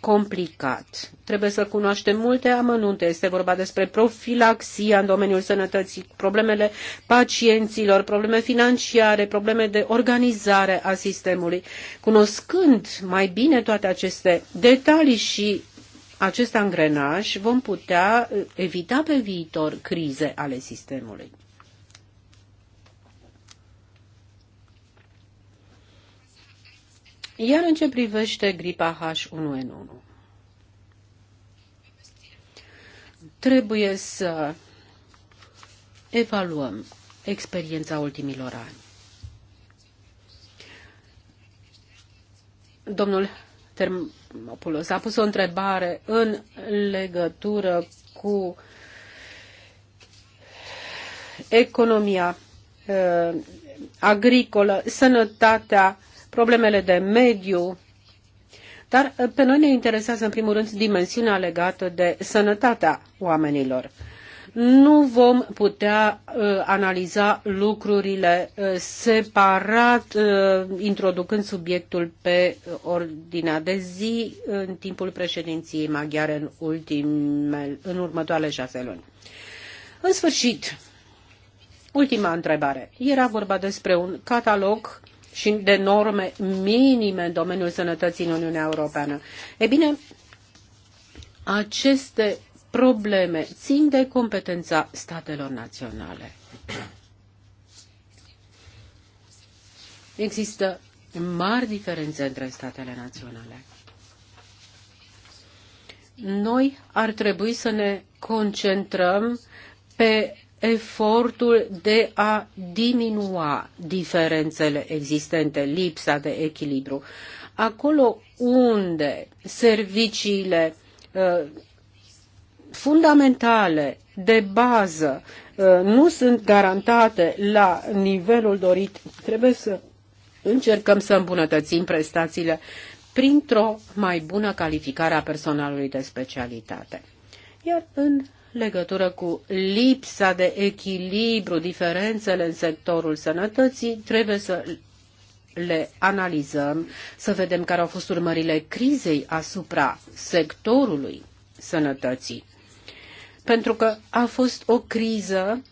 complicat. Trebuie să cunoaștem multe amănunte. Este vorba despre profilaxia în domeniul sănătății, problemele pacienților, probleme financiare, probleme de organizare a sistemului. Cunoscând mai bine toate aceste detalii și acest angrenaj, vom putea uh, evita pe viitor crize ale sistemului. Iar în ce privește gripa H1N1, trebuie să evaluăm experiența ultimilor ani. Domnul Termopoulos a pus o întrebare în legătură cu economia uh, agricolă, sănătatea problemele de mediu, dar uh, pe noi ne interesează în primul rând dimensiunea legată de sănătatea oamenilor. Nu vom putea uh, analiza lucrurile uh, separat, uh, introducând subiectul pe uh, ordinea de zi uh, în timpul președinției maghiare în, ultime, în următoarele șase luni. În sfârșit, ultima întrebare. Era vorba despre un catalog și de norme minime în domeniul sănătății în Uniunea Europeană. E bine, aceste probleme țin de competența statelor naționale. Există mari diferențe între statele naționale. Noi ar trebui să ne concentrăm pe efortul de a diminua diferențele existente, lipsa de echilibru. Acolo unde serviciile uh, fundamentale de bază uh, nu sunt garantate la nivelul dorit, trebuie să încercăm să îmbunătățim prestațiile printr-o mai bună calificare a personalului de specialitate. Iar în legătură cu lipsa de echilibru, diferențele în sectorul sănătății, trebuie să le analizăm, să vedem care au fost urmările crizei asupra sectorului sănătății. Pentru că a fost o criză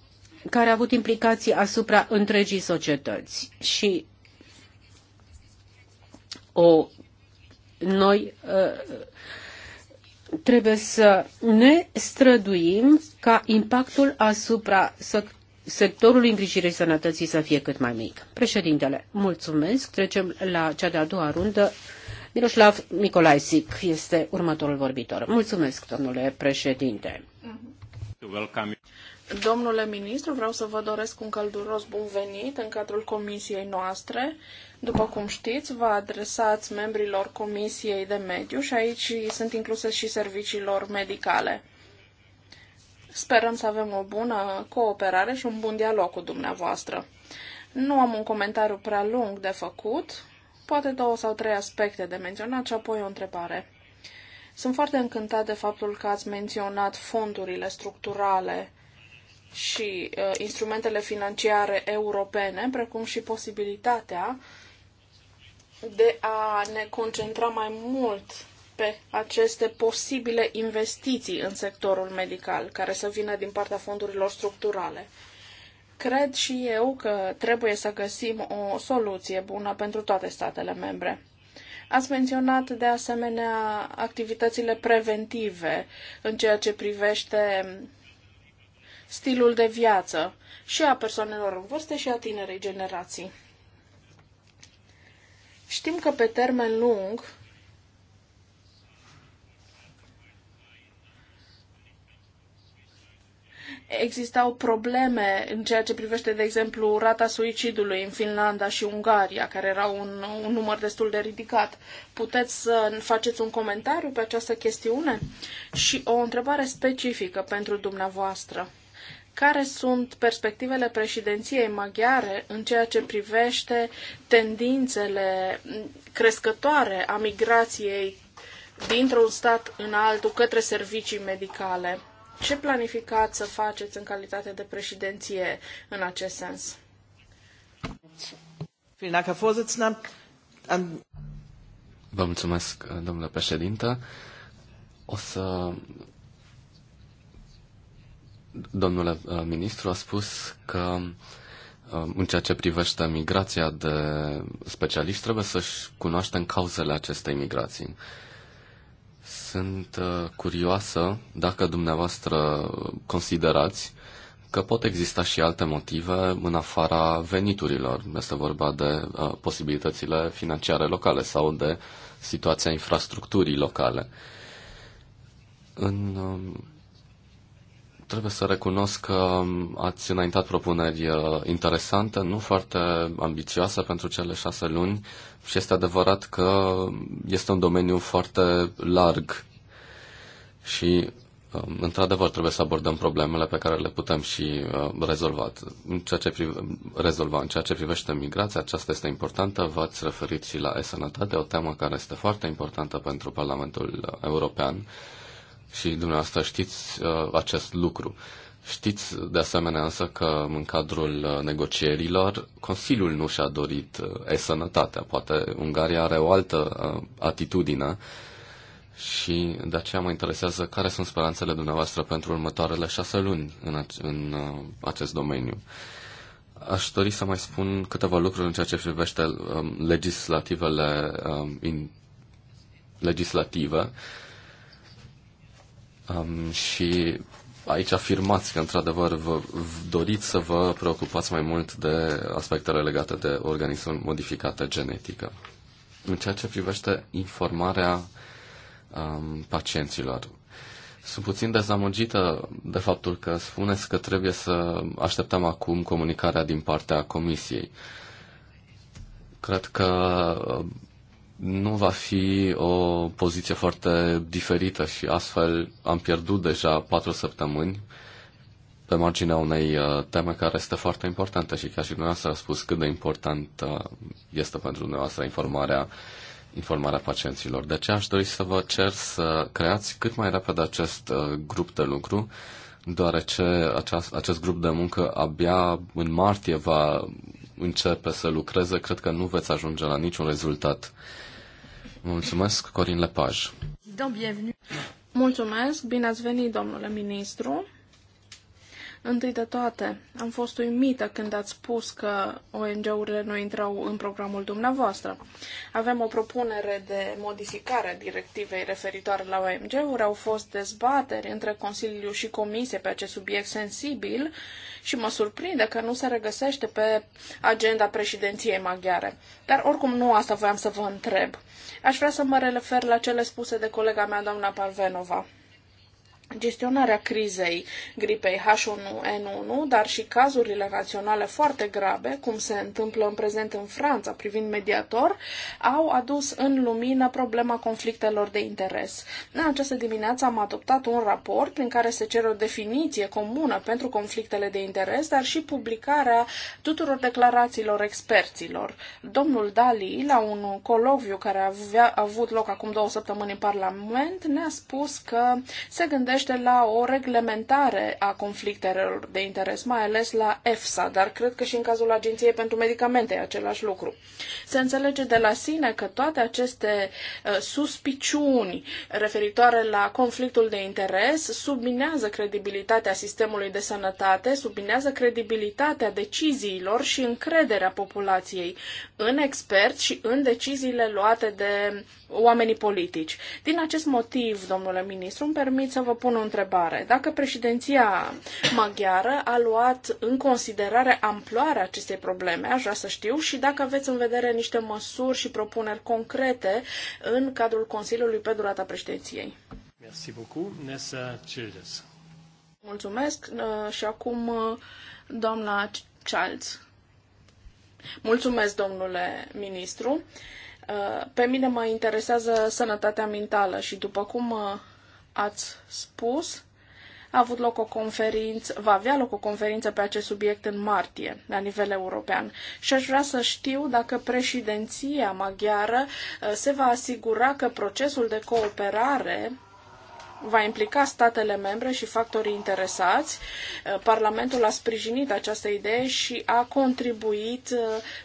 care a avut implicații asupra întregii societăți și o noi uh, trebuie să ne străduim ca impactul asupra sectorului îngrijirii sănătății să fie cât mai mic. Președintele, mulțumesc. Trecem la cea de-a doua rundă. Miroslav Nicolaisic este următorul vorbitor. Mulțumesc, domnule președinte. Domnule ministru, vreau să vă doresc un călduros bun venit în cadrul comisiei noastre după cum știți, vă adresați membrilor Comisiei de Mediu și aici sunt incluse și serviciilor medicale. Sperăm să avem o bună cooperare și un bun dialog cu dumneavoastră. Nu am un comentariu prea lung de făcut, poate două sau trei aspecte de menționat și apoi o întrebare. Sunt foarte încântat de faptul că ați menționat fondurile structurale și uh, instrumentele financiare europene, precum și posibilitatea de a ne concentra mai mult pe aceste posibile investiții în sectorul medical, care să vină din partea fondurilor structurale. Cred și eu că trebuie să găsim o soluție bună pentru toate statele membre. Ați menționat de asemenea activitățile preventive în ceea ce privește stilul de viață și a persoanelor în vârstă și a tinerei generații. Știm că pe termen lung existau probleme în ceea ce privește, de exemplu, rata suicidului în Finlanda și Ungaria, care era un, un număr destul de ridicat. Puteți să faceți un comentariu pe această chestiune? Și o întrebare specifică pentru dumneavoastră. Care sunt perspectivele președinției maghiare în ceea ce privește tendințele crescătoare a migrației dintr-un stat în altul către servicii medicale? Ce planificați să faceți în calitate de președinție în acest sens? Vă mulțumesc, domnule președinte. O să Domnule uh, ministru a spus că uh, în ceea ce privește migrația de specialiști, trebuie să-și cunoaștem cauzele acestei migrații. Sunt uh, curioasă dacă dumneavoastră considerați că pot exista și alte motive în afara veniturilor. Este vorba de uh, posibilitățile financiare locale sau de situația infrastructurii locale. În um, Trebuie să recunosc că um, ați înaintat propuneri uh, interesante, nu foarte ambițioase pentru cele șase luni și este adevărat că este un domeniu foarte larg și, um, într-adevăr, trebuie să abordăm problemele pe care le putem și uh, rezolva. În ceea ce, priv- rezolva. În ceea ce privește migrația, aceasta este importantă. V-ați referit și la e-sănătate, o temă care este foarte importantă pentru Parlamentul European și dumneavoastră știți uh, acest lucru. Știți de asemenea însă că în cadrul uh, negocierilor Consiliul nu și-a dorit uh, e-sănătatea. Poate Ungaria are o altă uh, atitudine și de aceea mă interesează care sunt speranțele dumneavoastră pentru următoarele șase luni în, ac- în acest domeniu. Aș dori să mai spun câteva lucruri în ceea ce privește um, legislativele um, in, legislative. Uh, Um, și aici afirmați că, într-adevăr, vă doriți să vă preocupați mai mult de aspectele legate de organismul modificată genetică. În ceea ce privește informarea um, pacienților, sunt puțin dezamăgită de faptul că spuneți că trebuie să așteptăm acum comunicarea din partea Comisiei. Cred că nu va fi o poziție foarte diferită și astfel am pierdut deja patru săptămâni pe marginea unei uh, teme care este foarte importantă și ca și dumneavoastră a spus cât de importantă uh, este pentru dumneavoastră informarea, informarea pacienților. De aceea aș dori să vă cer să creați cât mai repede acest uh, grup de lucru, deoarece acest, acest grup de muncă abia în martie va începe să lucreze, cred că nu veți ajunge la niciun rezultat uh, Mulțumesc, Corin Lepaj. Mulțumesc, bine ați venit, domnule ministru. Întâi de toate, am fost uimită când ați spus că ONG-urile nu intrau în programul dumneavoastră. Avem o propunere de modificare a directivei referitoare la ONG-uri. Au fost dezbateri între Consiliu și Comisie pe acest subiect sensibil și mă surprinde că nu se regăsește pe agenda președinției maghiare. Dar oricum nu asta voiam să vă întreb. Aș vrea să mă refer la cele spuse de colega mea, doamna Parvenova gestionarea crizei gripei H1N1, dar și cazurile naționale foarte grave, cum se întâmplă în prezent în Franța privind mediator, au adus în lumină problema conflictelor de interes. În această dimineață am adoptat un raport prin care se cere o definiție comună pentru conflictele de interes, dar și publicarea tuturor declarațiilor experților. Domnul Dali, la un coloviu care avea avut loc acum două săptămâni în Parlament, ne-a spus că se gândește gândește la o reglementare a conflictelor de interes, mai ales la EFSA, dar cred că și în cazul Agenției pentru Medicamente e același lucru. Se înțelege de la sine că toate aceste uh, suspiciuni referitoare la conflictul de interes subminează credibilitatea sistemului de sănătate, subminează credibilitatea deciziilor și încrederea populației în experți și în deciziile luate de oamenii politici. Din acest motiv, domnule ministru, îmi permit să vă pun o întrebare. Dacă președinția maghiară a luat în considerare amploarea acestei probleme, aș vrea să știu, și dacă aveți în vedere niște măsuri și propuneri concrete în cadrul Consiliului pe durata președinției. Merci beaucoup, Nessa Mulțumesc și acum uh, doamna Childs. Mulțumesc, domnule ministru. Uh, pe mine mă interesează sănătatea mentală și după cum uh, ați spus, a avut loc o conferință, va avea loc o conferință pe acest subiect în martie, la nivel european. Și aș vrea să știu dacă președinția maghiară uh, se va asigura că procesul de cooperare va implica statele membre și factorii interesați. Uh, Parlamentul a sprijinit această idee și a contribuit uh,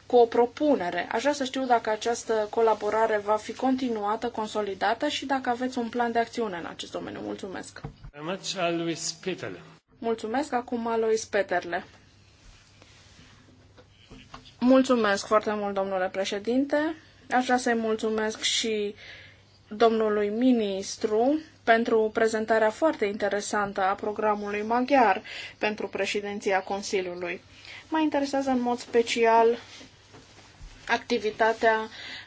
cu o propunere. Aș vrea să știu dacă această colaborare va fi continuată, consolidată și dacă aveți un plan de acțiune în acest domeniu. Mulțumesc! Mulțumesc acum Alois Peterle. Mulțumesc foarte mult, domnule președinte. Aș vrea să-i mulțumesc și domnului ministru pentru prezentarea foarte interesantă a programului maghiar pentru președinția Consiliului. Mă interesează în mod special activitatea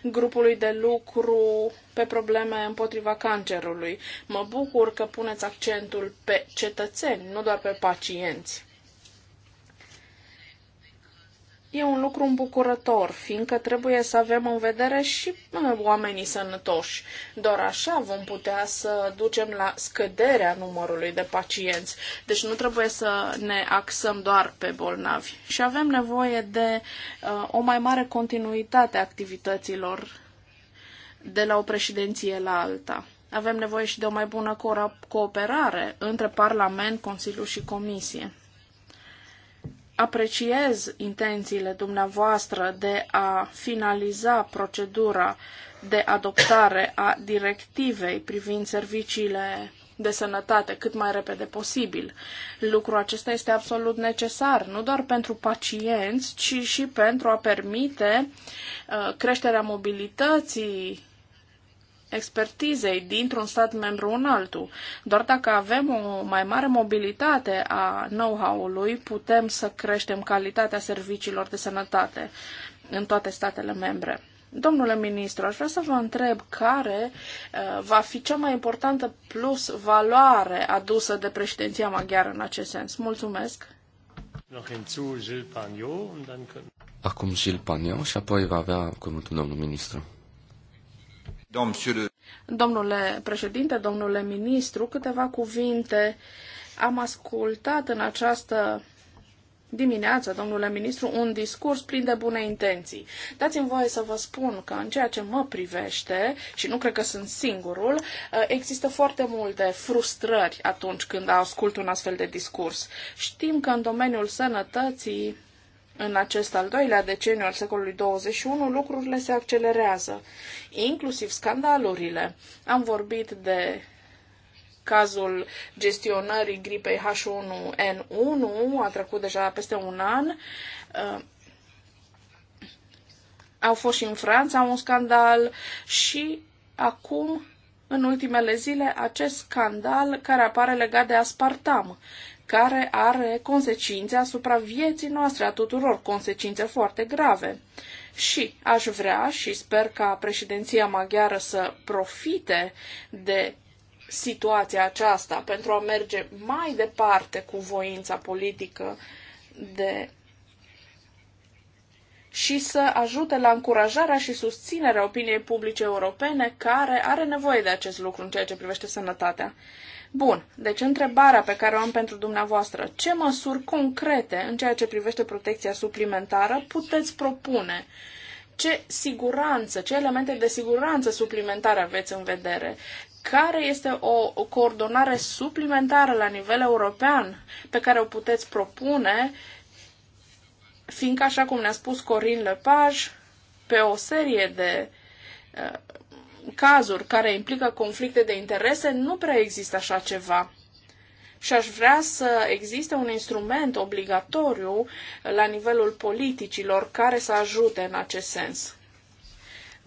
grupului de lucru pe probleme împotriva cancerului. Mă bucur că puneți accentul pe cetățeni, nu doar pe pacienți. e un lucru îmbucurător, fiindcă trebuie să avem în vedere și oamenii sănătoși. Doar așa vom putea să ducem la scăderea numărului de pacienți. Deci nu trebuie să ne axăm doar pe bolnavi. Și avem nevoie de uh, o mai mare continuitate a activităților de la o președinție la alta. Avem nevoie și de o mai bună cooperare între Parlament, Consiliu și Comisie apreciez intențiile dumneavoastră de a finaliza procedura de adoptare a directivei privind serviciile de sănătate cât mai repede posibil. Lucrul acesta este absolut necesar, nu doar pentru pacienți, ci și pentru a permite uh, creșterea mobilității expertizei dintr-un stat membru în altul. Doar dacă avem o mai mare mobilitate a know-how-ului, putem să creștem calitatea serviciilor de sănătate în toate statele membre. Domnule ministru, aș vrea să vă întreb care uh, va fi cea mai importantă plus valoare adusă de președinția maghiară în acest sens. Mulțumesc! Acum Gilles Pagnon și apoi va avea cuvântul domnul ministru. Domnule președinte, domnule ministru, câteva cuvinte. Am ascultat în această dimineață, domnule ministru, un discurs plin de bune intenții. Dați-mi voie să vă spun că în ceea ce mă privește, și nu cred că sunt singurul, eh, există foarte multe frustrări atunci când ascult un astfel de discurs. Știm că în domeniul sănătății în acest al doilea deceniu al secolului 21, lucrurile se accelerează, inclusiv scandalurile. Am vorbit de cazul gestionării gripei H1N1, a trecut deja peste un an. Uh, au fost și în Franța un scandal și acum, în ultimele zile, acest scandal care apare legat de aspartam care are consecințe asupra vieții noastre, a tuturor consecințe foarte grave. Și aș vrea și sper ca președinția maghiară să profite de situația aceasta pentru a merge mai departe cu voința politică de și să ajute la încurajarea și susținerea opiniei publice europene care are nevoie de acest lucru în ceea ce privește sănătatea. Bun, deci întrebarea pe care o am pentru dumneavoastră, ce măsuri concrete în ceea ce privește protecția suplimentară puteți propune? Ce siguranță, ce elemente de siguranță suplimentare aveți în vedere? Care este o coordonare suplimentară la nivel european pe care o puteți propune? Fiindcă, așa cum ne-a spus Corin Lepaj, pe o serie de uh, cazuri care implică conflicte de interese, nu prea există așa ceva. Și aș vrea să existe un instrument obligatoriu la nivelul politicilor care să ajute în acest sens.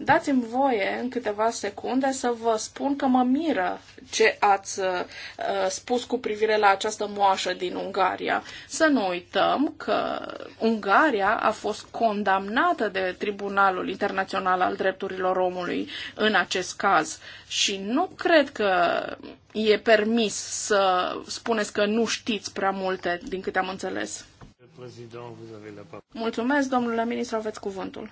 Dați-mi voie în câteva secunde să vă spun că mă miră ce ați uh, spus cu privire la această moașă din Ungaria. Să nu uităm că Ungaria a fost condamnată de Tribunalul Internațional al Drepturilor Omului în acest caz și nu cred că e permis să spuneți că nu știți prea multe, din câte am înțeles. Mulțumesc, domnule ministru, aveți cuvântul.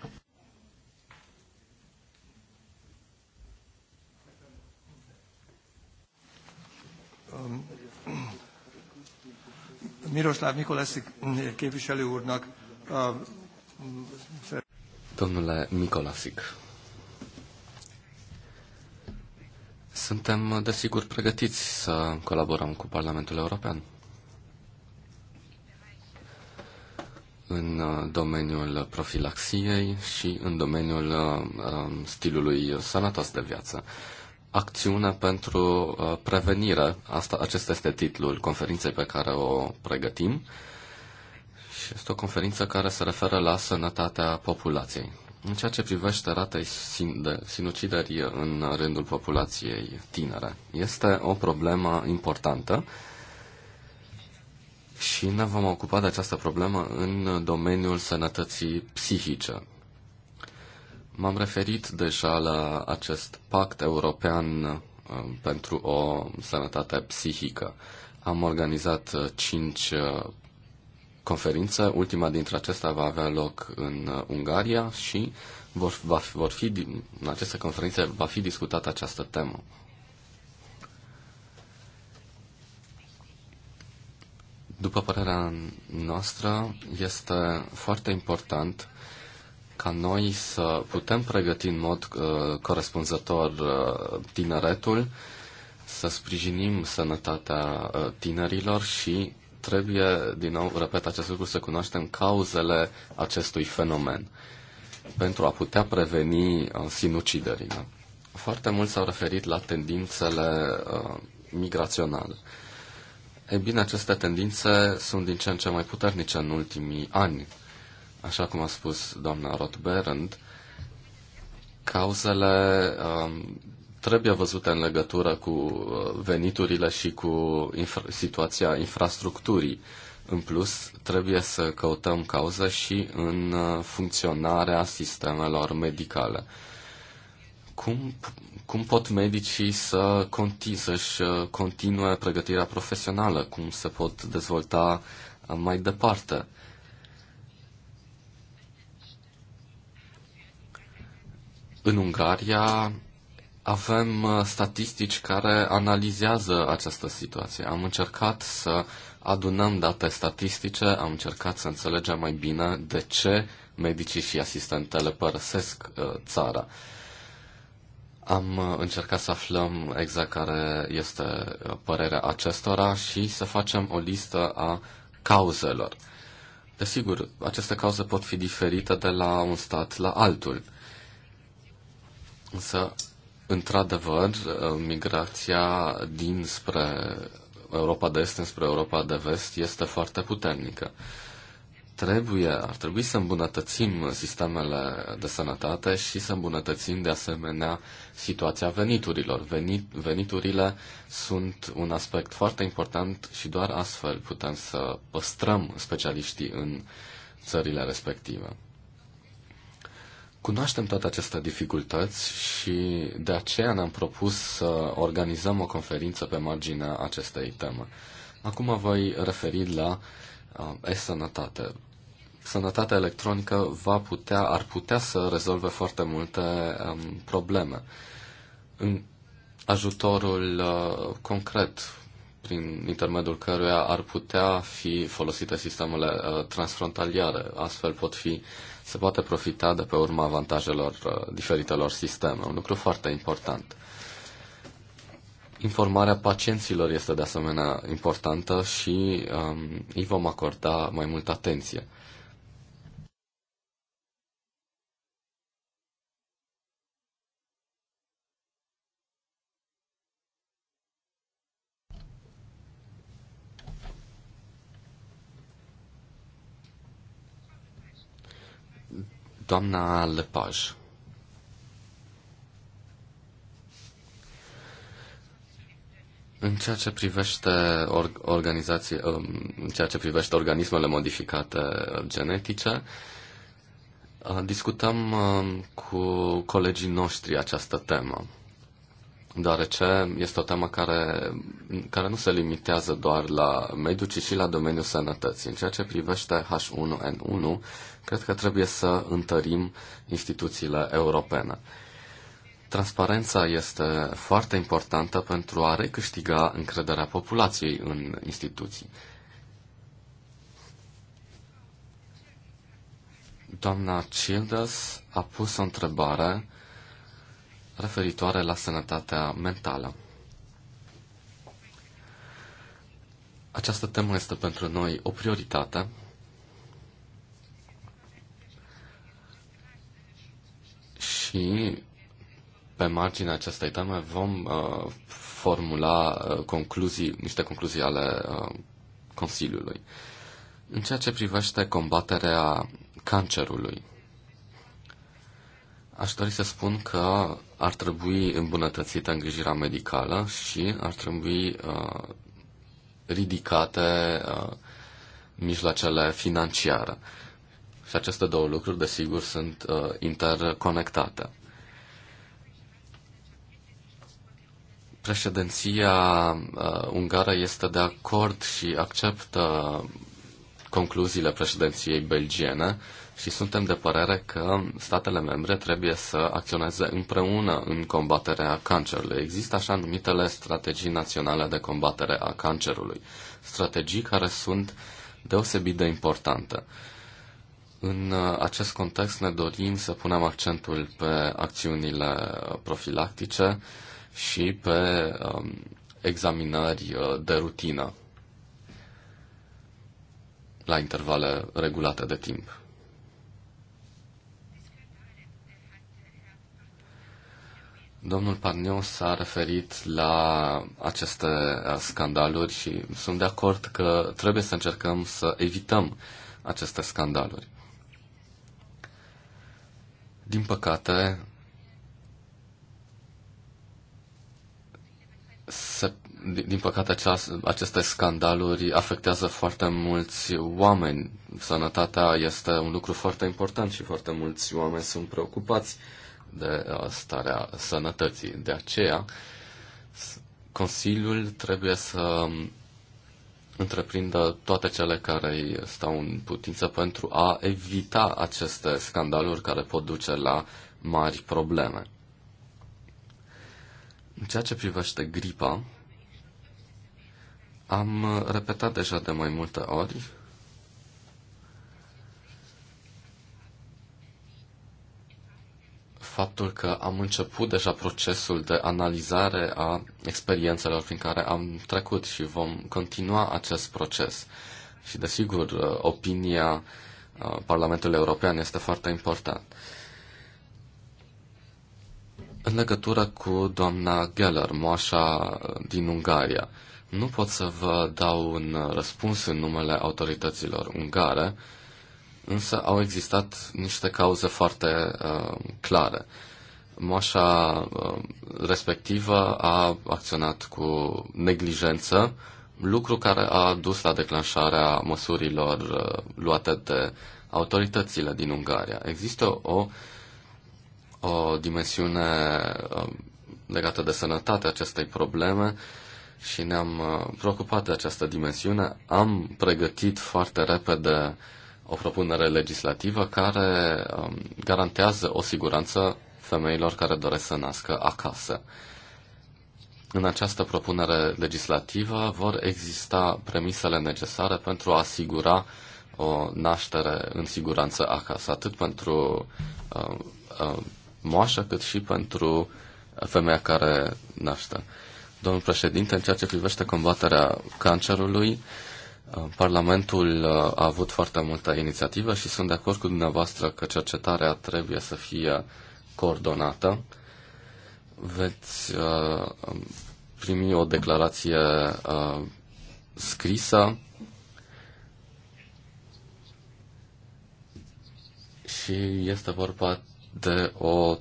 Um, Miroslav Mikolászik mm, képviselő úrnak um, Domnule Micolasic, suntem desigur pregătiți să colaborăm cu Parlamentul European. în uh, domeniul profilaxiei și în domeniul uh, um, stilului sănătos de viață. Acțiune pentru uh, prevenire. Asta, acesta este titlul conferinței pe care o pregătim. Și este o conferință care se referă la sănătatea populației. În ceea ce privește ratei sin- de sinucideri în rândul populației tinere, este o problemă importantă și ne vom ocupa de această problemă în domeniul sănătății psihice. M-am referit deja la acest pact european uh, pentru o sănătate psihică. Am organizat uh, cinci uh, conferințe, ultima dintre acestea va avea loc în Ungaria și vor, va, vor fi, în aceste conferințe va fi discutată această temă. După părerea noastră, este foarte important ca noi să putem pregăti în mod uh, corespunzător uh, tineretul, să sprijinim sănătatea uh, tinerilor și trebuie, din nou, repet acest lucru, să cunoaștem cauzele acestui fenomen pentru a putea preveni uh, sinuciderile. Foarte mult s-au referit la tendințele uh, migraționale. E bine, aceste tendințe sunt din ce în ce mai puternice în ultimii ani. Uh, așa cum a spus doamna Rothberend, cauzele um, trebuie văzute în legătură cu uh, veniturile și cu infra- situația infrastructurii. În plus, trebuie să căutăm cauză și în uh, funcționarea sistemelor medicale. Cum, cum pot medicii să conti, să-și uh, continue pregătirea profesională? Cum se pot dezvolta mai departe? În Ungaria avem uh, statistici care analizează această situație. Am încercat să adunăm date statistice, am încercat să înțelegem mai bine de ce medicii și asistentele părăsesc uh, țara. Am uh, încercat să aflăm exact care este părerea acestora și să facem o listă a cauzelor. Desigur, aceste cauze pot fi diferite de la un stat la altul. Însă, într-adevăr, uh, migrația dinspre Europa de Est spre Europa de Vest este foarte puternică. Trebuie, ar trebui să îmbunătățim sistemele de sănătate și să îmbunătățim de asemenea situația veniturilor. Venit, veniturile sunt un aspect foarte important și doar astfel putem să păstrăm specialiștii în țările respective. Cunoaștem toate aceste dificultăți și de aceea ne-am propus să organizăm o conferință pe marginea acestei teme. Acum voi referi la uh, e-sănătate. Sănătatea electronică va putea, ar putea să rezolve foarte multe um, probleme. În ajutorul uh, concret prin intermediul căruia ar putea fi folosite sistemele uh, transfrontaliare, Astfel pot fi se poate profita de pe urma avantajelor uh, diferitelor sisteme. Un lucru foarte important. Informarea pacienților este de asemenea importantă și um, îi vom acorda mai multă atenție. Doamna Lepaj. În ceea ce privește or- organizații, um, în ceea ce privește organismele modificate um, genetice, uh, discutăm um, cu colegii noștri această temă deoarece este o temă care, care nu se limitează doar la mediu, ci și la domeniul sănătății. În ceea ce privește H1N1, cred că trebuie să întărim instituțiile europene. Transparența este foarte importantă pentru a recâștiga încrederea populației în instituții. Doamna Childers a pus o întrebare referitoare la sănătatea mentală. Această temă este pentru noi o prioritate și pe marginea acestei teme vom uh, formula uh, concluzii, niște concluzii ale uh, Consiliului. În ceea ce privește combaterea cancerului, aș dori să spun că ar trebui îmbunătățită îngrijirea medicală și ar trebui uh, ridicate uh, mijloacele financiare. Și aceste două lucruri, desigur, sunt uh, interconectate. Președinția uh, ungară este de acord și acceptă concluziile președinției belgiene și suntem de părere că statele membre trebuie să acționeze împreună în combaterea cancerului. Există așa numitele strategii naționale de combatere a cancerului, strategii care sunt deosebit de importante. În uh, acest context ne dorim să punem accentul pe acțiunile profilactice și pe um, examinări uh, de rutină la intervale regulate de timp. Domnul Parniu s-a referit la aceste uh, scandaluri și sunt de acord că trebuie să încercăm să evităm aceste scandaluri. Din păcate, se, din păcate aceast, aceste scandaluri afectează foarte mulți oameni. Sănătatea este un lucru foarte important și foarte mulți oameni sunt preocupați uh, de uh, starea sănătății. De aceea, Consiliul trebuie să um, întreprindă toate cele care îi stau în putință pentru a evita aceste scandaluri care pot duce la mari probleme. În ceea ce privește gripa, am uh, repetat deja de mai multe ori faptul că am început deja procesul de analizare a experiențelor prin care am trecut și vom continua acest proces. Și, desigur, uh, opinia uh, Parlamentului European este foarte importantă. În legătură cu doamna Geller, moașa uh, din Ungaria, nu pot să vă dau un răspuns în numele autorităților ungare, însă au existat niște cauze foarte uh, clare. Moașa uh, respectivă a acționat cu neglijență, lucru care a dus la declanșarea măsurilor uh, luate de autoritățile din Ungaria. Există o, o dimensiune uh, legată de sănătatea acestei probleme și ne-am uh, preocupat de această dimensiune. Am pregătit foarte repede uh, o propunere legislativă care um, garantează o siguranță femeilor care doresc să nască acasă. În această propunere legislativă vor exista premisele necesare pentru a asigura o naștere în siguranță acasă, atât pentru uh, uh, moașă, cât și pentru femeia care naște. Domnul președinte, în ceea ce privește combaterea cancerului, uh, Parlamentul uh, a avut foarte multă inițiativă și sunt de acord cu dumneavoastră că cercetarea trebuie să fie coordonată. Veți uh, primi o declarație uh, scrisă și este vorba de o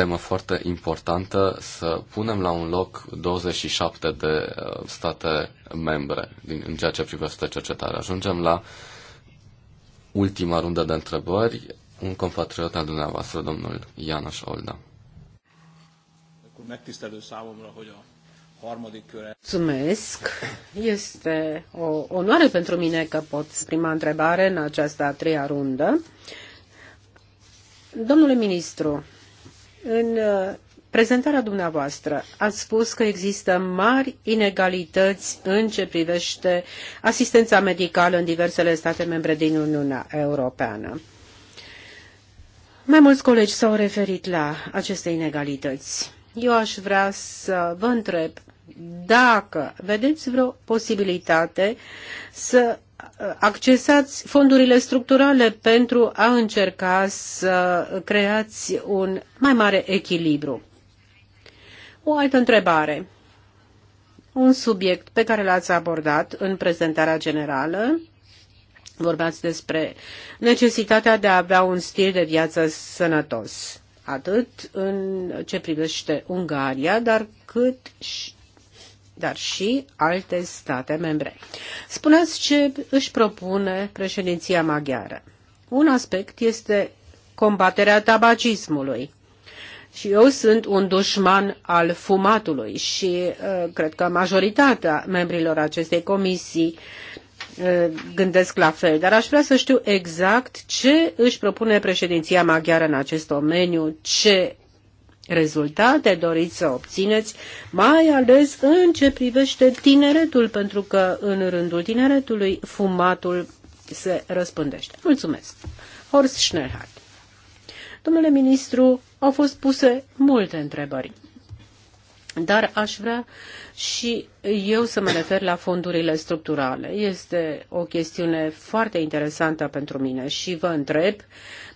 temă foarte importantă să punem la un loc 27 de uh, state membre din, în ceea ce privește cercetare. Ajungem la ultima rundă de întrebări. Un compatriot al dumneavoastră, domnul János Olda. Mulțumesc! Este o onoare pentru mine că pot prima întrebare în această a treia rundă. Domnule ministru, în uh, prezentarea dumneavoastră ați spus că există mari inegalități în ce privește asistența medicală în diversele state membre din Uniunea Europeană. Mai mulți colegi s-au referit la aceste inegalități. Eu aș vrea să vă întreb dacă vedeți vreo posibilitate să accesați fondurile structurale pentru a încerca să creați un mai mare echilibru. O altă întrebare. Un subiect pe care l-ați abordat în prezentarea generală, vorbeați despre necesitatea de a avea un stil de viață sănătos, atât în ce privește Ungaria, dar cât și dar și alte state membre. Spuneți ce își propune președinția maghiară. Un aspect este combaterea tabacismului. Și eu sunt un dușman al fumatului și uh, cred că majoritatea membrilor acestei comisii uh, gândesc la fel, dar aș vrea să știu exact ce își propune președinția maghiară în acest domeniu, ce rezultate doriți să obțineți, mai ales în ce privește tineretul, pentru că în rândul tineretului fumatul se răspândește. Mulțumesc! Horst Schnellhardt. Domnule ministru, au fost puse multe întrebări. Dar aș vrea și eu să mă refer la fondurile structurale. Este o chestiune foarte interesantă pentru mine și vă întreb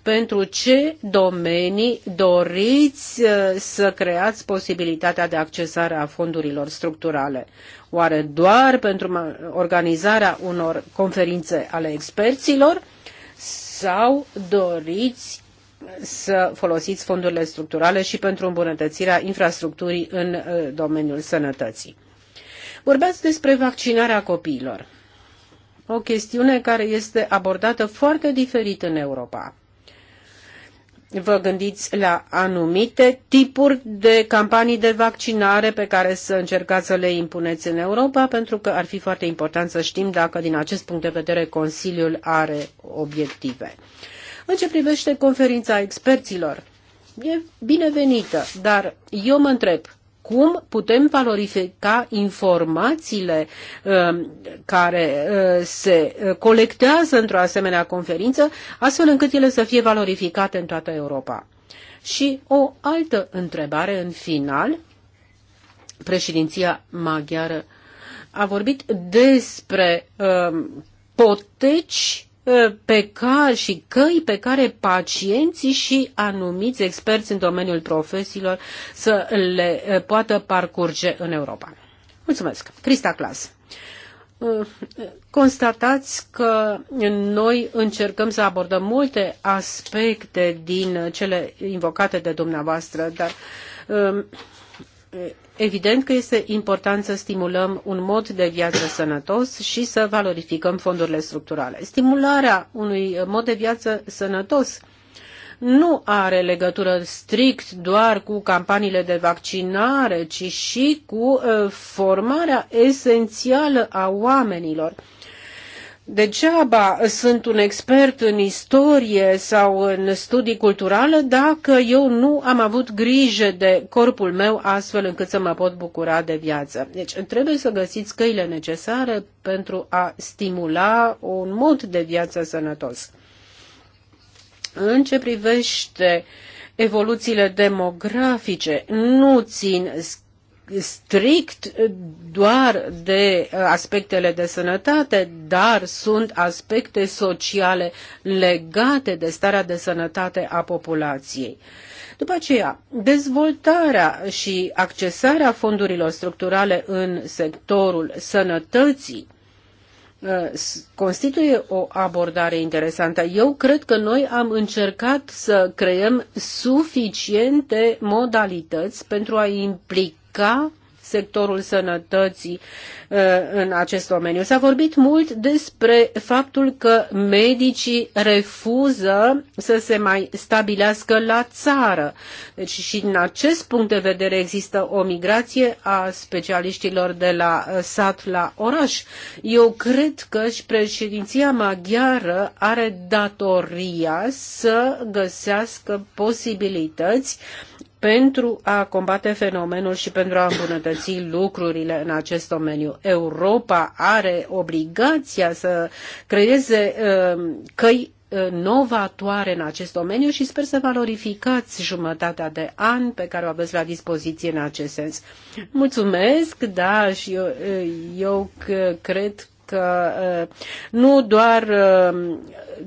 pentru ce domenii doriți uh, să creați posibilitatea de accesare a fondurilor structurale. Oare doar pentru organizarea unor conferințe ale experților sau doriți să folosiți fondurile structurale și pentru îmbunătățirea infrastructurii în uh, domeniul sănătății. Vorbeați despre vaccinarea copiilor. O chestiune care este abordată foarte diferit în Europa vă gândiți la anumite tipuri de campanii de vaccinare pe care să încercați să le impuneți în Europa, pentru că ar fi foarte important să știm dacă, din acest punct de vedere, Consiliul are obiective. În ce privește conferința experților, e binevenită, dar eu mă întreb, cum putem valorifica informațiile uh, care uh, se uh, colectează într-o asemenea conferință, astfel încât ele să fie valorificate în toată Europa. Și o altă întrebare în final. Președinția maghiară a vorbit despre uh, poteci Ă, pe care și căi pe care pacienții și anumiți experți în domeniul profesiilor să le ă, poată parcurge în Europa. Mulțumesc. Crista Clas ă, constatați că noi încercăm să abordăm multe aspecte din cele invocate de dumneavoastră, dar evident că este important să stimulăm un mod de viață sănătos și să valorificăm fondurile structurale. Stimularea unui mod de viață sănătos nu are legătură strict doar cu campaniile de vaccinare, ci și cu uh, formarea esențială a oamenilor Degeaba sunt un expert în istorie sau în studii culturale dacă eu nu am avut grijă de corpul meu astfel încât să mă pot bucura de viață. Deci trebuie să găsiți căile necesare pentru a stimula un mod de viață sănătos. În ce privește evoluțiile demografice, nu țin strict doar de aspectele de sănătate, dar sunt aspecte sociale legate de starea de sănătate a populației. După aceea, dezvoltarea și accesarea fondurilor structurale în sectorul sănătății uh, constituie o abordare interesantă. Eu cred că noi am încercat să creăm suficiente modalități pentru a implica ca sectorul sănătății uh, în acest domeniu. S-a vorbit mult despre faptul că medicii refuză să se mai stabilească la țară. Deci și din acest punct de vedere există o migrație a specialiștilor de la uh, sat la oraș. Eu cred că și președinția maghiară are datoria să găsească posibilități uh, pentru a combate fenomenul și pentru a îmbunătăți lucrurile în acest domeniu. Europa are obligația să creeze uh, căi uh, novatoare în acest domeniu și sper să valorificați jumătatea de an pe care o aveți la dispoziție în acest sens. Mulțumesc, da, și eu, uh, eu cred că uh, nu doar uh,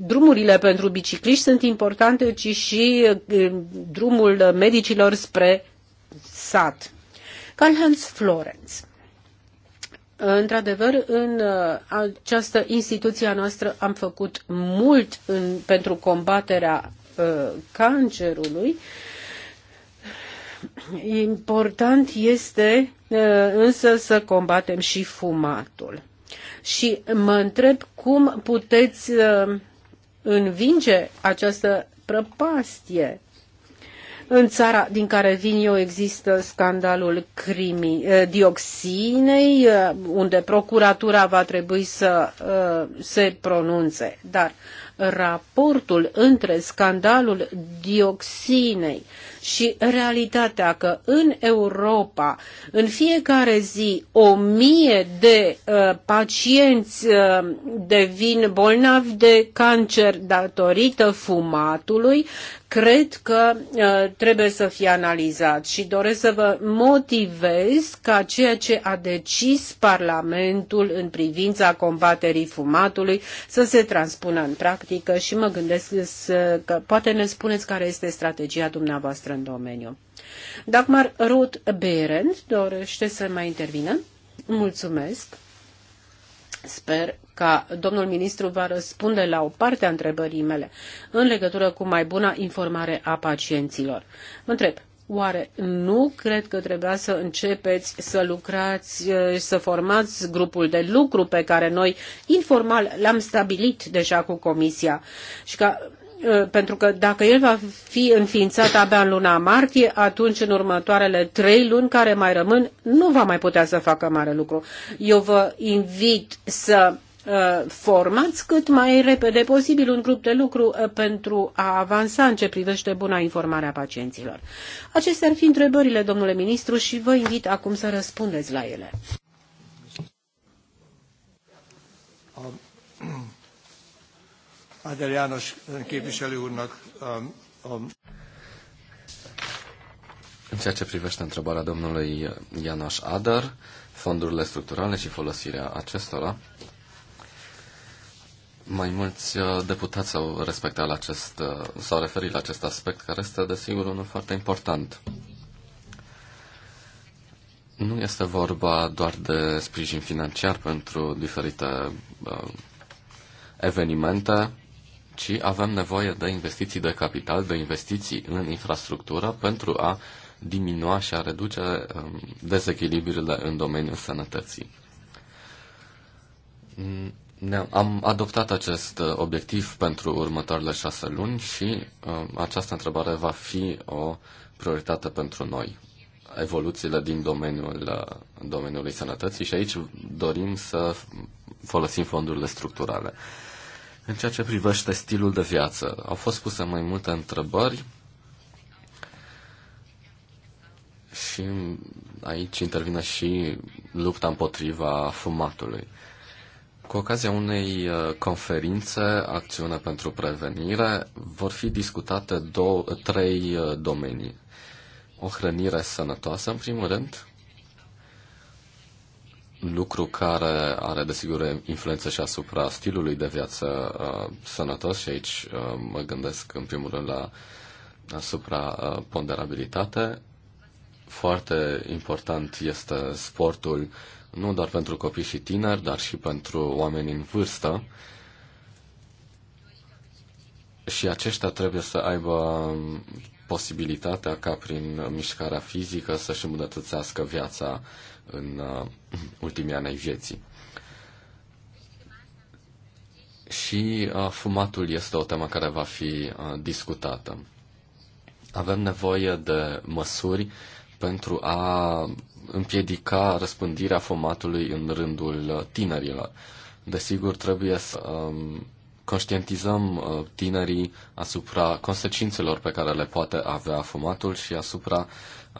drumurile pentru bicicliști sunt importante, ci și uh, drumul medicilor spre sat. Karl-Heinz Florenz. Într-adevăr, în această instituție a noastră am făcut mult în, pentru combaterea uh, cancerului. Important este uh, însă să combatem și fumatul și mă întreb cum puteți uh, învinge această prăpastie. În țara din care vin eu există scandalul crimii uh, dioxinei, uh, unde procuratura va trebui să se pronunțe. Dar raportul între scandalul dioxinei și realitatea că în Europa, în fiecare zi, o mie de uh, pacienți uh, devin bolnavi de cancer datorită fumatului, cred că uh, trebuie să fie analizat și doresc să vă motivez ca ceea ce a decis Parlamentul în privința combaterii fumatului să se transpună în practică și mă gândesc să, că poate ne spuneți care este strategia dumneavoastră în domeniu. Dagmar Ruth Berend dorește să mai intervină. Mulțumesc. Sper ca domnul ministru va răspunde la o parte a întrebării mele în legătură cu mai buna informare a pacienților. Mă întreb, Oare nu cred că trebuia să începeți să lucrați, eh, să formați grupul de lucru pe care noi informal l-am stabilit deja cu Comisia și ca eh, pentru că dacă el va fi înființat abia în luna martie, atunci în următoarele trei luni care mai rămân nu va mai putea să facă mare lucru. Eu vă invit să Uh, formați cât mai repede posibil un grup de lucru uh, pentru a avansa în ce privește buna informare a pacienților. Acestea ar fi întrebările, domnule ministru, și vă invit acum să răspundeți la ele. Áder um, János um, um, În ceea ce privește întrebarea domnului Ianoș Adar, fondurile structurale și folosirea acestora, mai mulți uh, deputați au respectat la acest, uh, s-au referit la acest aspect, care este, desigur, unul foarte important. Nu este vorba doar de sprijin financiar pentru diferite uh, evenimente, ci avem nevoie de investiții de capital, de investiții în infrastructură pentru a diminua și a reduce um, dezechilibrile în domeniul sănătății ne am adoptat acest uh, obiectiv pentru următoarele șase luni și uh, această întrebare va fi o prioritate pentru noi. Evoluțiile din domeniul, uh, domeniului sănătății și aici dorim să folosim fondurile structurale. În ceea ce privește stilul de viață, au fost puse mai multe întrebări și aici intervine și lupta împotriva fumatului. Uh, cu ocazia unei uh, conferințe, Acțiune pentru Prevenire, vor fi discutate două, trei uh, domenii. O hrănire sănătoasă, în primul rând, lucru care are, desigur, influență și asupra stilului de viață uh, sănătos și aici uh, mă gândesc, în primul rând, la asupra uh, ponderabilitate. Foarte important este sportul nu doar pentru copii și tineri, dar și pentru oameni în vârstă. Și aceștia trebuie să aibă posibilitatea ca prin mișcarea fizică să-și îmbunătățească viața în uh, ultimii ani ai vieții. Și uh, fumatul este o temă care va fi uh, discutată. Avem nevoie de măsuri uh, pentru a împiedica răspândirea fumatului în rândul tinerilor. Desigur, trebuie să um, conștientizăm uh, tinerii asupra consecințelor pe care le poate avea fumatul și asupra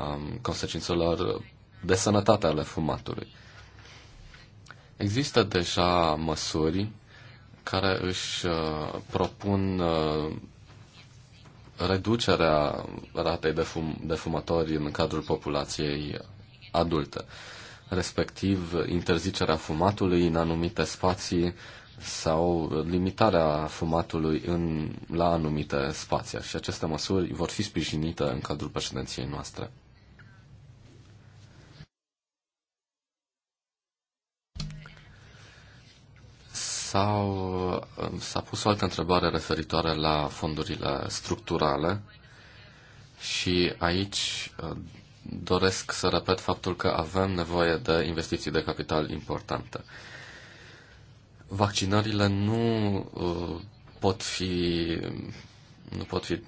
um, consecințelor de sănătate ale fumatului. Există deja măsuri care își uh, propun uh, reducerea ratei de, fum, de fumători în cadrul populației adulte, respectiv interzicerea fumatului în anumite spații sau limitarea fumatului în, la anumite spații. Și aceste măsuri vor fi sprijinite în cadrul președinției noastre. sau uh, s-a pus o altă întrebare referitoare la fondurile structurale și aici uh, doresc să repet faptul că avem nevoie de investiții de capital importante. Vaccinările nu uh, pot fi nu pot fi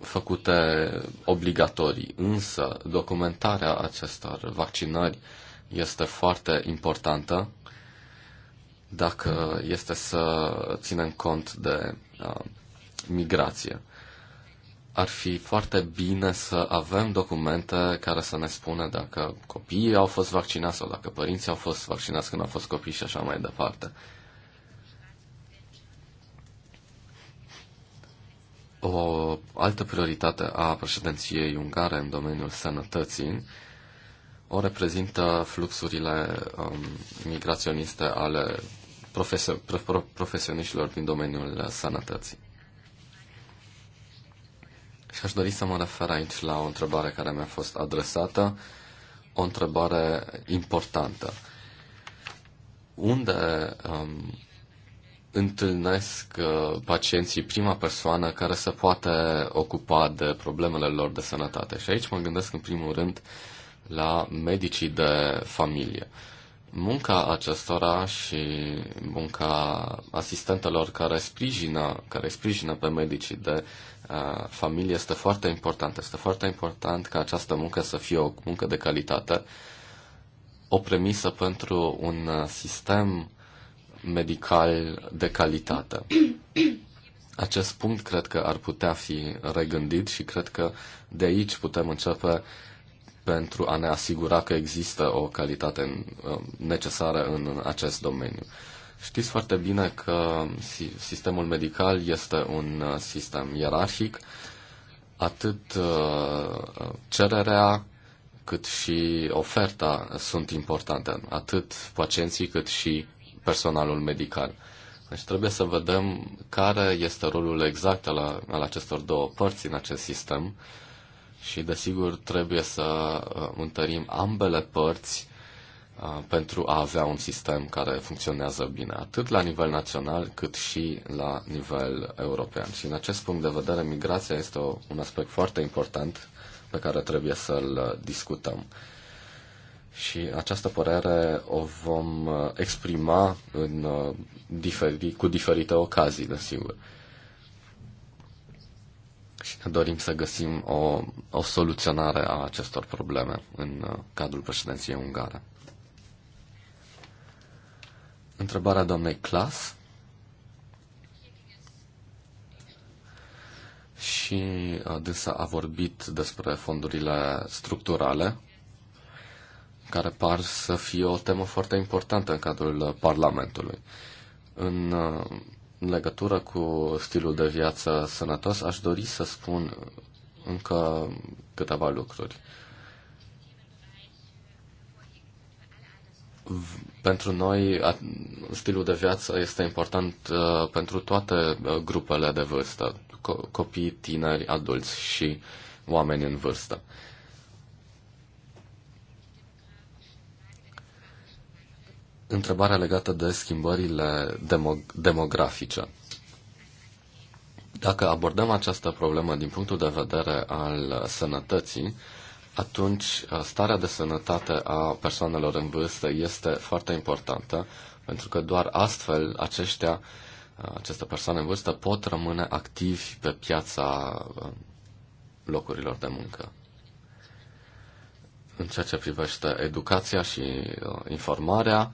făcute obligatorii, însă documentarea acestor vaccinări este foarte importantă dacă este să ținem cont de uh, migrație. Ar fi foarte bine să avem documente care să ne spună dacă copiii au fost vaccinați sau dacă părinții au fost vaccinați când au fost copii și așa mai departe. O altă prioritate a președinției ungare în domeniul sănătății o reprezintă fluxurile um, migraționiste ale profesioniștilor din domeniul sănătății. Și aș dori să mă refer aici la o întrebare care mi-a fost adresată, o întrebare importantă. Unde um, întâlnesc uh, pacienții prima persoană care se poate ocupa de problemele lor de sănătate? Și aici mă gândesc în primul rând la medicii de familie. Uh, Munca acestora și munca asistentelor care sprijină, care sprijină pe medicii de uh, familie este foarte importantă. Este foarte important ca această muncă să fie o muncă de calitate, o premisă pentru un uh, sistem medical de calitate. Acest punct cred că ar putea fi regândit și cred că de aici putem începe pentru a ne asigura că există o calitate uh, necesară în acest domeniu. Știți foarte bine că sistemul medical este un uh, sistem ierarhic, atât uh, cererea cât și oferta sunt importante, atât pacienții cât și personalul medical. Deci trebuie să vedem care este rolul exact al, al acestor două părți în acest sistem și, desigur, trebuie să uh, întărim ambele părți uh, pentru a avea un sistem care funcționează bine, atât la nivel național, cât și la nivel european. Și în acest punct de vedere, migrația este un aspect foarte important pe care trebuie să-l uh, discutăm. Și această părere o vom exprima în diferi, cu diferite ocazii, desigur. sigur și ne dorim să găsim o, o soluționare a acestor probleme în uh, cadrul președinției ungare. Întrebarea doamnei Clas. Și uh, dânsa a vorbit despre fondurile structurale, care par să fie o temă foarte importantă în cadrul uh, Parlamentului. În în legătură cu stilul de viață sănătos, aș dori să spun încă câteva lucruri. Pentru noi, stilul de viață este important uh, pentru toate uh, grupele de vârstă, copii, tineri, adulți și oameni în vârstă. întrebarea legată de schimbările demog- demografice. Dacă abordăm această problemă din punctul de vedere al sănătății, atunci uh, starea de sănătate a persoanelor în vârstă este foarte importantă, pentru că doar astfel aceștia, uh, aceste persoane în vârstă pot rămâne activi pe piața uh, locurilor de muncă. În ceea ce privește educația și informarea,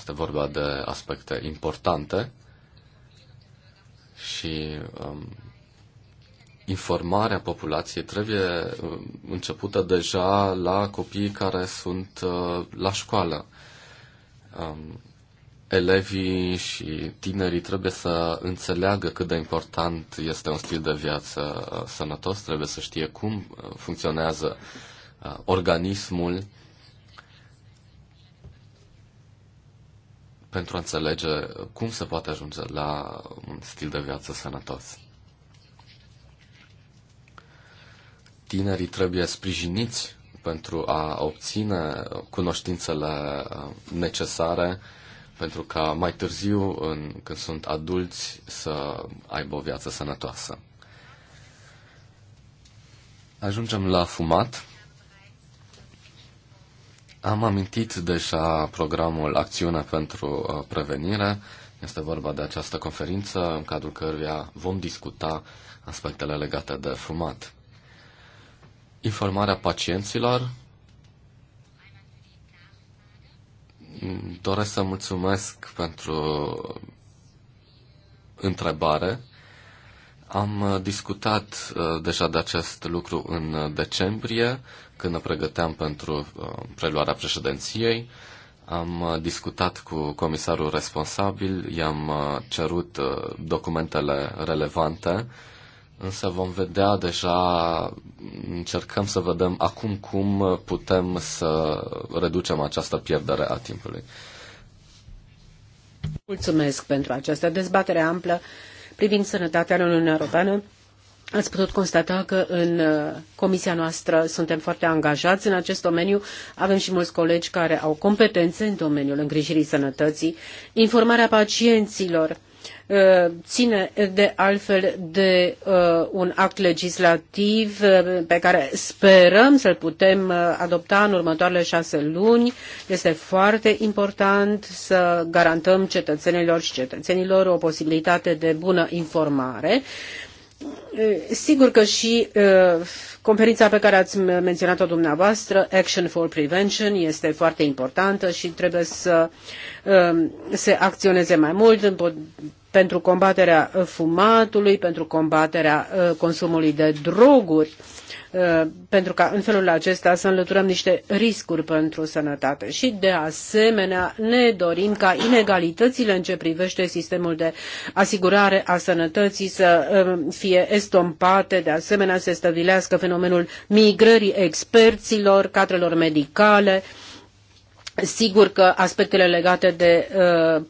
este vorba de aspecte importante și um, informarea populației trebuie um, începută deja la copiii care sunt uh, la școală. Um, elevii și tinerii trebuie să înțeleagă cât de important este un stil de viață uh, sănătos, trebuie să știe cum uh, funcționează uh, organismul pentru a înțelege cum se poate ajunge la un stil de viață sănătos. Tinerii trebuie sprijiniți pentru a obține cunoștințele uh, necesare pentru ca mai târziu, în, când sunt adulți, să aibă o viață sănătoasă. Ajungem la fumat. Am amintit deja programul Acțiunea pentru uh, Prevenire. Este vorba de această conferință în cadrul căruia vom discuta aspectele legate de fumat. Informarea pacienților. Doresc să mulțumesc pentru întrebare. Am uh, discutat uh, deja de acest lucru în decembrie când ne pregăteam pentru uh, preluarea președinției, am uh, discutat cu comisarul responsabil, i-am uh, cerut documentele relevante, însă vom vedea deja, încercăm să vedem acum cum putem să reducem această pierdere a timpului. Mulțumesc pentru această dezbatere amplă privind sănătatea în Uniunea Europeană. Ați putut constata că în uh, comisia noastră suntem foarte angajați în acest domeniu. Avem și mulți colegi care au competențe în domeniul îngrijirii sănătății. Informarea pacienților uh, ține de altfel de uh, un act legislativ pe care sperăm să-l putem adopta în următoarele șase luni. Este foarte important să garantăm cetățenilor și cetățenilor o posibilitate de bună informare Eh, sigur că și uh, conferința pe care ați menționat-o dumneavoastră, Action for Prevention, este foarte importantă și trebuie să uh, se acționeze mai mult pentru combaterea fumatului, pentru combaterea uh, consumului de droguri. Uh, Uh, pentru ca în felul acesta să înlăturăm niște riscuri pentru sănătate. Și de asemenea ne dorim ca inegalitățile în ce privește sistemul de asigurare a sănătății să um, fie estompate, de asemenea se stabilească fenomenul migrării experților, cadrelor medicale, Sigur că aspectele legate de uh,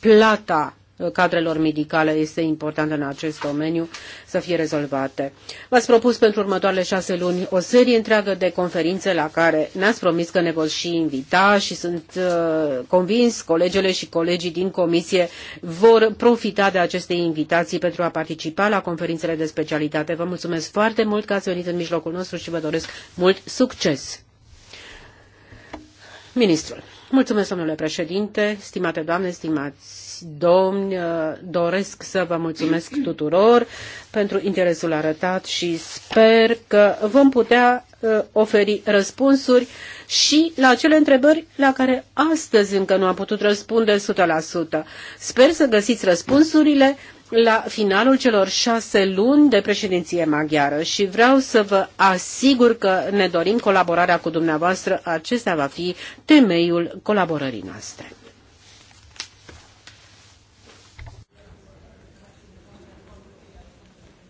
plata cadrelor medicale este importantă în acest domeniu să fie rezolvate. V-ați propus pentru următoarele șase luni o serie întreagă de conferințe la care ne-ați promis că ne vor și invita și sunt uh, convins colegele și colegii din comisie vor profita de aceste invitații pentru a participa la conferințele de specialitate. Vă mulțumesc foarte mult că ați venit în mijlocul nostru și vă doresc mult succes. Ministrul. Mulțumesc, domnule președinte, stimate doamne, stimați stimați domni, uh, doresc să vă mulțumesc tuturor pentru interesul arătat și sper că vom putea uh, oferi răspunsuri și la acele întrebări la care astăzi încă nu am putut răspunde 100%. Sper să găsiți răspunsurile la finalul celor șase luni de președinție maghiară și vreau să vă asigur că ne dorim colaborarea cu dumneavoastră. Acesta va fi temeiul colaborării noastre.